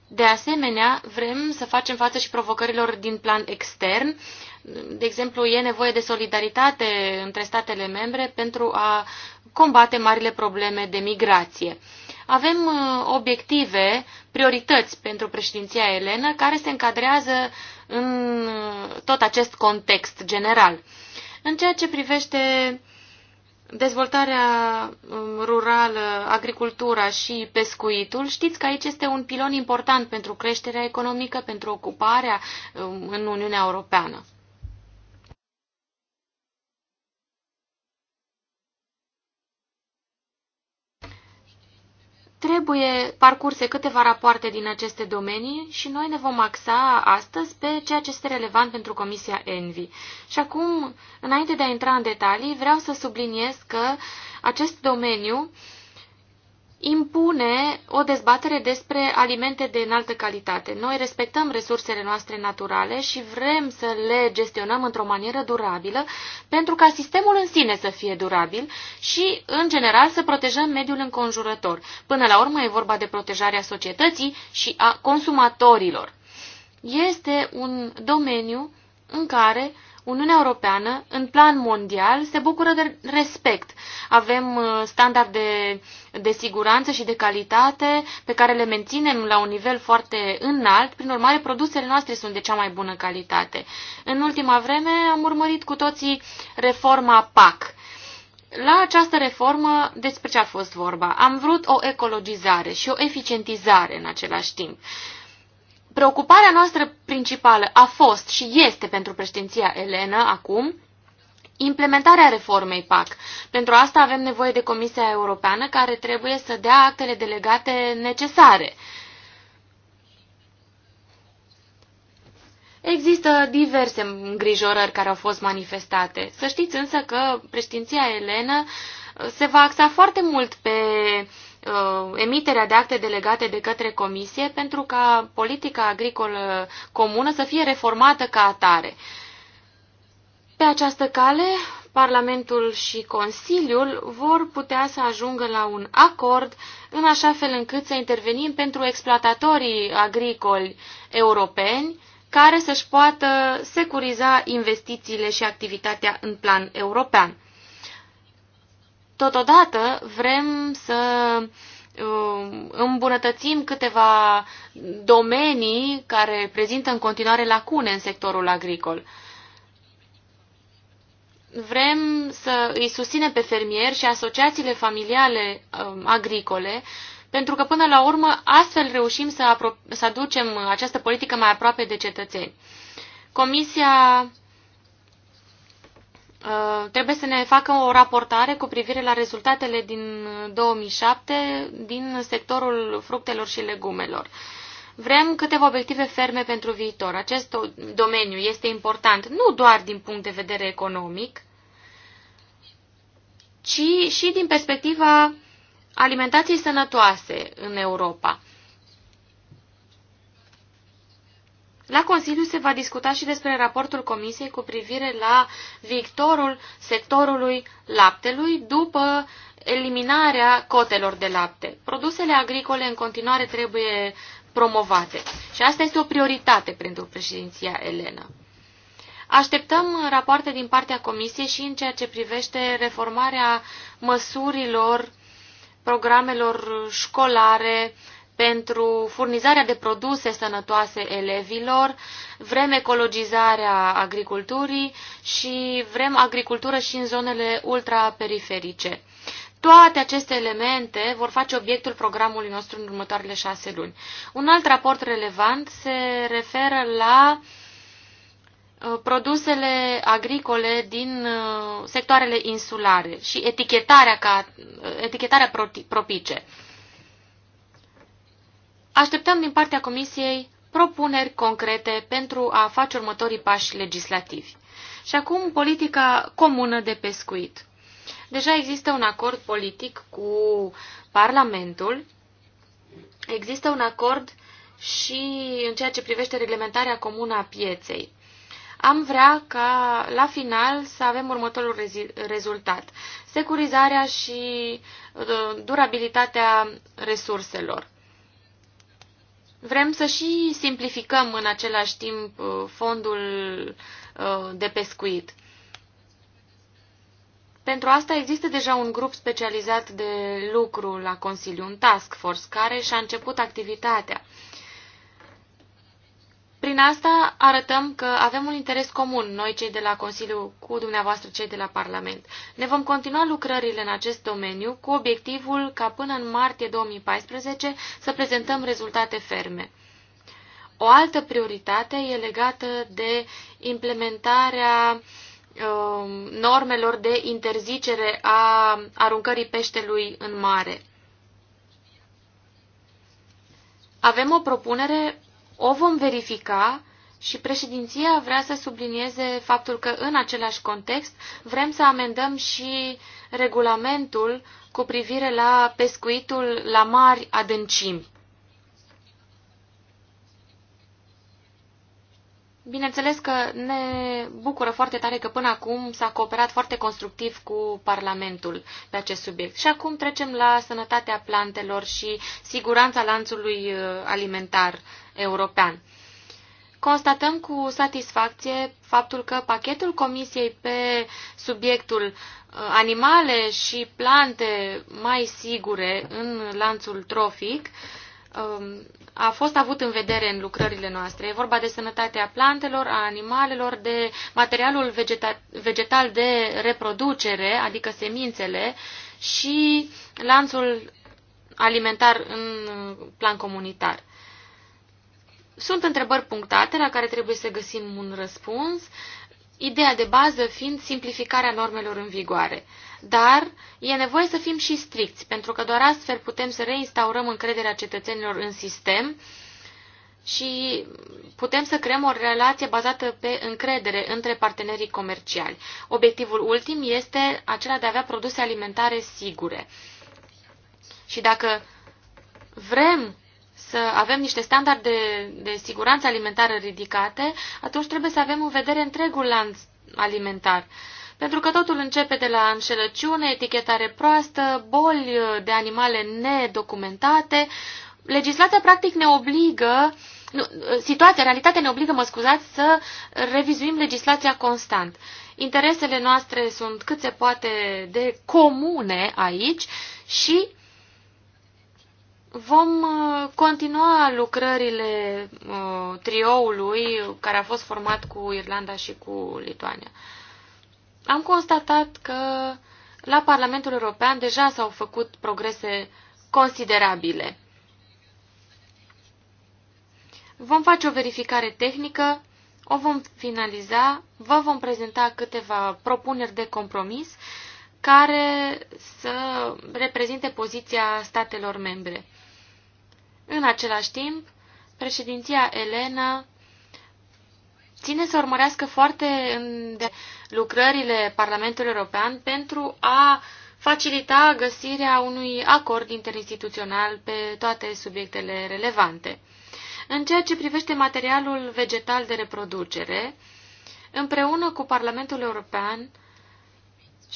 De asemenea, vrem să facem față și provocărilor din plan extern, de exemplu, e nevoie de solidaritate între statele membre pentru a combate marile probleme de migrație. Avem uh, obiective, priorități pentru președinția elenă care se încadrează în uh, tot acest context general. În ceea ce privește dezvoltarea um, rurală, agricultura și pescuitul, știți că aici este un pilon important pentru creșterea economică, pentru ocuparea um, în Uniunea Europeană. Trebuie parcurse câteva rapoarte din aceste domenii și noi ne vom axa astăzi pe ceea ce este relevant pentru Comisia Envi. Și acum, înainte de a intra în detalii, vreau să subliniez că acest domeniu uh, impune o dezbatere despre alimente de înaltă calitate. Noi respectăm resursele noastre naturale și vrem să le gestionăm într-o manieră durabilă pentru ca sistemul în sine să fie durabil și, în general, să protejăm mediul înconjurător. Până la urmă e vorba de protejarea societății și a consumatorilor. Este un domeniu în care Uniunea Europeană, în plan mondial, se bucură de respect. Avem uh, standarde de siguranță și de calitate pe care le menținem la un nivel foarte înalt, prin urmare produsele noastre sunt de cea mai bună calitate. În ultima vreme am urmărit cu toții reforma PAC. La această reformă, despre ce a fost vorba? Am vrut o ecologizare și o eficientizare în același timp preocuparea noastră principală a fost și este pentru președinția Elena acum implementarea reformei PAC. Pentru asta avem nevoie de Comisia Europeană care trebuie să dea actele delegate necesare. Există diverse îngrijorări care au fost manifestate. Să știți însă că președinția Elena se va axa foarte mult pe uh, Uh, emiterea de acte delegate de către Comisie pentru ca politica agricolă comună să fie reformată ca atare. Pe această cale, Parlamentul și Consiliul vor putea să ajungă la un acord în așa fel încât să intervenim pentru exploatatorii agricoli europeni care să-și poată securiza investițiile și activitatea în plan european. Totodată vrem să um, îmbunătățim câteva domenii care prezintă în continuare lacune în sectorul agricol. Vrem să îi susținem pe fermieri și asociațiile familiale um, agricole, pentru că până la urmă astfel reușim să, să aducem această politică mai aproape de cetățeni. Comisia Uh, trebuie să ne facă o raportare cu privire la rezultatele din 2007 din sectorul fructelor și legumelor. Vrem câteva obiective ferme pentru viitor. Acest domeniu este important nu doar din punct de vedere economic, ci și din perspectiva alimentației sănătoase în Europa. La Consiliu se va discuta și despre raportul Comisiei cu privire la viitorul sectorului laptelui după eliminarea cotelor de lapte. Produsele agricole în continuare trebuie promovate și asta este o prioritate pentru președinția Elena. Așteptăm rapoarte din partea Comisiei și în ceea ce privește reformarea măsurilor, programelor școlare, pentru furnizarea de produse sănătoase elevilor, vrem ecologizarea agriculturii și vrem agricultură și în zonele ultraperiferice. Toate aceste elemente vor face obiectul programului nostru în următoarele șase luni. Un alt raport relevant se referă la uh, produsele agricole din uh, sectoarele insulare și etichetarea, ca, uh, etichetarea propice. Așteptăm din partea Comisiei propuneri concrete pentru a face următorii pași legislativi. Și acum politica comună de pescuit. Deja există un acord politic cu Parlamentul, există un acord și în ceea ce privește reglementarea comună a pieței. Am vrea ca la final să avem următorul rezultat. Securizarea și uh, durabilitatea resurselor. Vrem să și simplificăm în același timp uh, fondul uh, de pescuit. Pentru asta există deja un grup specializat de lucru la Consiliu, un task force, care și-a început activitatea. Prin asta arătăm că avem un interes comun, noi cei de la Consiliu cu dumneavoastră cei de la Parlament. Ne vom continua lucrările în acest domeniu cu obiectivul ca până în martie 2014 să prezentăm rezultate ferme. O altă prioritate e legată de implementarea uh, normelor de interzicere a aruncării peștelui în mare. Avem o propunere o vom verifica și președinția vrea să sublinieze faptul că în același context vrem să amendăm și regulamentul cu privire la pescuitul la mari adâncimi. Bineînțeles că ne bucură foarte tare că până acum s-a cooperat foarte constructiv cu Parlamentul pe acest subiect. Și acum trecem la sănătatea plantelor și siguranța lanțului uh, alimentar european. Constatăm cu satisfacție faptul că pachetul Comisiei pe subiectul uh, animale și plante mai sigure în lanțul trofic Um, a fost avut în vedere în lucrările noastre. E vorba de sănătatea plantelor, a animalelor, de materialul vegeta vegetal de reproducere, adică semințele, și lanțul alimentar în plan comunitar. Sunt întrebări punctate la care trebuie să găsim un răspuns ideea de bază fiind simplificarea normelor în vigoare. Dar e nevoie să fim și stricți, pentru că doar astfel putem să reinstaurăm încrederea cetățenilor în sistem și putem să creăm o relație bazată pe încredere între partenerii comerciali. Obiectivul ultim este acela de a avea produse alimentare sigure. Și dacă vrem să avem niște standarde de, de siguranță alimentară ridicate, atunci trebuie să avem în vedere întregul lanț alimentar. Pentru că totul începe de la înșelăciune, etichetare proastă, boli de animale nedocumentate. Legislația practic ne obligă, nu, situația, realitatea ne obligă, mă scuzați, să revizuim legislația constant. Interesele noastre sunt cât se poate de comune aici și Vom uh, continua lucrările uh, trioului care a fost format cu Irlanda și cu Lituania. Am constatat că la Parlamentul European deja s-au făcut progrese considerabile. Vom face o verificare tehnică, o vom finaliza, vă vom prezenta câteva propuneri de compromis care să reprezinte poziția statelor membre. În același timp, președinția Elena ține să urmărească foarte de lucrările Parlamentului European pentru a facilita găsirea unui acord interinstituțional pe toate subiectele relevante. În ceea ce privește materialul vegetal de reproducere, împreună cu Parlamentul European,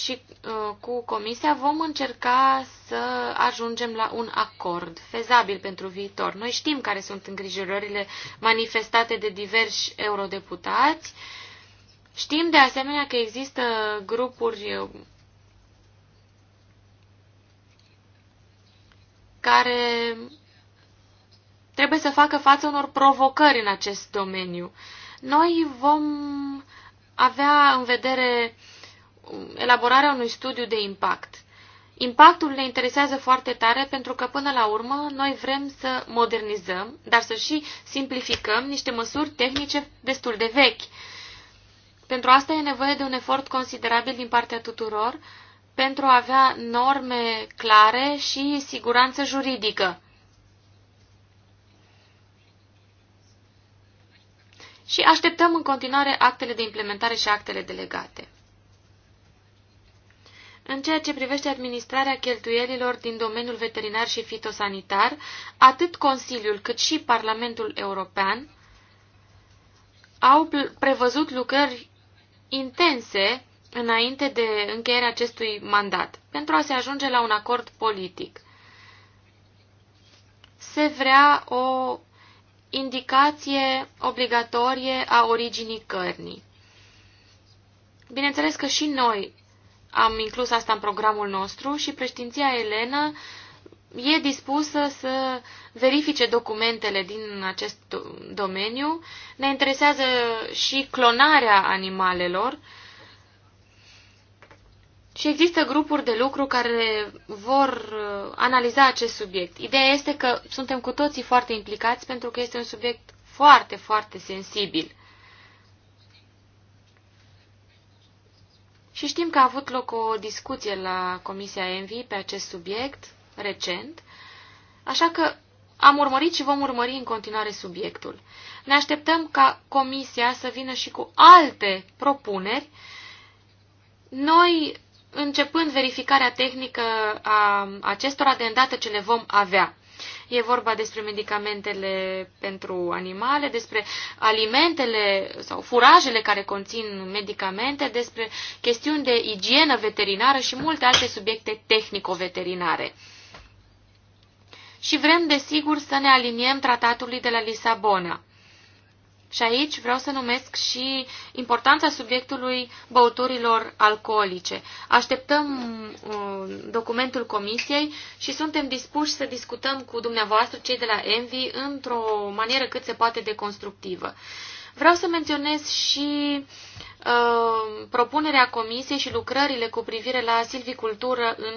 și uh, cu Comisia vom încerca să ajungem la un acord fezabil pentru viitor. Noi știm care sunt îngrijorările manifestate de diversi eurodeputați. Știm de asemenea că există grupuri uh, care trebuie să facă față unor provocări în acest domeniu. Noi vom avea în vedere uh, elaborarea unui studiu de impact. Impactul ne interesează foarte tare pentru că, până la urmă, noi vrem să modernizăm, dar să și simplificăm niște măsuri tehnice destul de vechi. Pentru asta e nevoie de un efort considerabil din partea tuturor pentru a avea norme clare și siguranță juridică. Și așteptăm în continuare actele de implementare și actele delegate în ceea ce privește administrarea cheltuielilor din domeniul veterinar și fitosanitar, atât Consiliul cât și Parlamentul European au prevăzut lucrări intense înainte de încheierea acestui mandat, pentru a se ajunge la un acord politic. Se vrea o indicație obligatorie a originii cărnii. Bineînțeles că și noi am inclus asta în programul nostru și preștinția Elena e dispusă să verifice documentele din acest domeniu. Ne interesează și clonarea animalelor. Și există grupuri de lucru care vor uh, analiza acest subiect. Ideea este că suntem cu toții foarte implicați pentru că este un subiect foarte, foarte sensibil. Și știm că a avut loc o discuție la Comisia Envi pe acest subiect recent, așa că am urmărit și vom urmări în continuare subiectul. Ne așteptăm ca Comisia să vină și cu alte propuneri. Noi, începând verificarea tehnică a acestora, de îndată ce le vom avea. E vorba despre medicamentele pentru animale, despre alimentele sau furajele care conțin medicamente, despre chestiuni de igienă veterinară și multe alte subiecte tehnico-veterinare. Și vrem, desigur, să ne aliniem tratatului de la Lisabona. Și aici vreau să numesc și importanța subiectului băuturilor alcoolice. Așteptăm uh, documentul comisiei și suntem dispuși să discutăm cu dumneavoastră, cei de la Envi, într-o manieră cât se poate de constructivă. Uh, Vreau să menționez și uh, propunerea Comisiei și lucrările cu privire la silvicultură în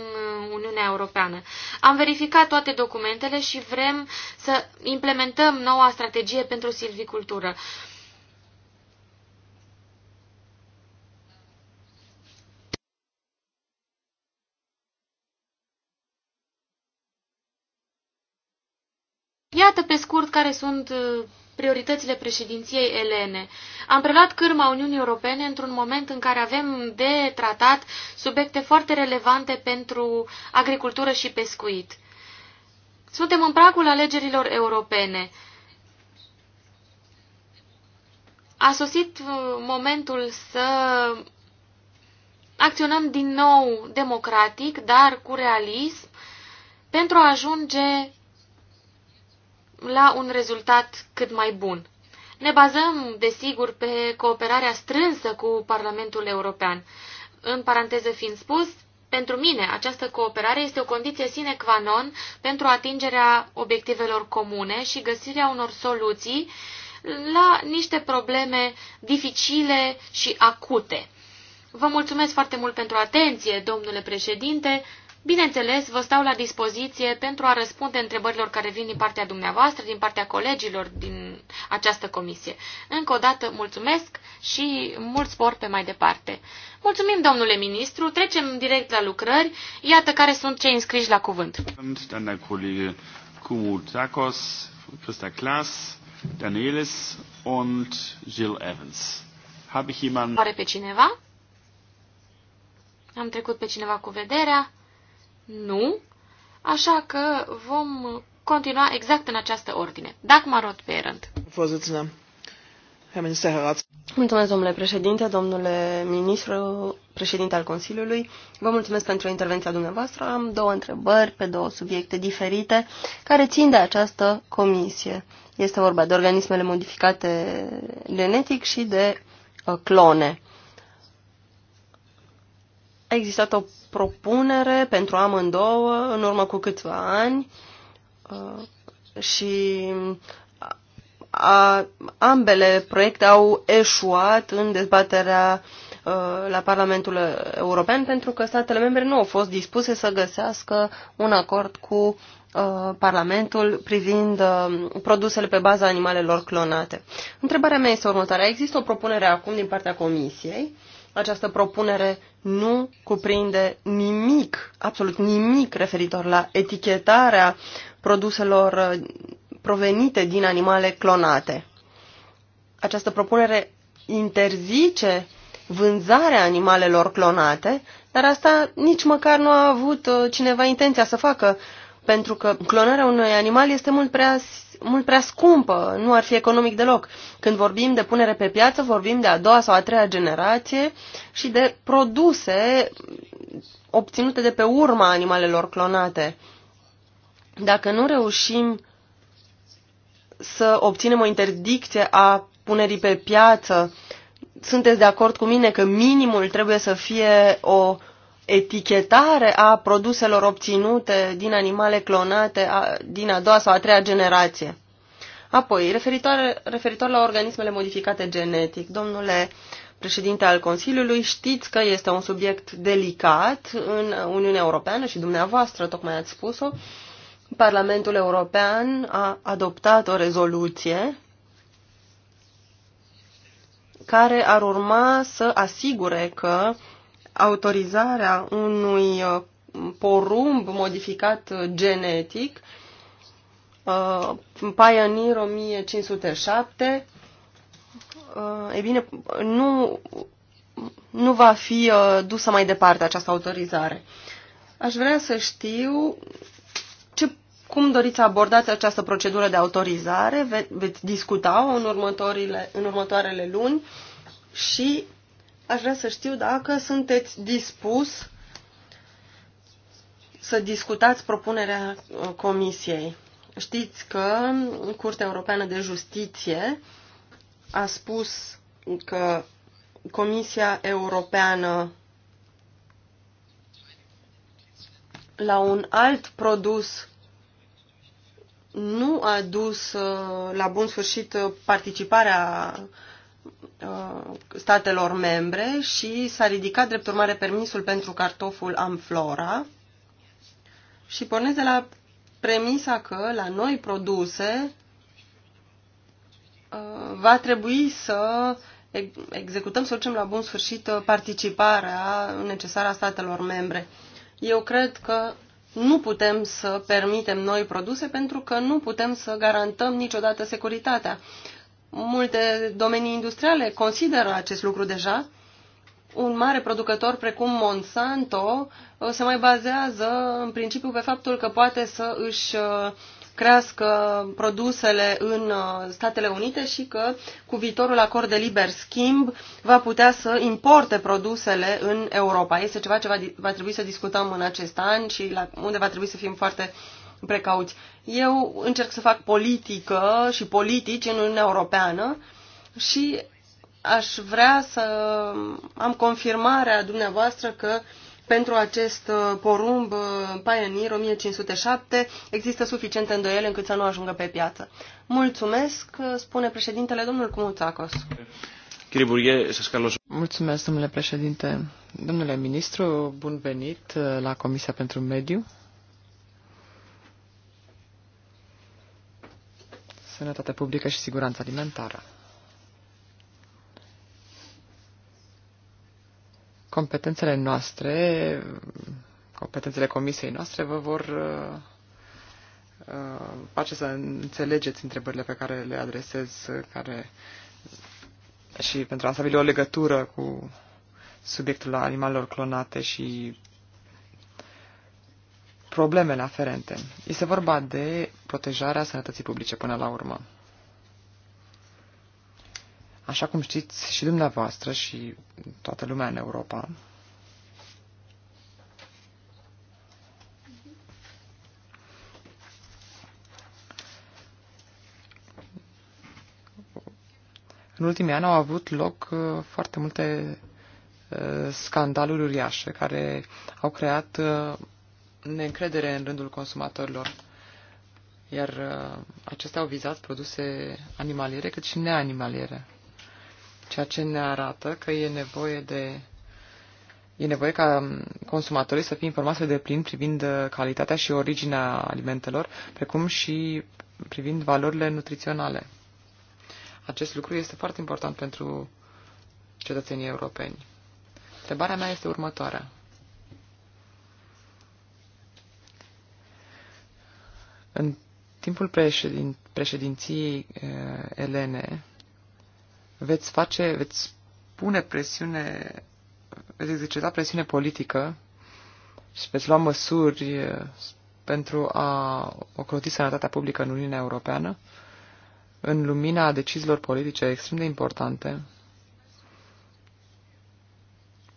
Uniunea Europeană. Am verificat toate documentele și vrem să implementăm noua strategie pentru silvicultură. Iată pe scurt care sunt uh, prioritățile președinției elene. Am preluat cârma Uniunii Europene într-un moment în care avem de tratat subiecte foarte relevante pentru agricultură și pescuit. Suntem în pragul alegerilor europene. A sosit uh, momentul să acționăm din nou democratic, dar cu realism, pentru a ajunge la un rezultat cât mai bun. Ne bazăm, desigur, pe cooperarea strânsă cu Parlamentul European. În paranteză fiind spus, pentru mine, această cooperare este o condiție sine qua non pentru atingerea obiectivelor comune și găsirea unor soluții la niște probleme dificile și acute. Vă mulțumesc foarte mult pentru atenție, domnule președinte. Bineînțeles, vă stau la dispoziție pentru a răspunde întrebărilor care vin din partea dumneavoastră, din partea colegilor din această comisie. Încă o dată mulțumesc și mult spor pe mai departe. Mulțumim, domnule ministru, trecem direct la lucrări. Iată care sunt cei înscriși la cuvânt. Doamna colegă Kumutakos, Christa Klaas, Danielis und Jill Evans. Habe ich jemanden... pe cineva? Am trecut pe cineva cu vederea. Nu. Așa că vom continua exact în această ordine. Dagmar Roth-Berend. Mulțumesc, domnule președinte, domnule ministru, președinte al Consiliului. Vă mulțumesc pentru intervenția dumneavoastră. Am două întrebări pe două subiecte diferite care țin de această comisie. Este vorba de organismele modificate genetic și de uh, clone. A existat o propunere pentru amândouă în urmă cu câțiva ani uh, și a, ambele proiecte au eșuat în dezbaterea uh, la Parlamentul European pentru că statele membre nu au fost dispuse să găsească un acord cu uh, Parlamentul privind produsele pe baza animalelor clonate. Întrebarea mea este următoarea. Există o propunere acum din partea Comisiei această propunere nu cuprinde nimic, absolut nimic referitor la etichetarea produselor uh, provenite din animale clonate. Această propunere interzice vânzarea animalelor clonate, dar asta nici măcar nu a avut uh, cineva intenția să facă, pentru că clonarea unui animal este mult prea mult prea scumpă, nu ar fi economic deloc. Când vorbim de punere pe piață, vorbim de a doua sau a treia generație și de produse obținute de pe urma animalelor clonate. Dacă nu reușim să obținem o interdicție a punerii pe piață, sunteți de acord cu mine că minimul trebuie să fie o etichetare a produselor obținute din animale clonate a, din a doua sau a treia generație. Apoi, referitor, referitor la organismele modificate genetic, domnule președinte al Consiliului, știți că este un subiect delicat în Uniunea Europeană și dumneavoastră tocmai ați spus-o. Parlamentul European a adoptat o rezoluție care ar urma să asigure că autorizarea unui uh, porumb modificat uh, genetic, uh, Pioneer 1507, e bine, nu, nu va fi dusă mai departe această autorizare. Aș vrea să știu ce, cum doriți să abordați această procedură de autorizare, veți discuta-o în, în următoarele luni și Aș vrea să știu dacă sunteți dispus să discutați propunerea uh, Comisiei. Știți că Curtea Europeană de Justiție a spus că Comisia Europeană la un alt produs nu a dus uh, la bun sfârșit uh, participarea Uh, statelor membre și s-a ridicat drept urmare permisul pentru cartoful Amflora și pornesc de la premisa că la noi produse uh, va trebui să executăm, să ducem la bun sfârșit uh, participarea necesară a statelor membre. Eu cred că nu putem să permitem noi produse pentru că nu putem să garantăm niciodată securitatea. Multe domenii industriale consideră acest lucru deja. Un mare producător precum Monsanto uh, se mai bazează în principiu pe faptul că poate să își uh, crească produsele în uh, Statele Unite și că cu viitorul acord de liber schimb va putea să importe produsele în Europa. Este ceva ce va, va trebui să discutăm în acest an și la unde va trebui să fim foarte precauți. Eu încerc să fac politică și politici în Uniunea Europeană și aș vrea să am confirmarea dumneavoastră că pentru acest uh, porumb uh, Pioneer 1507 există suficiente îndoiele încât să nu ajungă pe piață. Mulțumesc, uh, spune președintele domnul Cumuțacos. Mulțumesc, domnule președinte. Domnule ministru, bun venit la Comisia pentru Mediu. sănătatea publică și siguranța alimentară. Competențele noastre, competențele comisiei noastre vă vor uh, uh, face să înțelegeți întrebările pe care le adresez care, și pentru a stabili o legătură cu subiectul animalelor clonate și problemele aferente. Este vorba de protejarea sănătății publice până la urmă. Așa cum știți și dumneavoastră și toată lumea în Europa, în ultimii ani au avut loc uh, foarte multe uh, scandaluri uriașe care au creat uh, neîncredere în rândul consumatorilor, iar uh, acestea au vizat produse animaliere cât și neanimaliere, ceea ce ne arată că e nevoie de E nevoie ca um, consumatorii să fie informați de plin privind uh, calitatea și originea alimentelor, precum și privind valorile nutriționale. Acest lucru este foarte important pentru cetățenii europeni. Întrebarea mea este următoarea. În timpul președin, președinției uh, elene, veți face, veți pune presiune, veți exercita presiune politică și veți lua măsuri eh, pentru a ocroti sănătatea publică în Uniunea Europeană, în lumina deciziilor politice extrem de importante,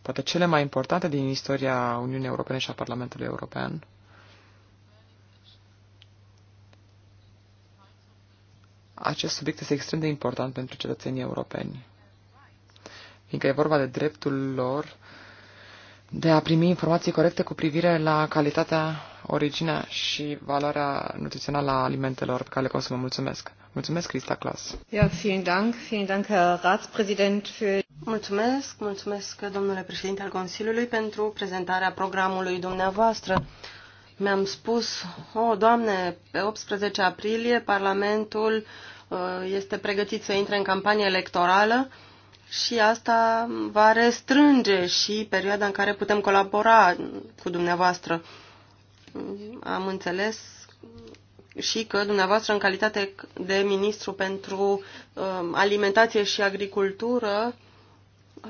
poate cele mai importante din istoria Uniunii Europene și a Parlamentului European, Acest subiect este extrem de important pentru cetățenii europeni, fiindcă e vorba de dreptul lor de a primi informații corecte cu privire la calitatea, originea și valoarea nutrițională a alimentelor pe care le consumă. Mulțumesc! Mulțumesc, Crista Clas! Ja, vielen Dank, vielen Dank, Herr Ratspräsident, für... Mulțumesc, mulțumesc, domnule președinte al Consiliului, pentru prezentarea programului dumneavoastră mi-am spus, o, oh, Doamne, pe 18 aprilie Parlamentul uh, este pregătit să intre în campanie electorală și asta va restrânge și perioada în care putem colabora cu dumneavoastră. Am înțeles și că dumneavoastră, în calitate de ministru pentru uh, alimentație și agricultură,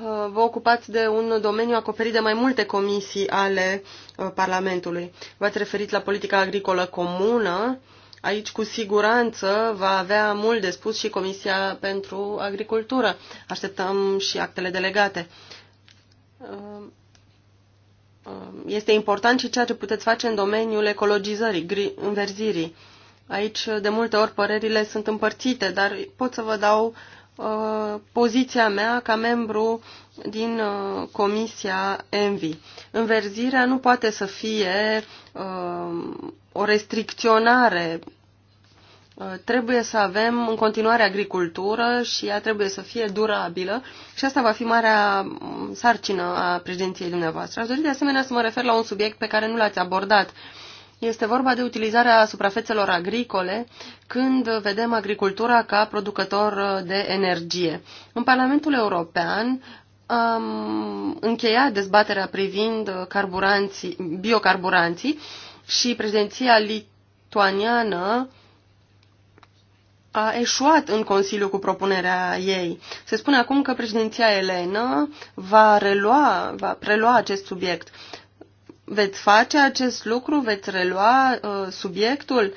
Uh, vă ocupați de un domeniu acoperit de mai multe comisii ale uh, Parlamentului. V-ați referit la politica agricolă comună. Aici, cu siguranță, va avea mult de spus și Comisia pentru Agricultură. Așteptăm și actele delegate. Uh, este important și ceea ce puteți face în domeniul ecologizării, înverzirii. Aici, de multe ori, părerile sunt împărțite, dar pot să vă dau Uh, poziția mea ca membru din uh, Comisia ENVI. Înverzirea nu poate să fie uh, o restricționare. Trebuie să avem în continuare agricultură și ea trebuie să fie durabilă și asta va fi marea mm, sarcină a președinției dumneavoastră. Aș dori de asemenea să mă refer la un subiect pe care nu l-ați abordat, uh, este vorba de utilizarea suprafețelor agricole când vedem agricultura ca producător de energie. În Parlamentul European am încheiat dezbaterea privind carburanții, biocarburanții și prezenția lituaniană a eșuat în Consiliu cu propunerea ei. Se spune acum că președinția Elenă va relua, va prelua acest subiect. Veți face acest lucru? Veți relua uh, subiectul?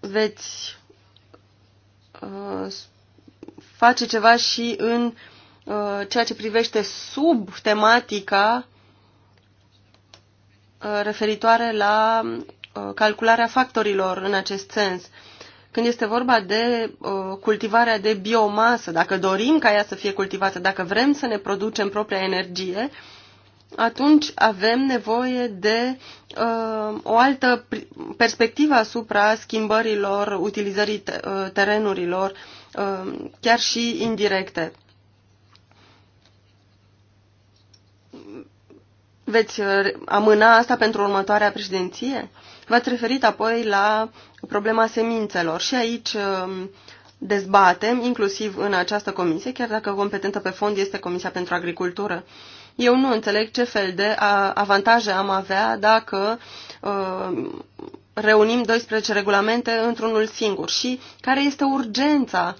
Veți uh, face ceva și în uh, ceea ce privește sub tematica uh, referitoare la uh, calcularea factorilor în acest sens. Când este vorba de uh, cultivarea de biomasă, dacă dorim ca ea să fie cultivată, dacă vrem să ne producem propria energie, uh, atunci avem nevoie de uh, o altă perspectivă asupra schimbărilor, utilizării uh, terenurilor, uh, chiar și indirecte. Veți uh, amâna asta pentru următoarea președinție? V-ați referit apoi la problema semințelor și aici um, dezbatem, inclusiv în această comisie, chiar dacă competentă pe fond este Comisia pentru Agricultură. Eu nu înțeleg ce fel de avantaje am avea dacă ă, reunim 12 regulamente într-unul singur și care este urgența.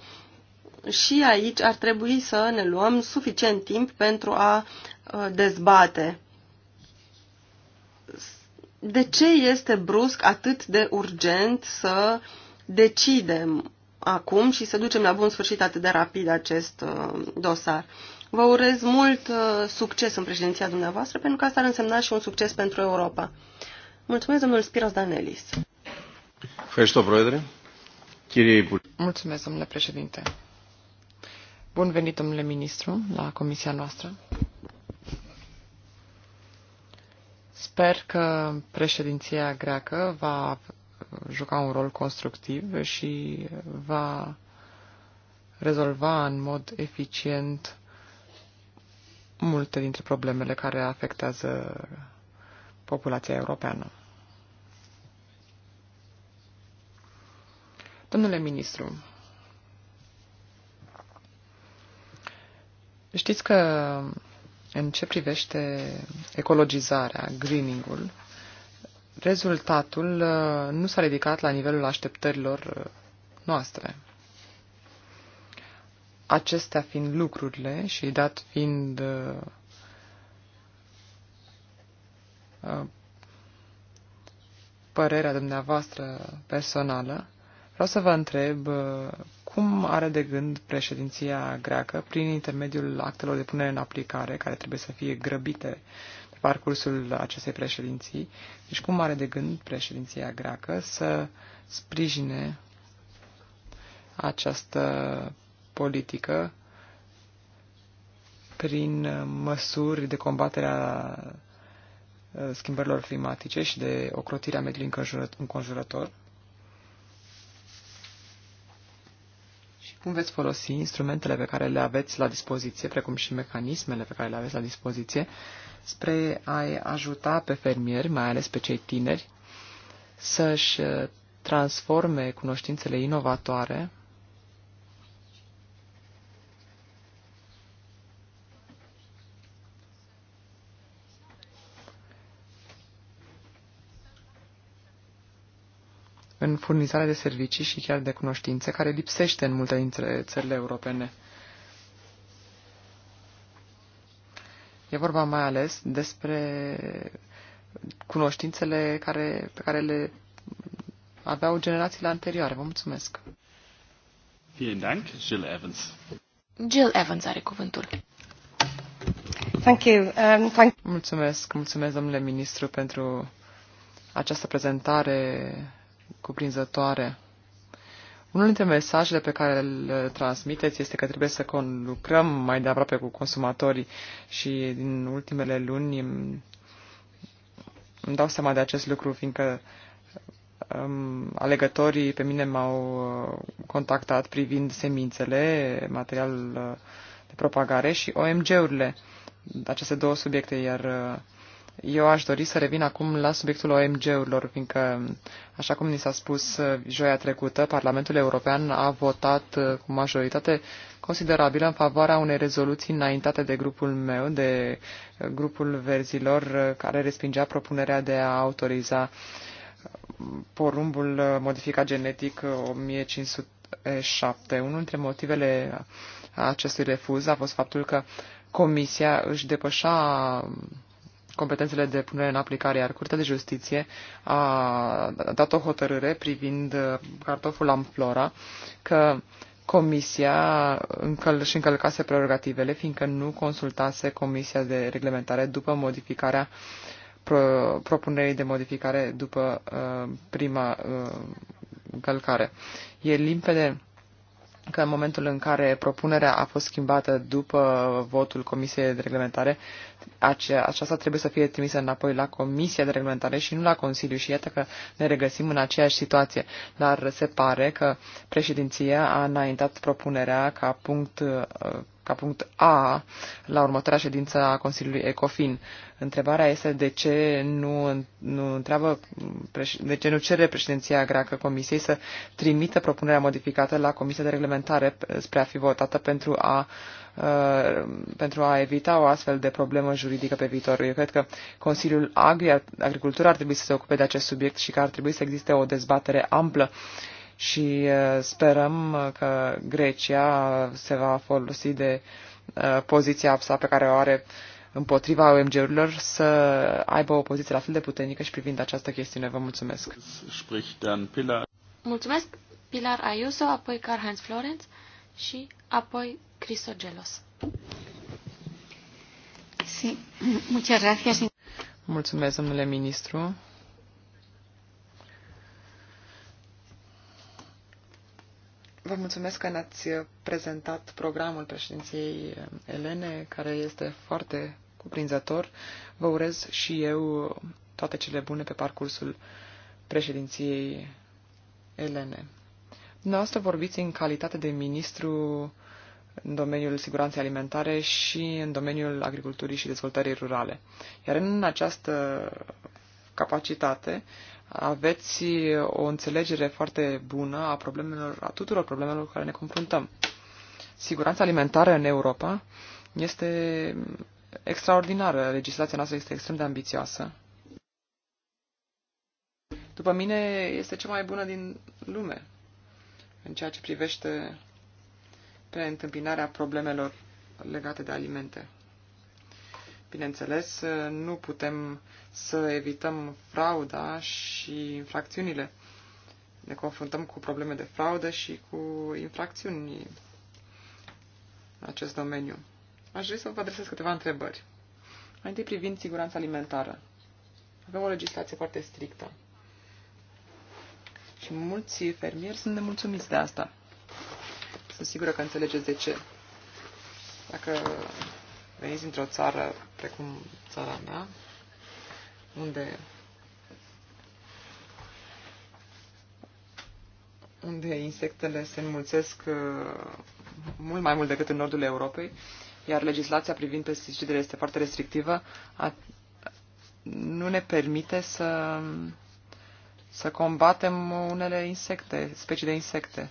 Și aici ar trebui să ne luăm suficient timp pentru a ă, dezbate. De ce este brusc atât de urgent să decidem acum și să ducem la bun sfârșit atât de rapid acest ă, dosar? Vă urez mult uh, succes în președinția dumneavoastră, pentru că asta ar însemna și un succes pentru Europa. Mulțumesc, domnul Spiros Danelis. Mulțumesc, domnule președinte. Bun venit, domnule ministru, la comisia noastră. Sper că președinția greacă va juca un rol constructiv și va rezolva în mod eficient multe dintre problemele care afectează populația europeană. Domnule ministru, știți că în ce privește ecologizarea, greening-ul, rezultatul uh, nu s-a ridicat la nivelul așteptărilor uh, noastre. Acestea fiind lucrurile și dat fiind uh, uh, părerea dumneavoastră personală, vreau să vă întreb uh, cum are de gând președinția greacă, prin intermediul actelor de punere în aplicare, care trebuie să fie grăbite pe parcursul acestei președinții, deci cum are de gând președinția greacă să sprijine această politică prin măsuri de combatere a schimbărilor climatice și de ocrotirea mediului înconjurător? Și cum veți folosi instrumentele pe care le aveți la dispoziție, precum și mecanismele pe care le aveți la dispoziție, spre a ajuta pe fermieri, mai ales pe cei tineri, să-și uh, transforme cunoștințele inovatoare în furnizarea de servicii și chiar de cunoștințe, care lipsește în multe dintre țările europene. E vorba mai ales despre cunoștințele care, pe care le aveau generațiile anterioare. Vă mulțumesc! Vielen Dank, Jill Evans. Jill Evans are cuvântul. Thank you. Um, thank... Mulțumesc, mulțumesc, domnule ministru, pentru această prezentare cuprinzătoare. Unul dintre mesajele pe care îl uh, transmiteți este că trebuie să lucrăm mai de aproape cu consumatorii și din ultimele luni îmi dau seama de acest lucru, fiindcă um, alegătorii pe mine m-au uh, contactat privind semințele, material uh, de propagare și OMG-urile, aceste două subiecte, iar uh, eu aș dori să revin acum la subiectul OMG-urilor, fiindcă, așa cum ni s-a spus uh, joia trecută, Parlamentul European a votat uh, cu majoritate considerabilă în favoarea unei rezoluții înaintate de grupul meu, de uh, grupul verzilor, care respingea propunerea de a autoriza porumbul modificat genetic 1507. Unul dintre motivele acestui refuz a fost faptul că Comisia își depășa competențele de punere în aplicare, iar Curtea de Justiție a dat o hotărâre privind uh, cartoful amflora, că Comisia încăl- și încălcase prerogativele, fiindcă nu consultase Comisia de Reglementare după modificarea pro- propunerii de modificare după uh, prima uh, încălcare. E limpede că în momentul în care propunerea a fost schimbată după votul Comisiei de Reglementare, aceasta trebuie să fie trimisă înapoi la Comisia de Reglementare și nu la Consiliu. Și iată că ne regăsim în aceeași situație. Dar se pare că președinția a înaintat propunerea ca punct uh, ca punct A la următoarea ședință a Consiliului ECOFIN. Întrebarea este de ce nu, nu, întreabă, de ce nu cere președinția greacă Comisiei să trimită propunerea modificată la Comisia de Reglementare spre a fi votată pentru a, uh, pentru a evita o astfel de problemă juridică pe viitor. Eu cred că Consiliul Agri, Agricultură ar trebui să se ocupe de acest subiect și că ar trebui să existe o dezbatere amplă uh, și uh, sperăm uh, că Grecia se va folosi de uh, poziția sa pe care o are împotriva OMG-urilor să aibă o poziție la fel de puternică și privind această chestiune. Vă mulțumesc. Mulțumesc, Pilar Ayuso, apoi Karl-Heinz Florenz și apoi Crisogelos. Sí. Muchas gracias. Mulțumesc, domnule ministru. Vă mulțumesc că ne-ați prezentat programul președinției Elene, care este foarte cuprinzător. Vă urez și eu toate cele bune pe parcursul președinției Elene. Noastră vorbiți în calitate de ministru în domeniul siguranței alimentare și în domeniul agriculturii și dezvoltării rurale. Iar în această capacitate aveți o înțelegere foarte bună a problemelor, a tuturor problemelor cu care ne confruntăm. Siguranța alimentară în Europa este extraordinară. Legislația noastră este extrem de ambițioasă. După mine, este cea mai bună din lume în ceea ce privește preîntâmpinarea problemelor legate de alimente. Bineînțeles, nu putem să evităm frauda și infracțiunile. Ne confruntăm cu probleme de fraudă și cu infracțiuni în acest domeniu. Aș vrea să vă adresez câteva întrebări. Mai întâi privind siguranța alimentară. Avem o legislație foarte strictă. Și mulți fermieri sunt nemulțumiți de asta. Sunt sigură că înțelegeți de ce. Dacă veniți dintr-o țară precum țara mea, unde unde insectele se înmulțesc uh, mult mai mult decât în nordul Europei, iar legislația privind pesticidele este foarte restrictivă, a, nu ne permite să, să combatem unele insecte, specii de insecte.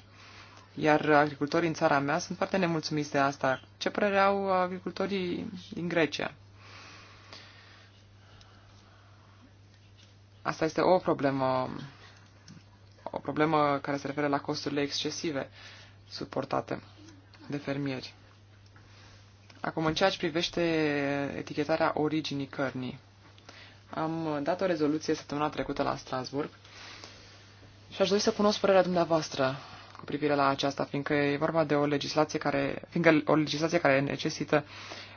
Iar agricultorii în țara mea sunt foarte nemulțumiți de asta. Ce părere au agricultorii din Grecia? Asta este o problemă, o problemă care se referă la costurile excesive suportate de fermieri. Acum, în ceea ce privește etichetarea originii cărnii, am dat o rezoluție săptămâna trecută la Strasburg și aș dori să cunosc părerea dumneavoastră privire la aceasta, fiindcă e vorba de o legislație care, fiindcă o legislație care necesită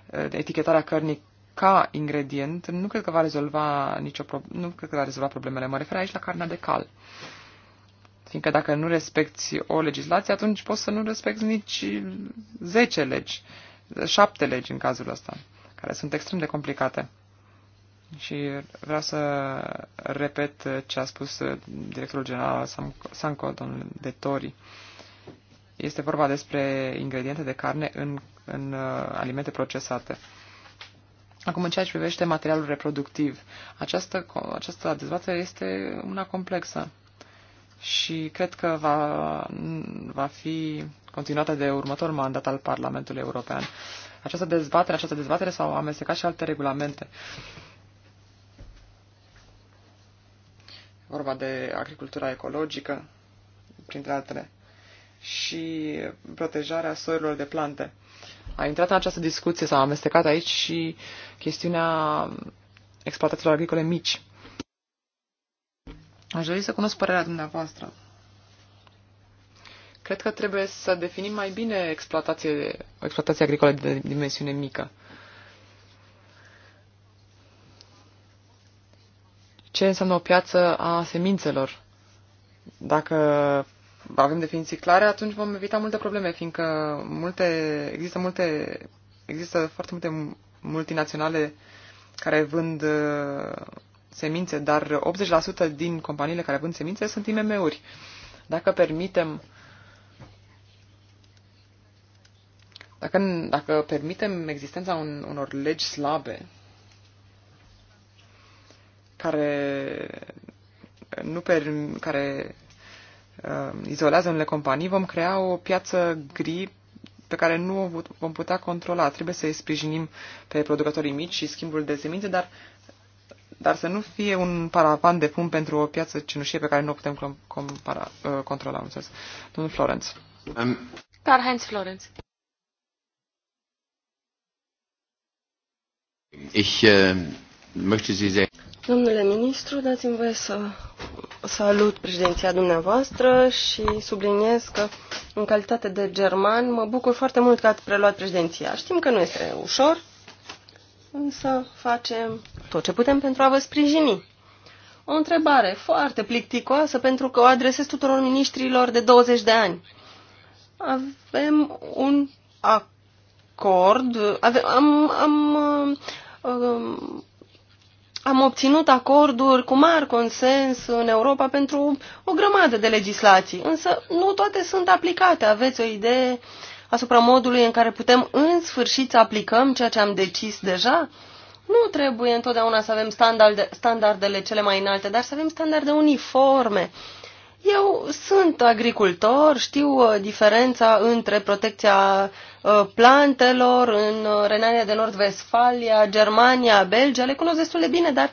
uh, etichetarea cărnii ca ingredient, nu cred că va rezolva nicio pro- nu cred că va rezolva problemele. Mă refer aici la carnea de cal. Fiindcă dacă nu respecti o legislație, atunci poți să nu respecti nici 10 legi, 7 legi în cazul ăsta, care sunt extrem de complicate. Și vreau să repet ce a spus directorul general Sanco, domnul de Tori. Este vorba despre ingrediente de carne în, în uh, alimente procesate. Acum, în ceea ce privește materialul reproductiv, această, această dezbatere este una complexă și cred că va, va fi continuată de următorul mandat al Parlamentului European. Această dezbatere, această dezbatere s-au amestecat și alte regulamente. vorba de agricultura ecologică, printre altele, și protejarea soiurilor de plante. A intrat în această discuție, s-a amestecat aici și chestiunea exploatațiilor agricole mici. Aș dori să cunosc părerea dumneavoastră. Cred că trebuie să definim mai bine exploatație, exploatație agricole de dimensiune mică. ce înseamnă o piață a semințelor. Dacă avem definiții clare, atunci vom evita multe probleme, fiindcă multe, există, multe, există foarte multe multinaționale care vând uh, semințe, dar 80% din companiile care vând semințe sunt IMM-uri. Dacă permitem dacă, dacă permitem existența un, unor legi slabe, care nu per, care uh, izolează unele companii, vom crea o piață gri pe care nu o vom putea controla. Trebuie să îi sprijinim pe producătorii mici și schimbul de semințe, dar, dar să nu fie un paravan de fum pentru o piață cenușie pe care nu o putem compara, uh, controla. Înțeles. Domnul Florenț. Dar heinz Florenț. Ich äh, möchte Sie sehr... Domnule ministru, dați-mi voie să salut președinția dumneavoastră și subliniez că, în calitate de german, mă bucur foarte mult că ați preluat președinția. Știm că nu este ușor, însă facem tot ce putem pentru a vă sprijini. O întrebare foarte plicticoasă pentru că o adresez tuturor ministrilor de 20 de ani. Avem un acord, avem, am, am am obținut acorduri cu mari consens în Europa pentru o grămadă de legislații, însă nu toate sunt aplicate. Aveți o idee asupra modului în care putem în sfârșit să aplicăm ceea ce am decis deja? Nu trebuie întotdeauna să avem standarde, standardele cele mai înalte, dar să avem standarde uniforme. Eu sunt agricultor, știu uh, diferența între protecția Uh, plantelor în uh, Renania de Nord-Vestfalia, Germania, Belgia, le cunosc destul de bine, dar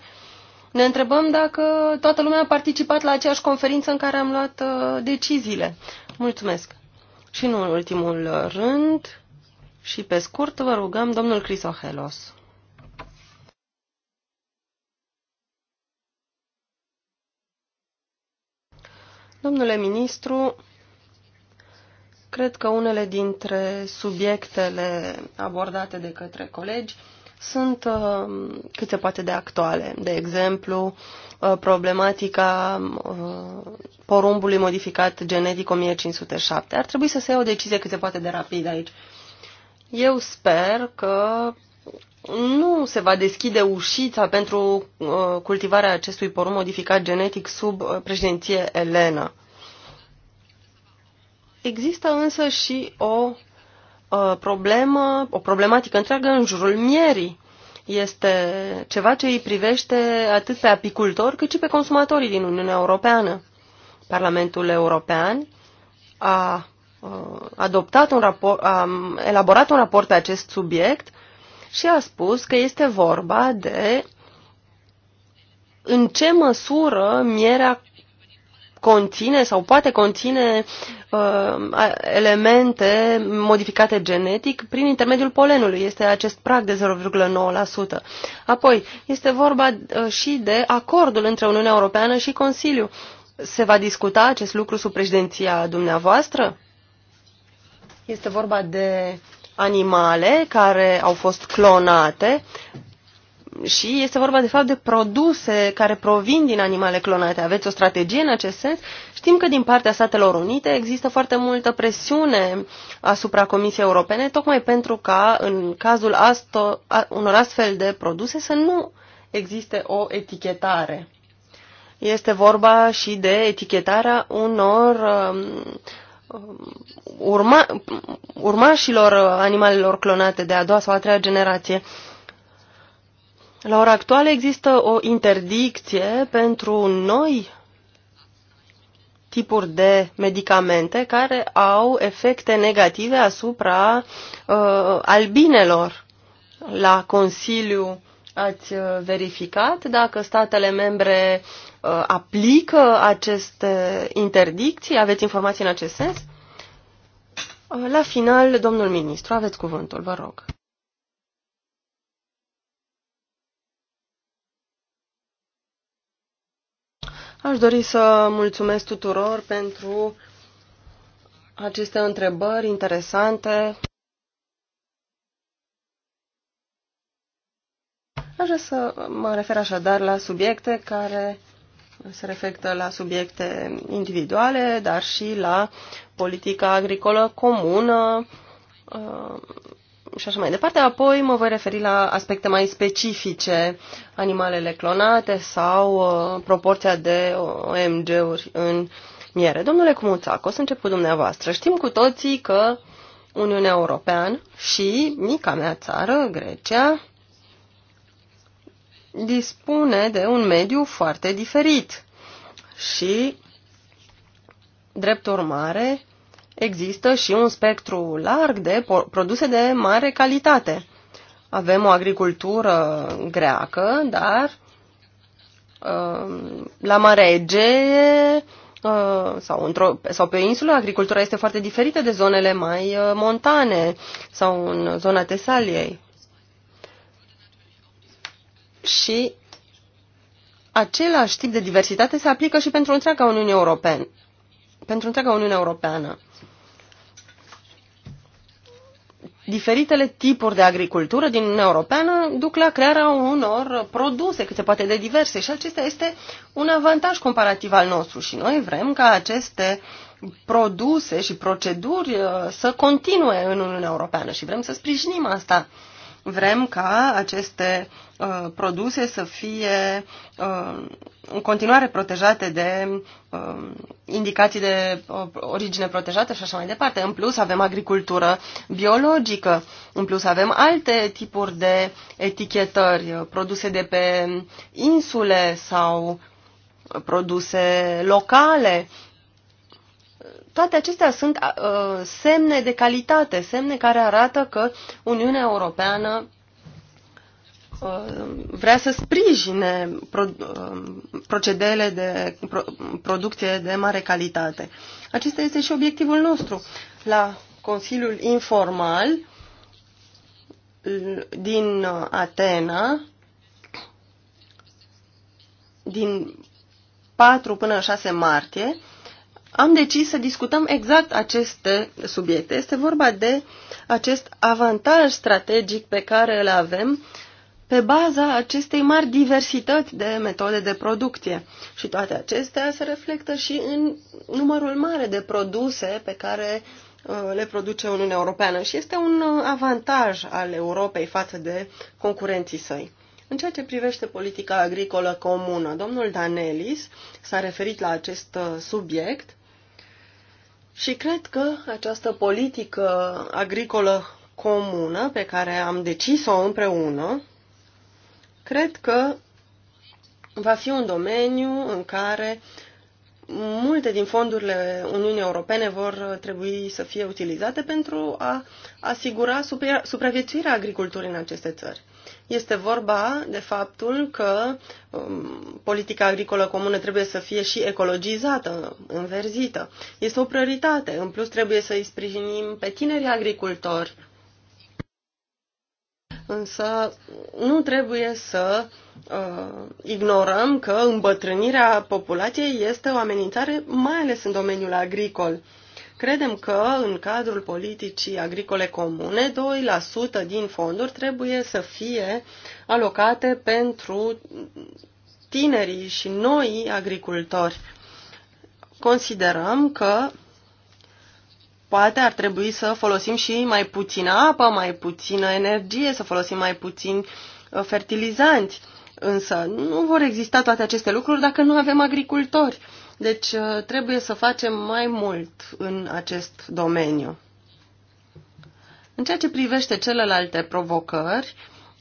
ne întrebăm dacă toată lumea a participat la aceeași conferință în care am luat uh, deciziile. Mulțumesc! Și în ultimul rând, și pe scurt, vă rugăm domnul Crisohelos. Domnule ministru, Cred că unele dintre subiectele abordate de către colegi sunt uh, cât se poate de actuale. De exemplu, uh, problematica uh, porumbului modificat genetic 1507. Ar trebui să se ia o decizie cât se poate de rapid aici. Eu sper că nu se va deschide ușița pentru uh, cultivarea acestui porumb modificat genetic sub uh, președinție Elena. Există însă și o uh, problemă, o problematică întreagă în jurul mierii. Este ceva ce îi privește atât pe apicultori cât și pe consumatorii din Uniunea Europeană. Parlamentul European a uh, adoptat un raport, a um, elaborat un raport pe acest subiect și a spus că este vorba de în ce măsură mierea conține sau poate conține uh, elemente modificate genetic prin intermediul polenului. Este acest prag de 0,9%. Apoi, este vorba uh, și de acordul între Uniunea Europeană și Consiliu. Se va discuta acest lucru sub președinția dumneavoastră? Este vorba de animale care au fost clonate și este vorba de fapt de produse care provin din animale clonate. Aveți o strategie în acest sens? Știm că din partea Statelor Unite există foarte multă presiune asupra Comisiei Europene, tocmai pentru ca în cazul asto, a, unor astfel de produse să nu existe o etichetare. Este vorba și de etichetarea unor um, urma, urmașilor animalelor clonate de a doua sau a treia generație. Uh, la ora actuală există o interdicție pentru noi tipuri de medicamente care au efecte negative asupra uh, albinelor. La Consiliu ați uh, verificat dacă statele membre uh, aplică aceste interdicții? Aveți informații în acest sens? Uh, la final, domnul ministru, aveți cuvântul, vă rog. Aș dori să mulțumesc tuturor pentru aceste întrebări interesante. Aș vrea să mă refer așadar la subiecte care se reflectă la subiecte individuale, dar și la politica agricolă comună, și așa mai departe. Apoi mă voi referi la aspecte mai specifice, animalele clonate sau uh, proporția de uh, OMG-uri în miere. Domnule o să încep cu dumneavoastră. Știm cu toții că Uniunea Europeană și mica mea țară, Grecia, dispune de un mediu foarte diferit și, drept urmare, există și un spectru larg de produse de mare calitate. Avem o agricultură greacă, dar um, la marege uh, sau, într-o, sau pe insulă, agricultura este foarte diferită de zonele mai uh, montane sau în zona Tesaliei. Și același tip de diversitate se aplică și pentru întreaga Uniune Europeană. Pentru întreaga Uniune Europeană. diferitele tipuri de agricultură din Uniunea Europeană duc la crearea unor produse cât se poate de diverse și acesta este un avantaj comparativ al nostru și noi vrem ca aceste produse și proceduri uh, să continue în Uniunea Europeană și vrem să sprijinim asta. Vrem ca aceste uh, produse să fie uh, în continuare protejate de uh, indicații de uh, origine protejată și așa mai departe. În plus avem agricultură biologică, în plus avem alte tipuri de etichetări, uh, produse de pe insule sau produse locale. Uh, toate acestea sunt uh, semne de calitate, semne care arată că Uniunea Europeană vrea să sprijine procedele de producție de mare calitate. Acesta este și obiectivul nostru. La Consiliul Informal din Atena, din 4 până 6 martie, am decis să discutăm exact aceste subiecte. Este vorba de acest avantaj strategic pe care îl avem pe baza acestei mari diversități de metode de producție. Și toate acestea se reflectă și în numărul mare de produse pe care uh, le produce Uniunea Europeană și este un uh, avantaj al Europei față de concurenții săi. În ceea ce privește politica agricolă comună, domnul Danelis s-a referit la acest uh, subiect și cred că această politică agricolă comună pe care am decis-o împreună, cred că va fi un domeniu în care multe din fondurile Uniunii Europene vor trebui să fie utilizate pentru a asigura supraviețuirea agriculturii în aceste țări. Este vorba de faptul că um, politica agricolă comună trebuie să fie și ecologizată, înverzită. Este o prioritate. În plus, trebuie să îi sprijinim pe tinerii agricultori. Însă nu trebuie să uh, ignorăm că îmbătrânirea populației este o amenințare, mai ales în domeniul agricol. Uh, Credem că în cadrul politicii agricole comune, 2% din fonduri trebuie să fie alocate pentru tinerii și noi agricultori. Considerăm că poate ar trebui să folosim și mai puțină apă, mai puțină energie, să folosim mai puțin uh, fertilizanți. Însă nu vor exista toate aceste lucruri dacă nu avem agricultori. Deci uh, trebuie să facem mai mult în acest domeniu. În ceea ce privește celelalte provocări,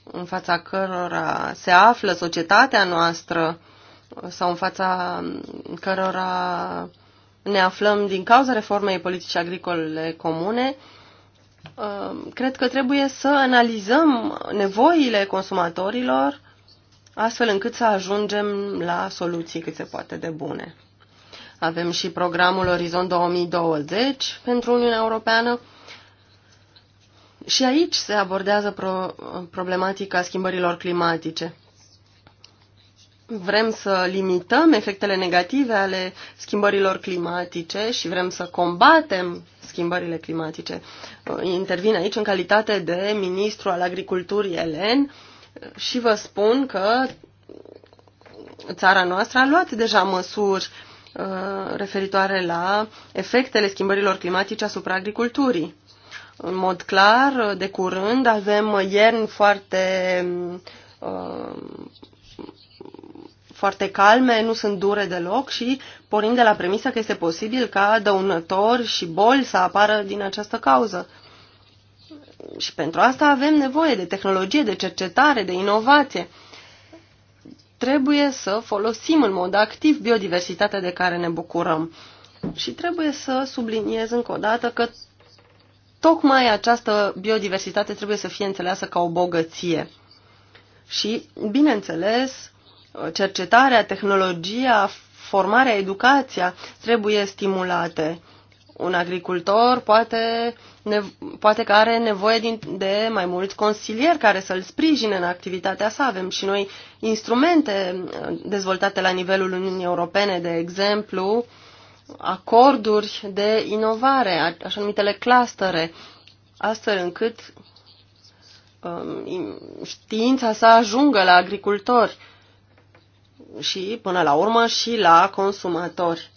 în fața cărora se află societatea noastră sau în fața cărora ne aflăm din cauza reformei politici agricole comune, uh, cred că trebuie să analizăm nevoile consumatorilor astfel încât să ajungem la soluții cât se poate de bune. Avem și programul Orizont 2020 pentru Uniunea Europeană. Și aici se abordează pro problematica schimbărilor climatice. Vrem să limităm efectele negative ale schimbărilor climatice și vrem să combatem schimbările climatice. Intervin aici în calitate de ministru al agriculturii elen și vă spun că țara noastră a luat deja măsuri uh, Uh, referitoare la efectele schimbărilor climatice asupra agriculturii. În mod clar, de curând, avem ierni foarte, uh, foarte calme, nu sunt dure deloc și pornim de la premisa că este posibil ca dăunători și boli să apară din această cauză. Și pentru asta avem nevoie de tehnologie, de cercetare, de inovație trebuie să folosim în mod activ biodiversitatea de care ne bucurăm. Și trebuie să subliniez încă o dată că tocmai această biodiversitate trebuie să fie înțeleasă ca o bogăție. Și, bineînțeles, cercetarea, tehnologia, formarea, educația trebuie stimulate un agricultor poate, ne, poate că are nevoie din, de mai mulți consilieri care să-l sprijine în activitatea sa. Avem și noi instrumente uh, dezvoltate la nivelul Uniunii Europene, de exemplu, acorduri de inovare, așa numitele clustere, astfel încât um, știința să ajungă la agricultori și, până la urmă, și la consumatori.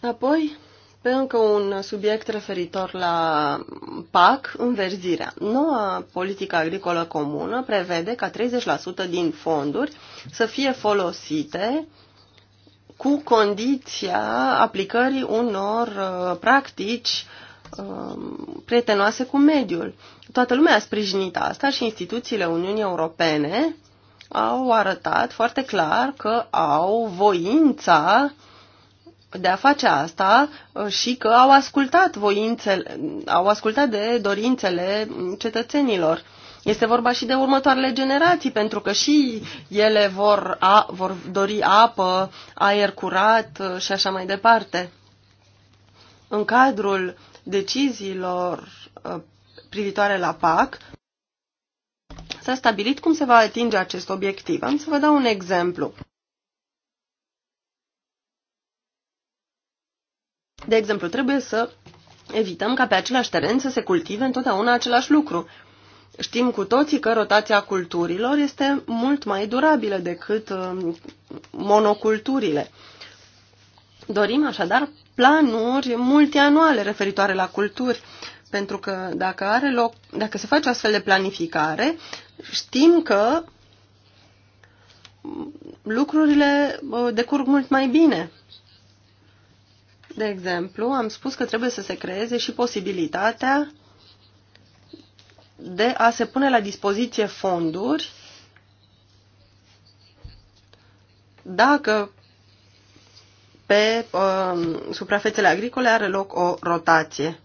Apoi, pe încă un subiect referitor la PAC, înverzirea. Noua politică agricolă comună prevede ca 30% din fonduri să fie folosite cu condiția aplicării unor uh, practici um, prietenoase cu mediul. Toată lumea a sprijinit asta și instituțiile Uniunii Europene au arătat foarte clar că au voința de a face asta uh, și că au ascultat voințele, au ascultat de dorințele mm, cetățenilor. Este vorba și de următoarele generații, pentru că și ele vor, a, vor dori apă, aer curat uh, și așa mai departe. În cadrul deciziilor uh, privitoare la PAC, s-a stabilit cum se va atinge acest obiectiv. Am să vă dau un exemplu. De exemplu, trebuie să evităm ca pe același teren să se cultive întotdeauna același lucru. Știm cu toții că rotația culturilor este mult mai durabilă decât uh, monoculturile. Dorim așadar planuri multianuale referitoare la culturi, pentru că dacă, are loc, dacă se face astfel de planificare, știm că lucrurile uh, decurg mult mai bine. De exemplu, am spus că trebuie să se creeze și posibilitatea de a se pune la dispoziție fonduri dacă pe uh, suprafețele agricole are loc o rotație.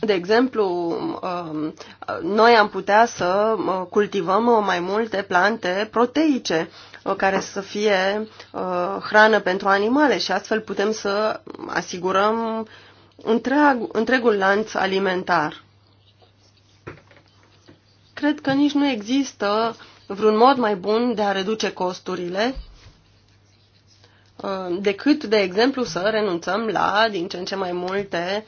De exemplu, um, noi am putea să uh, cultivăm mai multe plante proteice, Uh, care să fie uh, hrană pentru animale și astfel putem să asigurăm întreag, întregul lanț alimentar. Cred că nici nu există vreun mod mai bun de a reduce costurile uh, decât, de exemplu, să renunțăm la din ce în ce mai multe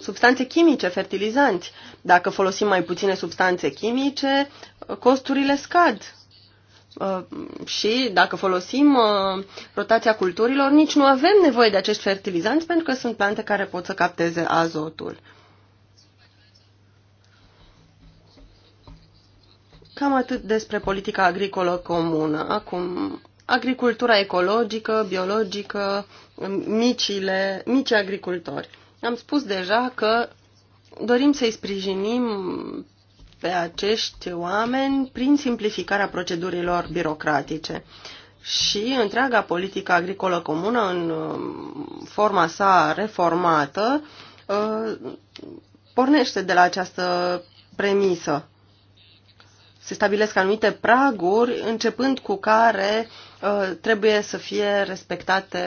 substanțe chimice, fertilizanți. Dacă folosim mai puține substanțe chimice, costurile scad Uh, și dacă folosim uh, rotația culturilor, nici nu avem nevoie de acești fertilizanți pentru că sunt plante care pot să capteze azotul. Cam atât despre politica agricolă comună. Acum, agricultura ecologică, biologică, micile, mici agricultori. Am spus deja că dorim să-i sprijinim pe acești oameni prin simplificarea procedurilor birocratice. Și întreaga politică agricolă comună, în um, forma sa reformată, uh, pornește de la această premisă. Se stabilesc anumite praguri, începând cu care uh, trebuie să fie respectate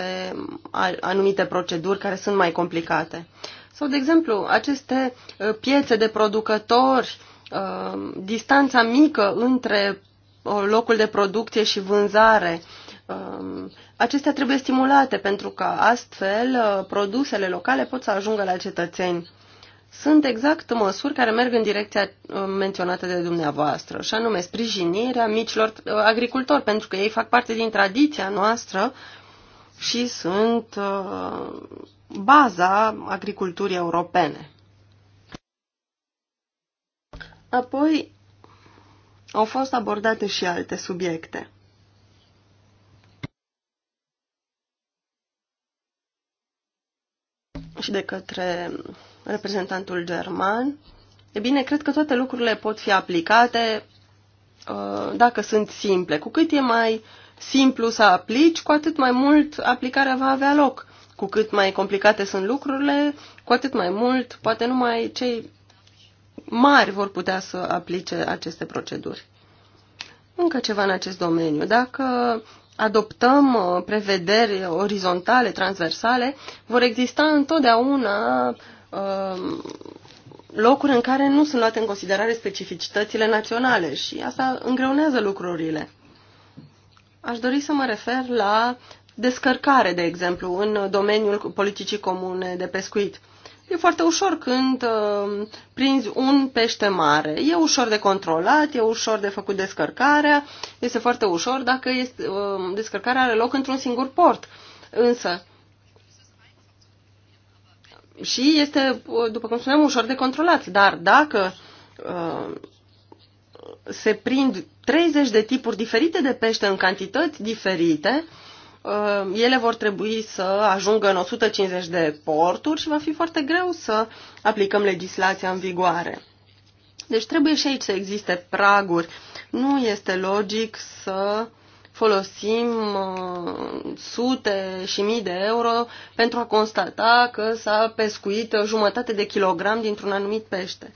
anumite proceduri care sunt mai complicate. Sau, de exemplu, aceste uh, piețe de producători Uh, distanța mică între uh, locul de producție și vânzare. Um, acestea trebuie stimulate pentru că astfel uh, produsele locale pot să ajungă la cetățeni. Sunt exact măsuri care merg în direcția menționată de dumneavoastră, și anume sprijinirea micilor agricultori, pentru că ei fac parte din tradiția noastră și sunt baza agriculturii europene. Apoi au fost abordate și alte subiecte. Și de către reprezentantul german. E bine, cred că toate lucrurile pot fi aplicate uh, dacă sunt simple. Cu cât e mai simplu să aplici, cu atât mai mult aplicarea va avea loc. Cu cât mai complicate sunt lucrurile, cu atât mai mult, poate numai cei mari vor putea să aplice aceste proceduri. Încă ceva în acest domeniu. Dacă adoptăm uh, prevederi orizontale, transversale, vor exista întotdeauna uh, locuri în care nu sunt luate în considerare specificitățile naționale și asta îngreunează lucrurile. Aș dori să mă refer la descărcare, de exemplu, în domeniul politicii comune de pescuit. E foarte ușor când uh, prinzi un pește mare. E ușor de controlat, e ușor de făcut descărcarea, este foarte ușor dacă este, uh, descărcarea are loc într-un singur port. Însă, și este, uh, după cum spuneam, ușor de controlat. Dar dacă uh, se prind 30 de tipuri diferite de pește în cantități diferite, uh, Uh, ele vor trebui să ajungă în 150 de porturi și va fi foarte greu să aplicăm legislația în vigoare. Deci trebuie și aici să existe praguri. Nu este logic să folosim uh, sute și mii de euro pentru a constata că s-a pescuit jumătate de kilogram dintr-un anumit pește.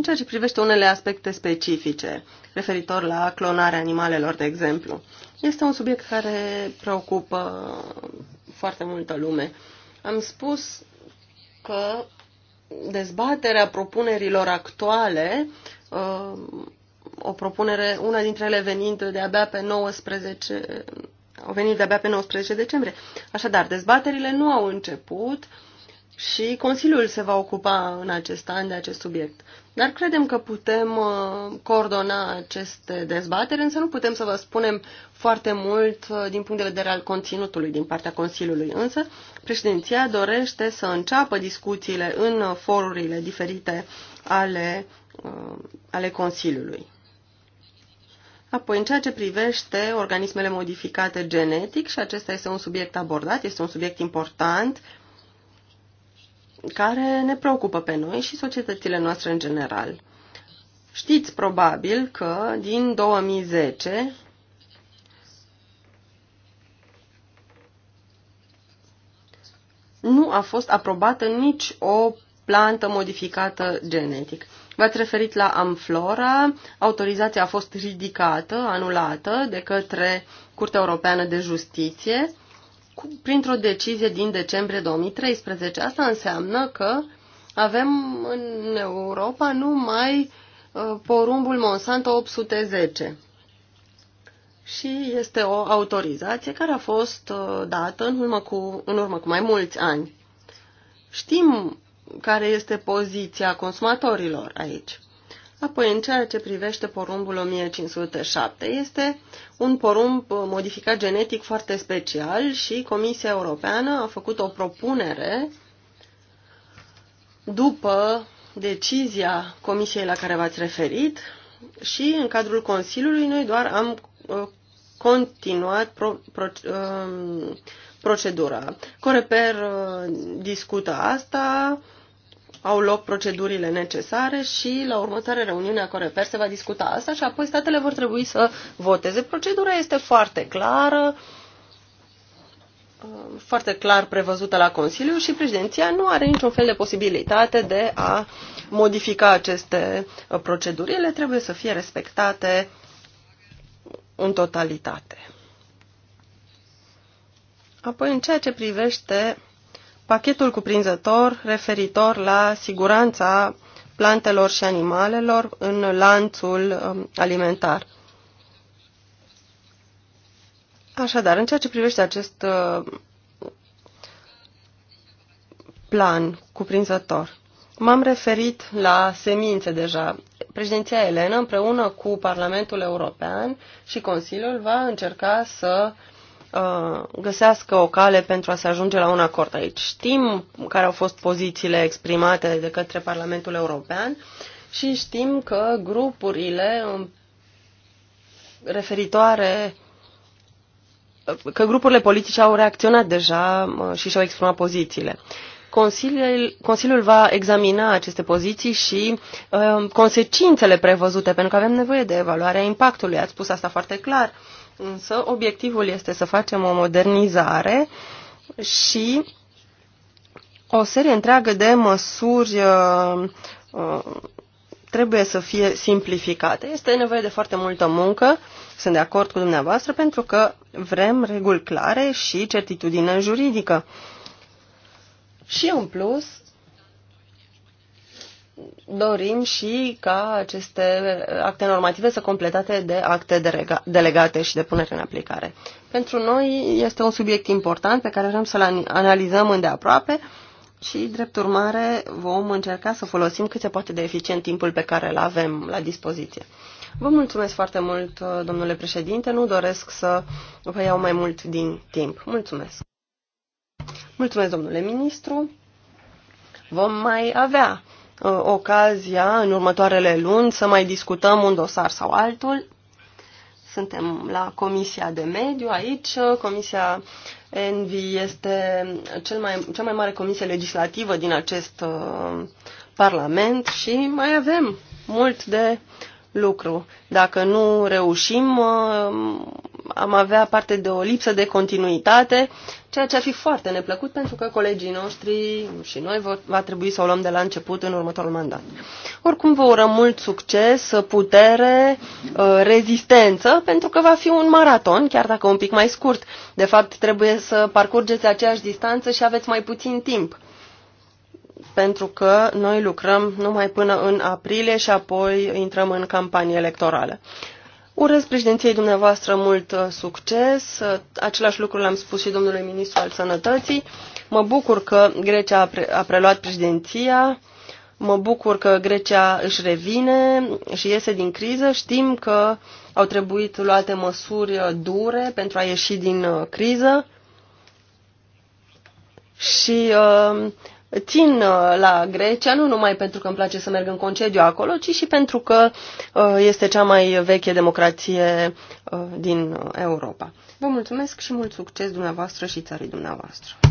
În ceea ce privește unele aspecte specifice, referitor la clonarea animalelor, de exemplu, este un subiect care preocupă foarte multă lume. Am spus că dezbaterea propunerilor actuale, uh, o propunere, una dintre ele venind de-abia pe 19, au venit de-abia pe 19 decembrie. Așadar, dezbaterile nu au început și Consiliul se va ocupa în acest an de acest subiect. Dar credem că putem uh, coordona aceste dezbateri, însă nu putem să vă spunem foarte mult uh, din punct de vedere al conținutului din partea Consiliului. Însă, președinția dorește să înceapă discuțiile în uh, forurile diferite ale, ale Consiliului. Apoi, în ceea ce privește organismele modificate genetic, și acesta este un subiect abordat, este un subiect important, care ne preocupă pe noi și societățile noastre în general. Știți probabil că din 2010 nu a fost aprobată nici o plantă modificată genetic. V-ați referit la Amflora, autorizația a fost ridicată, anulată de către Curtea Europeană de Justiție printr-o decizie din decembrie 2013. Asta înseamnă că avem în Europa numai uh, porumbul Monsanto 810 și este o autorizație care a fost uh, dată în urmă cu, în urmă cu mai mulți ani. Știm care este poziția consumatorilor aici. Apoi, în ceea ce privește porumbul 1507, este un porumb modificat genetic foarte special și Comisia Europeană a făcut o propunere după decizia Comisiei la care v-ați referit și în cadrul Consiliului noi doar am uh, continuat pro, pro, um, procedura. Coreper uh, discută asta, au loc procedurile necesare și la următoarea reuniune a Coreper se va discuta asta și apoi statele vor trebui să voteze. Procedura este foarte clară, foarte clar prevăzută la Consiliu și președinția nu are niciun fel de posibilitate de a modifica aceste proceduri. Ele trebuie să fie respectate în totalitate. Apoi, în ceea ce privește pachetul cuprinzător referitor la siguranța plantelor și animalelor în lanțul um, alimentar. Așadar, în ceea ce privește acest uh, plan cuprinzător, m-am referit la semințe deja. Președinția Elena, împreună cu Parlamentul European și Consiliul, va încerca să uh, Uh, găsească o cale pentru a se ajunge la un acord aici. Știm care au fost pozițiile exprimate de către Parlamentul European și știm că grupurile referitoare că grupurile politice au reacționat deja uh, și și-au exprimat pozițiile. Consiliul, Consiliul va examina aceste poziții și uh, consecințele prevăzute, pentru că avem nevoie de evaluarea impactului. Ați spus asta foarte clar. Uh, Însă obiectivul este să facem o modernizare și o serie întreagă de măsuri uh, uh, trebuie să fie simplificate. Este nevoie de foarte multă muncă, sunt de acord cu dumneavoastră, pentru că vrem reguli clare și certitudine juridică. Și în plus, dorim și ca aceste acte normative să completate de acte delegate și de punere în aplicare. Pentru noi este un subiect important pe care vrem să-l analizăm îndeaproape și, drept urmare, vom încerca să folosim cât se poate de eficient timpul pe care îl avem la dispoziție. Vă mulțumesc foarte mult, domnule președinte. Nu doresc să vă iau mai mult din timp. Mulțumesc. Mulțumesc, domnule ministru. Vom mai avea Uh, ocazia în următoarele luni să mai discutăm un dosar sau altul. Suntem la Comisia de Mediu aici. Comisia Envi este cel mai, cea mai mare comisie legislativă din acest uh, Parlament și mai avem mult de lucru. Dacă nu reușim, uh, am avea parte de o lipsă de continuitate, ceea ce ar fi foarte neplăcut pentru că colegii noștri și noi va trebui să o luăm de la început în următorul mandat. Oricum vă urăm mult succes, putere, uh, rezistență, pentru că va fi un maraton, chiar dacă un pic mai scurt. De fapt, trebuie să parcurgeți aceeași distanță și aveți mai puțin timp pentru că noi lucrăm numai până în aprilie și apoi intrăm în campanie electorală. Urez președinției dumneavoastră mult uh, succes. Uh, același lucru l-am spus și domnului ministru al sănătății. Mă bucur că Grecia a, pre a preluat președinția. Mă bucur că Grecia își revine și iese din criză. Știm că au trebuit luate măsuri uh, dure pentru a ieși din criză. Și uh, țin uh, la Grecia nu numai pentru că îmi place să merg în concediu acolo, ci și pentru că uh, este cea mai veche democrație uh, din Europa. Vă mulțumesc și mult succes dumneavoastră și țării dumneavoastră.